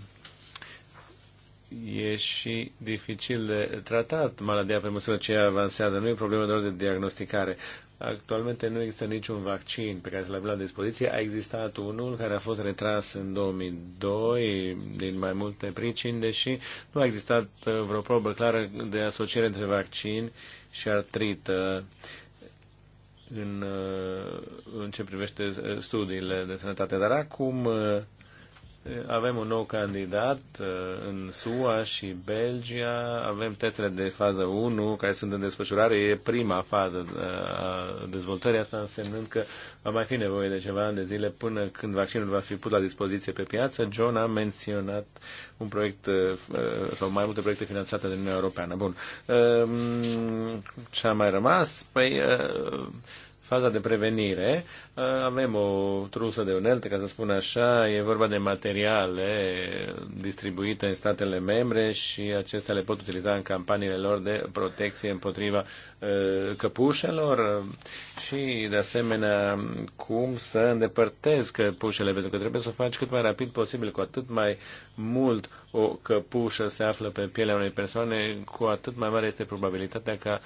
e și dificil de tratat maladia pe măsură ce avansează. Nu e problemă doar de diagnosticare. Actualmente nu există niciun vaccin pe care să-l avem la dispoziție. A existat unul care a fost retras în 2002 din mai multe pricini, deși nu a existat uh, vreo probă clară de asociere între vaccin și artrită în, uh, în ce privește uh, studiile de sănătate. Dar acum avem un nou candidat uh, în SUA și Belgia, avem tetre de fază 1 care sunt în desfășurare, e prima fază uh, a dezvoltării, asta însemnând că va mai fi nevoie de ceva ani de zile până când vaccinul va fi pus la dispoziție pe piață. John a menționat un proiect uh, sau mai multe proiecte finanțate de Uniunea Europeană. Bun. Um, ce a mai rămas? Păi faza de prevenire, avem o trusă de unelte, ca să spun așa, e vorba de materiale distribuite în statele membre și acestea le pot utiliza în campaniile lor de protecție împotriva căpușelor și, de asemenea, cum să îndepărtezi căpușele, pentru că trebuie să o faci cât mai rapid posibil, cu atât mai mult o căpușă se află pe pielea unei persoane, cu atât mai mare este probabilitatea ca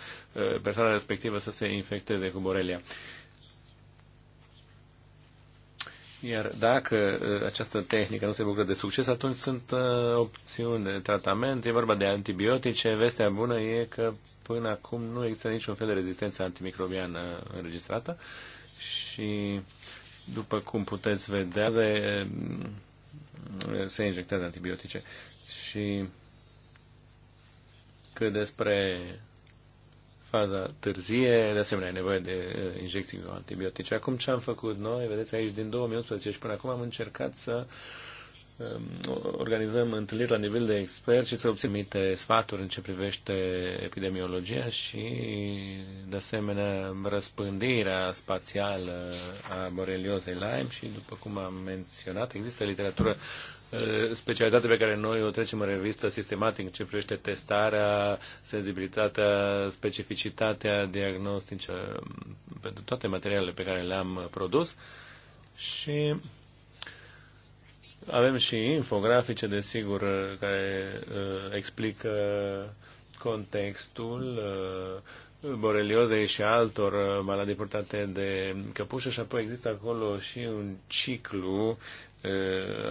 persoana respectivă să se infecteze cu borelia. Iar dacă uh, această tehnică nu se bucură de succes, atunci sunt uh, opțiuni de tratament. E vorba de antibiotice. Vestea bună e că până acum nu există niciun fel de rezistență antimicrobiană înregistrată și după cum puteți vedea, se injectează antibiotice. Și cât despre faza târzie, de asemenea, e nevoie de uh, injecții antibiotice. Acum ce am făcut noi? Vedeți aici, din 2018 și până acum am încercat să um, organizăm întâlniri la nivel de expert și să obținem sfaturi în ce privește epidemiologia și, de asemenea, răspândirea spațială a boreliozei Lyme și, după cum am menționat, există literatură Eh, specialitate pe care noi o trecem în revistă sistematic în ce privește testarea, sensibilitatea, specificitatea diagnostică mm, pentru toate materialele pe care le-am eh, produs și avem și infografice, desigur, eh, care uh, explică contextul uh, boreliozei și altor uh, maladii purtate de căpușă și apoi există acolo și un ciclu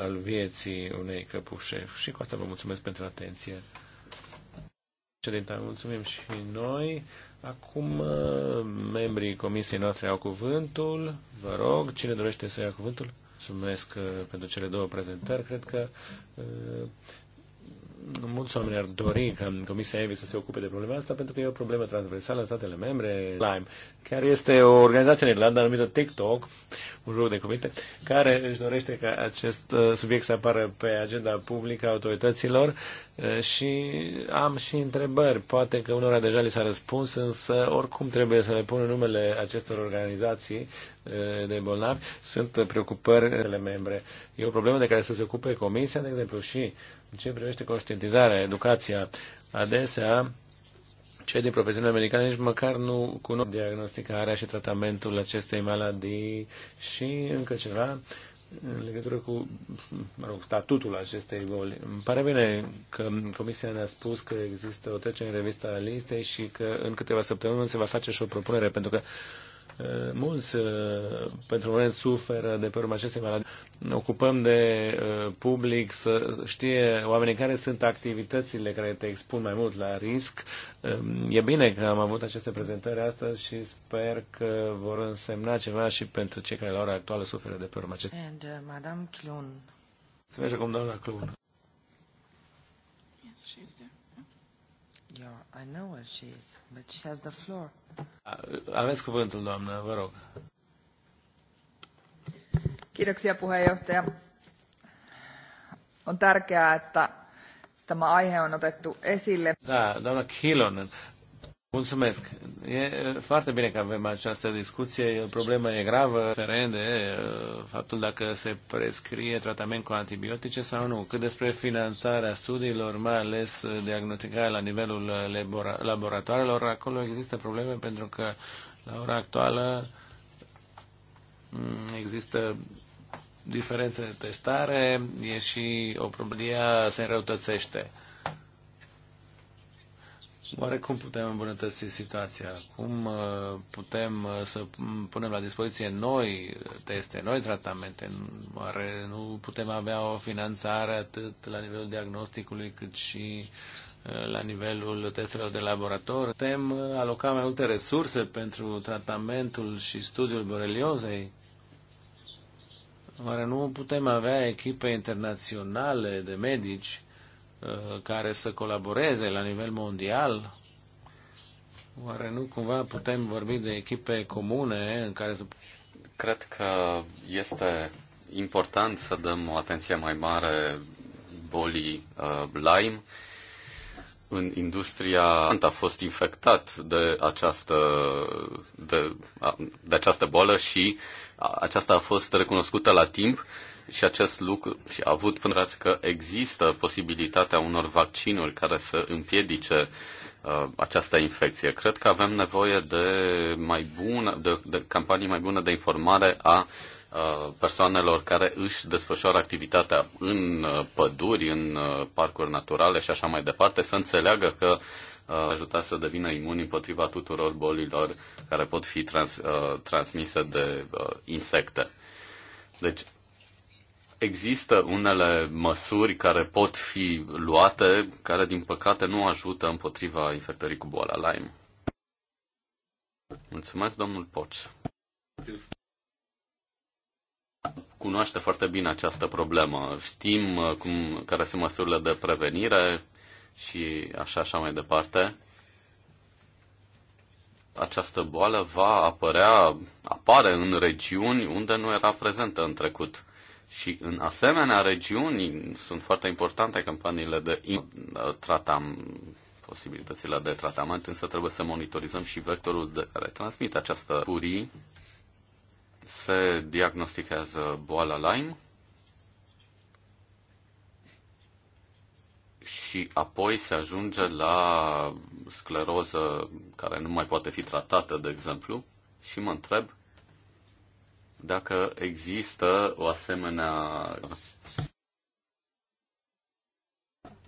al vieții unei căpușe. Și cu asta vă mulțumesc pentru atenție. Președinte, mulțumim și noi. Acum, membrii comisiei noastre au cuvântul. Vă rog, cine dorește să ia cuvântul? Mulțumesc pentru cele două prezentări. Cred că mulți oameni ar dori ca Comisia EVI să se ocupe de problema asta pentru că e o problemă transversală în statele membre. Lime, care este o organizație în Irlanda numită TikTok, un joc de cuvinte, care își dorește ca acest uh, subiect să apară pe agenda publică a autorităților Eh, și am și întrebări. Poate că unora deja li s-a răspuns, însă oricum trebuie să le pun numele acestor organizații eh, de bolnavi. Sunt preocupările membre. E o problemă de care să se ocupe Comisia, de exemplu, și în ce privește conștientizarea, educația. Adesea, cei din profesiunile medicale nici măcar nu cunosc diagnosticarea și tratamentul acestei maladii și încă ceva în legătură cu mă rog, statutul acestei boli. Îmi pare bine că Comisia ne-a spus că există o trecere în revista listei și că în câteva săptămâni se va face și o propunere, pentru că uh, Eh, mulți eh, pentru moment suferă de pe urma acestei maladii. Ocupăm de eh, public să știe oamenii care sunt activitățile care te expun mai mult la risc. E bine că am avut aceste prezentări astăzi și sper că vor însemna ceva și pentru cei care la ora actuală suferă de pe urma acestei. And, uh, Madame Clun. Să doamna Clun. I know where she is, but she has the floor. Aveți cuvântul, doamnă, vă rog. Kiitoksia puheenjohtaja. On tärkeää, että tämä aihe on otettu esille. Da, doamna Kilonen, Mulțumesc. E foarte bine că avem această discuție. Problema e gravă, ferent de faptul dacă se prescrie tratament cu antibiotice sau nu. Cât despre finanțarea studiilor, mai ales diagnosticarea la nivelul laboratoarelor, acolo există probleme pentru că la ora actuală există diferențe de testare, e și o problemă, se înrăutățește. Oare cum putem îmbunătăți situația? Cum uh, putem uh, să punem la dispoziție noi teste, noi tratamente? Oare nu putem avea o finanțare atât la nivelul diagnosticului cât și uh, la nivelul testelor de laborator? Putem aloca mai multe resurse pentru tratamentul și studiul boreliozei? Oare nu putem avea echipe internaționale de medici Uh, care să colaboreze la nivel mondial? Oare nu cumva putem vorbi de echipe comune în care să... Cred că este important să dăm o atenție mai mare bolii uh, Lyme. În industria a fost infectat de această, de, de această boală și aceasta a fost recunoscută la timp și acest lucru și a avut până azi că există posibilitatea unor vaccinuri care să împiedice uh, această infecție. Cred că avem nevoie de mai bună, de, de campanii mai bune de informare a uh, persoanelor care își desfășoară activitatea în uh, păduri, în parcuri naturale și așa mai departe, să înțeleagă că ajuta să devină imuni împotriva tuturor bolilor care pot fi trans, transmise de insecte. Deci Există unele măsuri care pot fi luate, care din păcate nu ajută împotriva infectării cu boala Lyme. Mulțumesc, domnul Poc. Cunoaște foarte bine această problemă. Știm uh, cum, care sunt măsurile de prevenire și așa, așa mai departe. Această boală va apărea, apare în regiuni unde nu era prezentă în trecut. Și în asemenea regiuni sunt foarte importante campaniile de tratam, posibilitățile de tratament, însă trebuie să monitorizăm și vectorul de care transmite această curii. Se diagnostichează boala Lyme și apoi se ajunge la scleroză care nu mai poate fi tratată, de exemplu, și mă întreb dacă există o asemenea...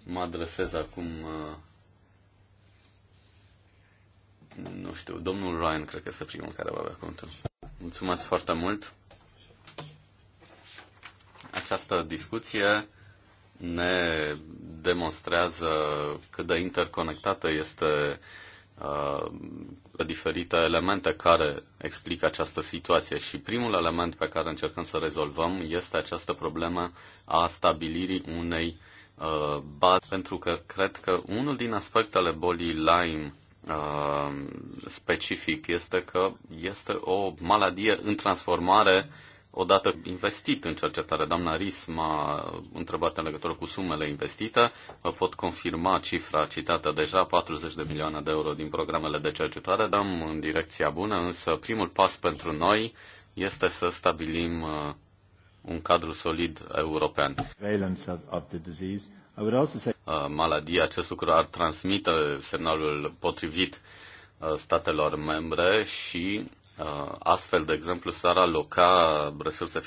Mă adresez acum... Uh, nu știu, domnul Ryan cred că este primul care va avea contul. Mulțumesc foarte mult. Această discuție ne demonstrează cât de interconectată este uh, pe diferite elemente care explică această situație și primul element pe care încercăm să rezolvăm este această problemă a stabilirii unei uh, baze, pentru că cred că unul din aspectele bolii Lyme uh, specific este că este o maladie în transformare uh, odată investit în cercetare. Doamna Ris m-a întrebat în legătură cu sumele investite. Vă pot confirma cifra citată deja, 40 de milioane de euro din programele de cercetare. Dăm în direcția bună, însă primul pas pentru noi este să stabilim uh, un cadru solid european. Uh, maladia, acest lucru ar transmite semnalul potrivit uh, statelor membre și Uh, astfel, de exemplu, s-ar aloca resurse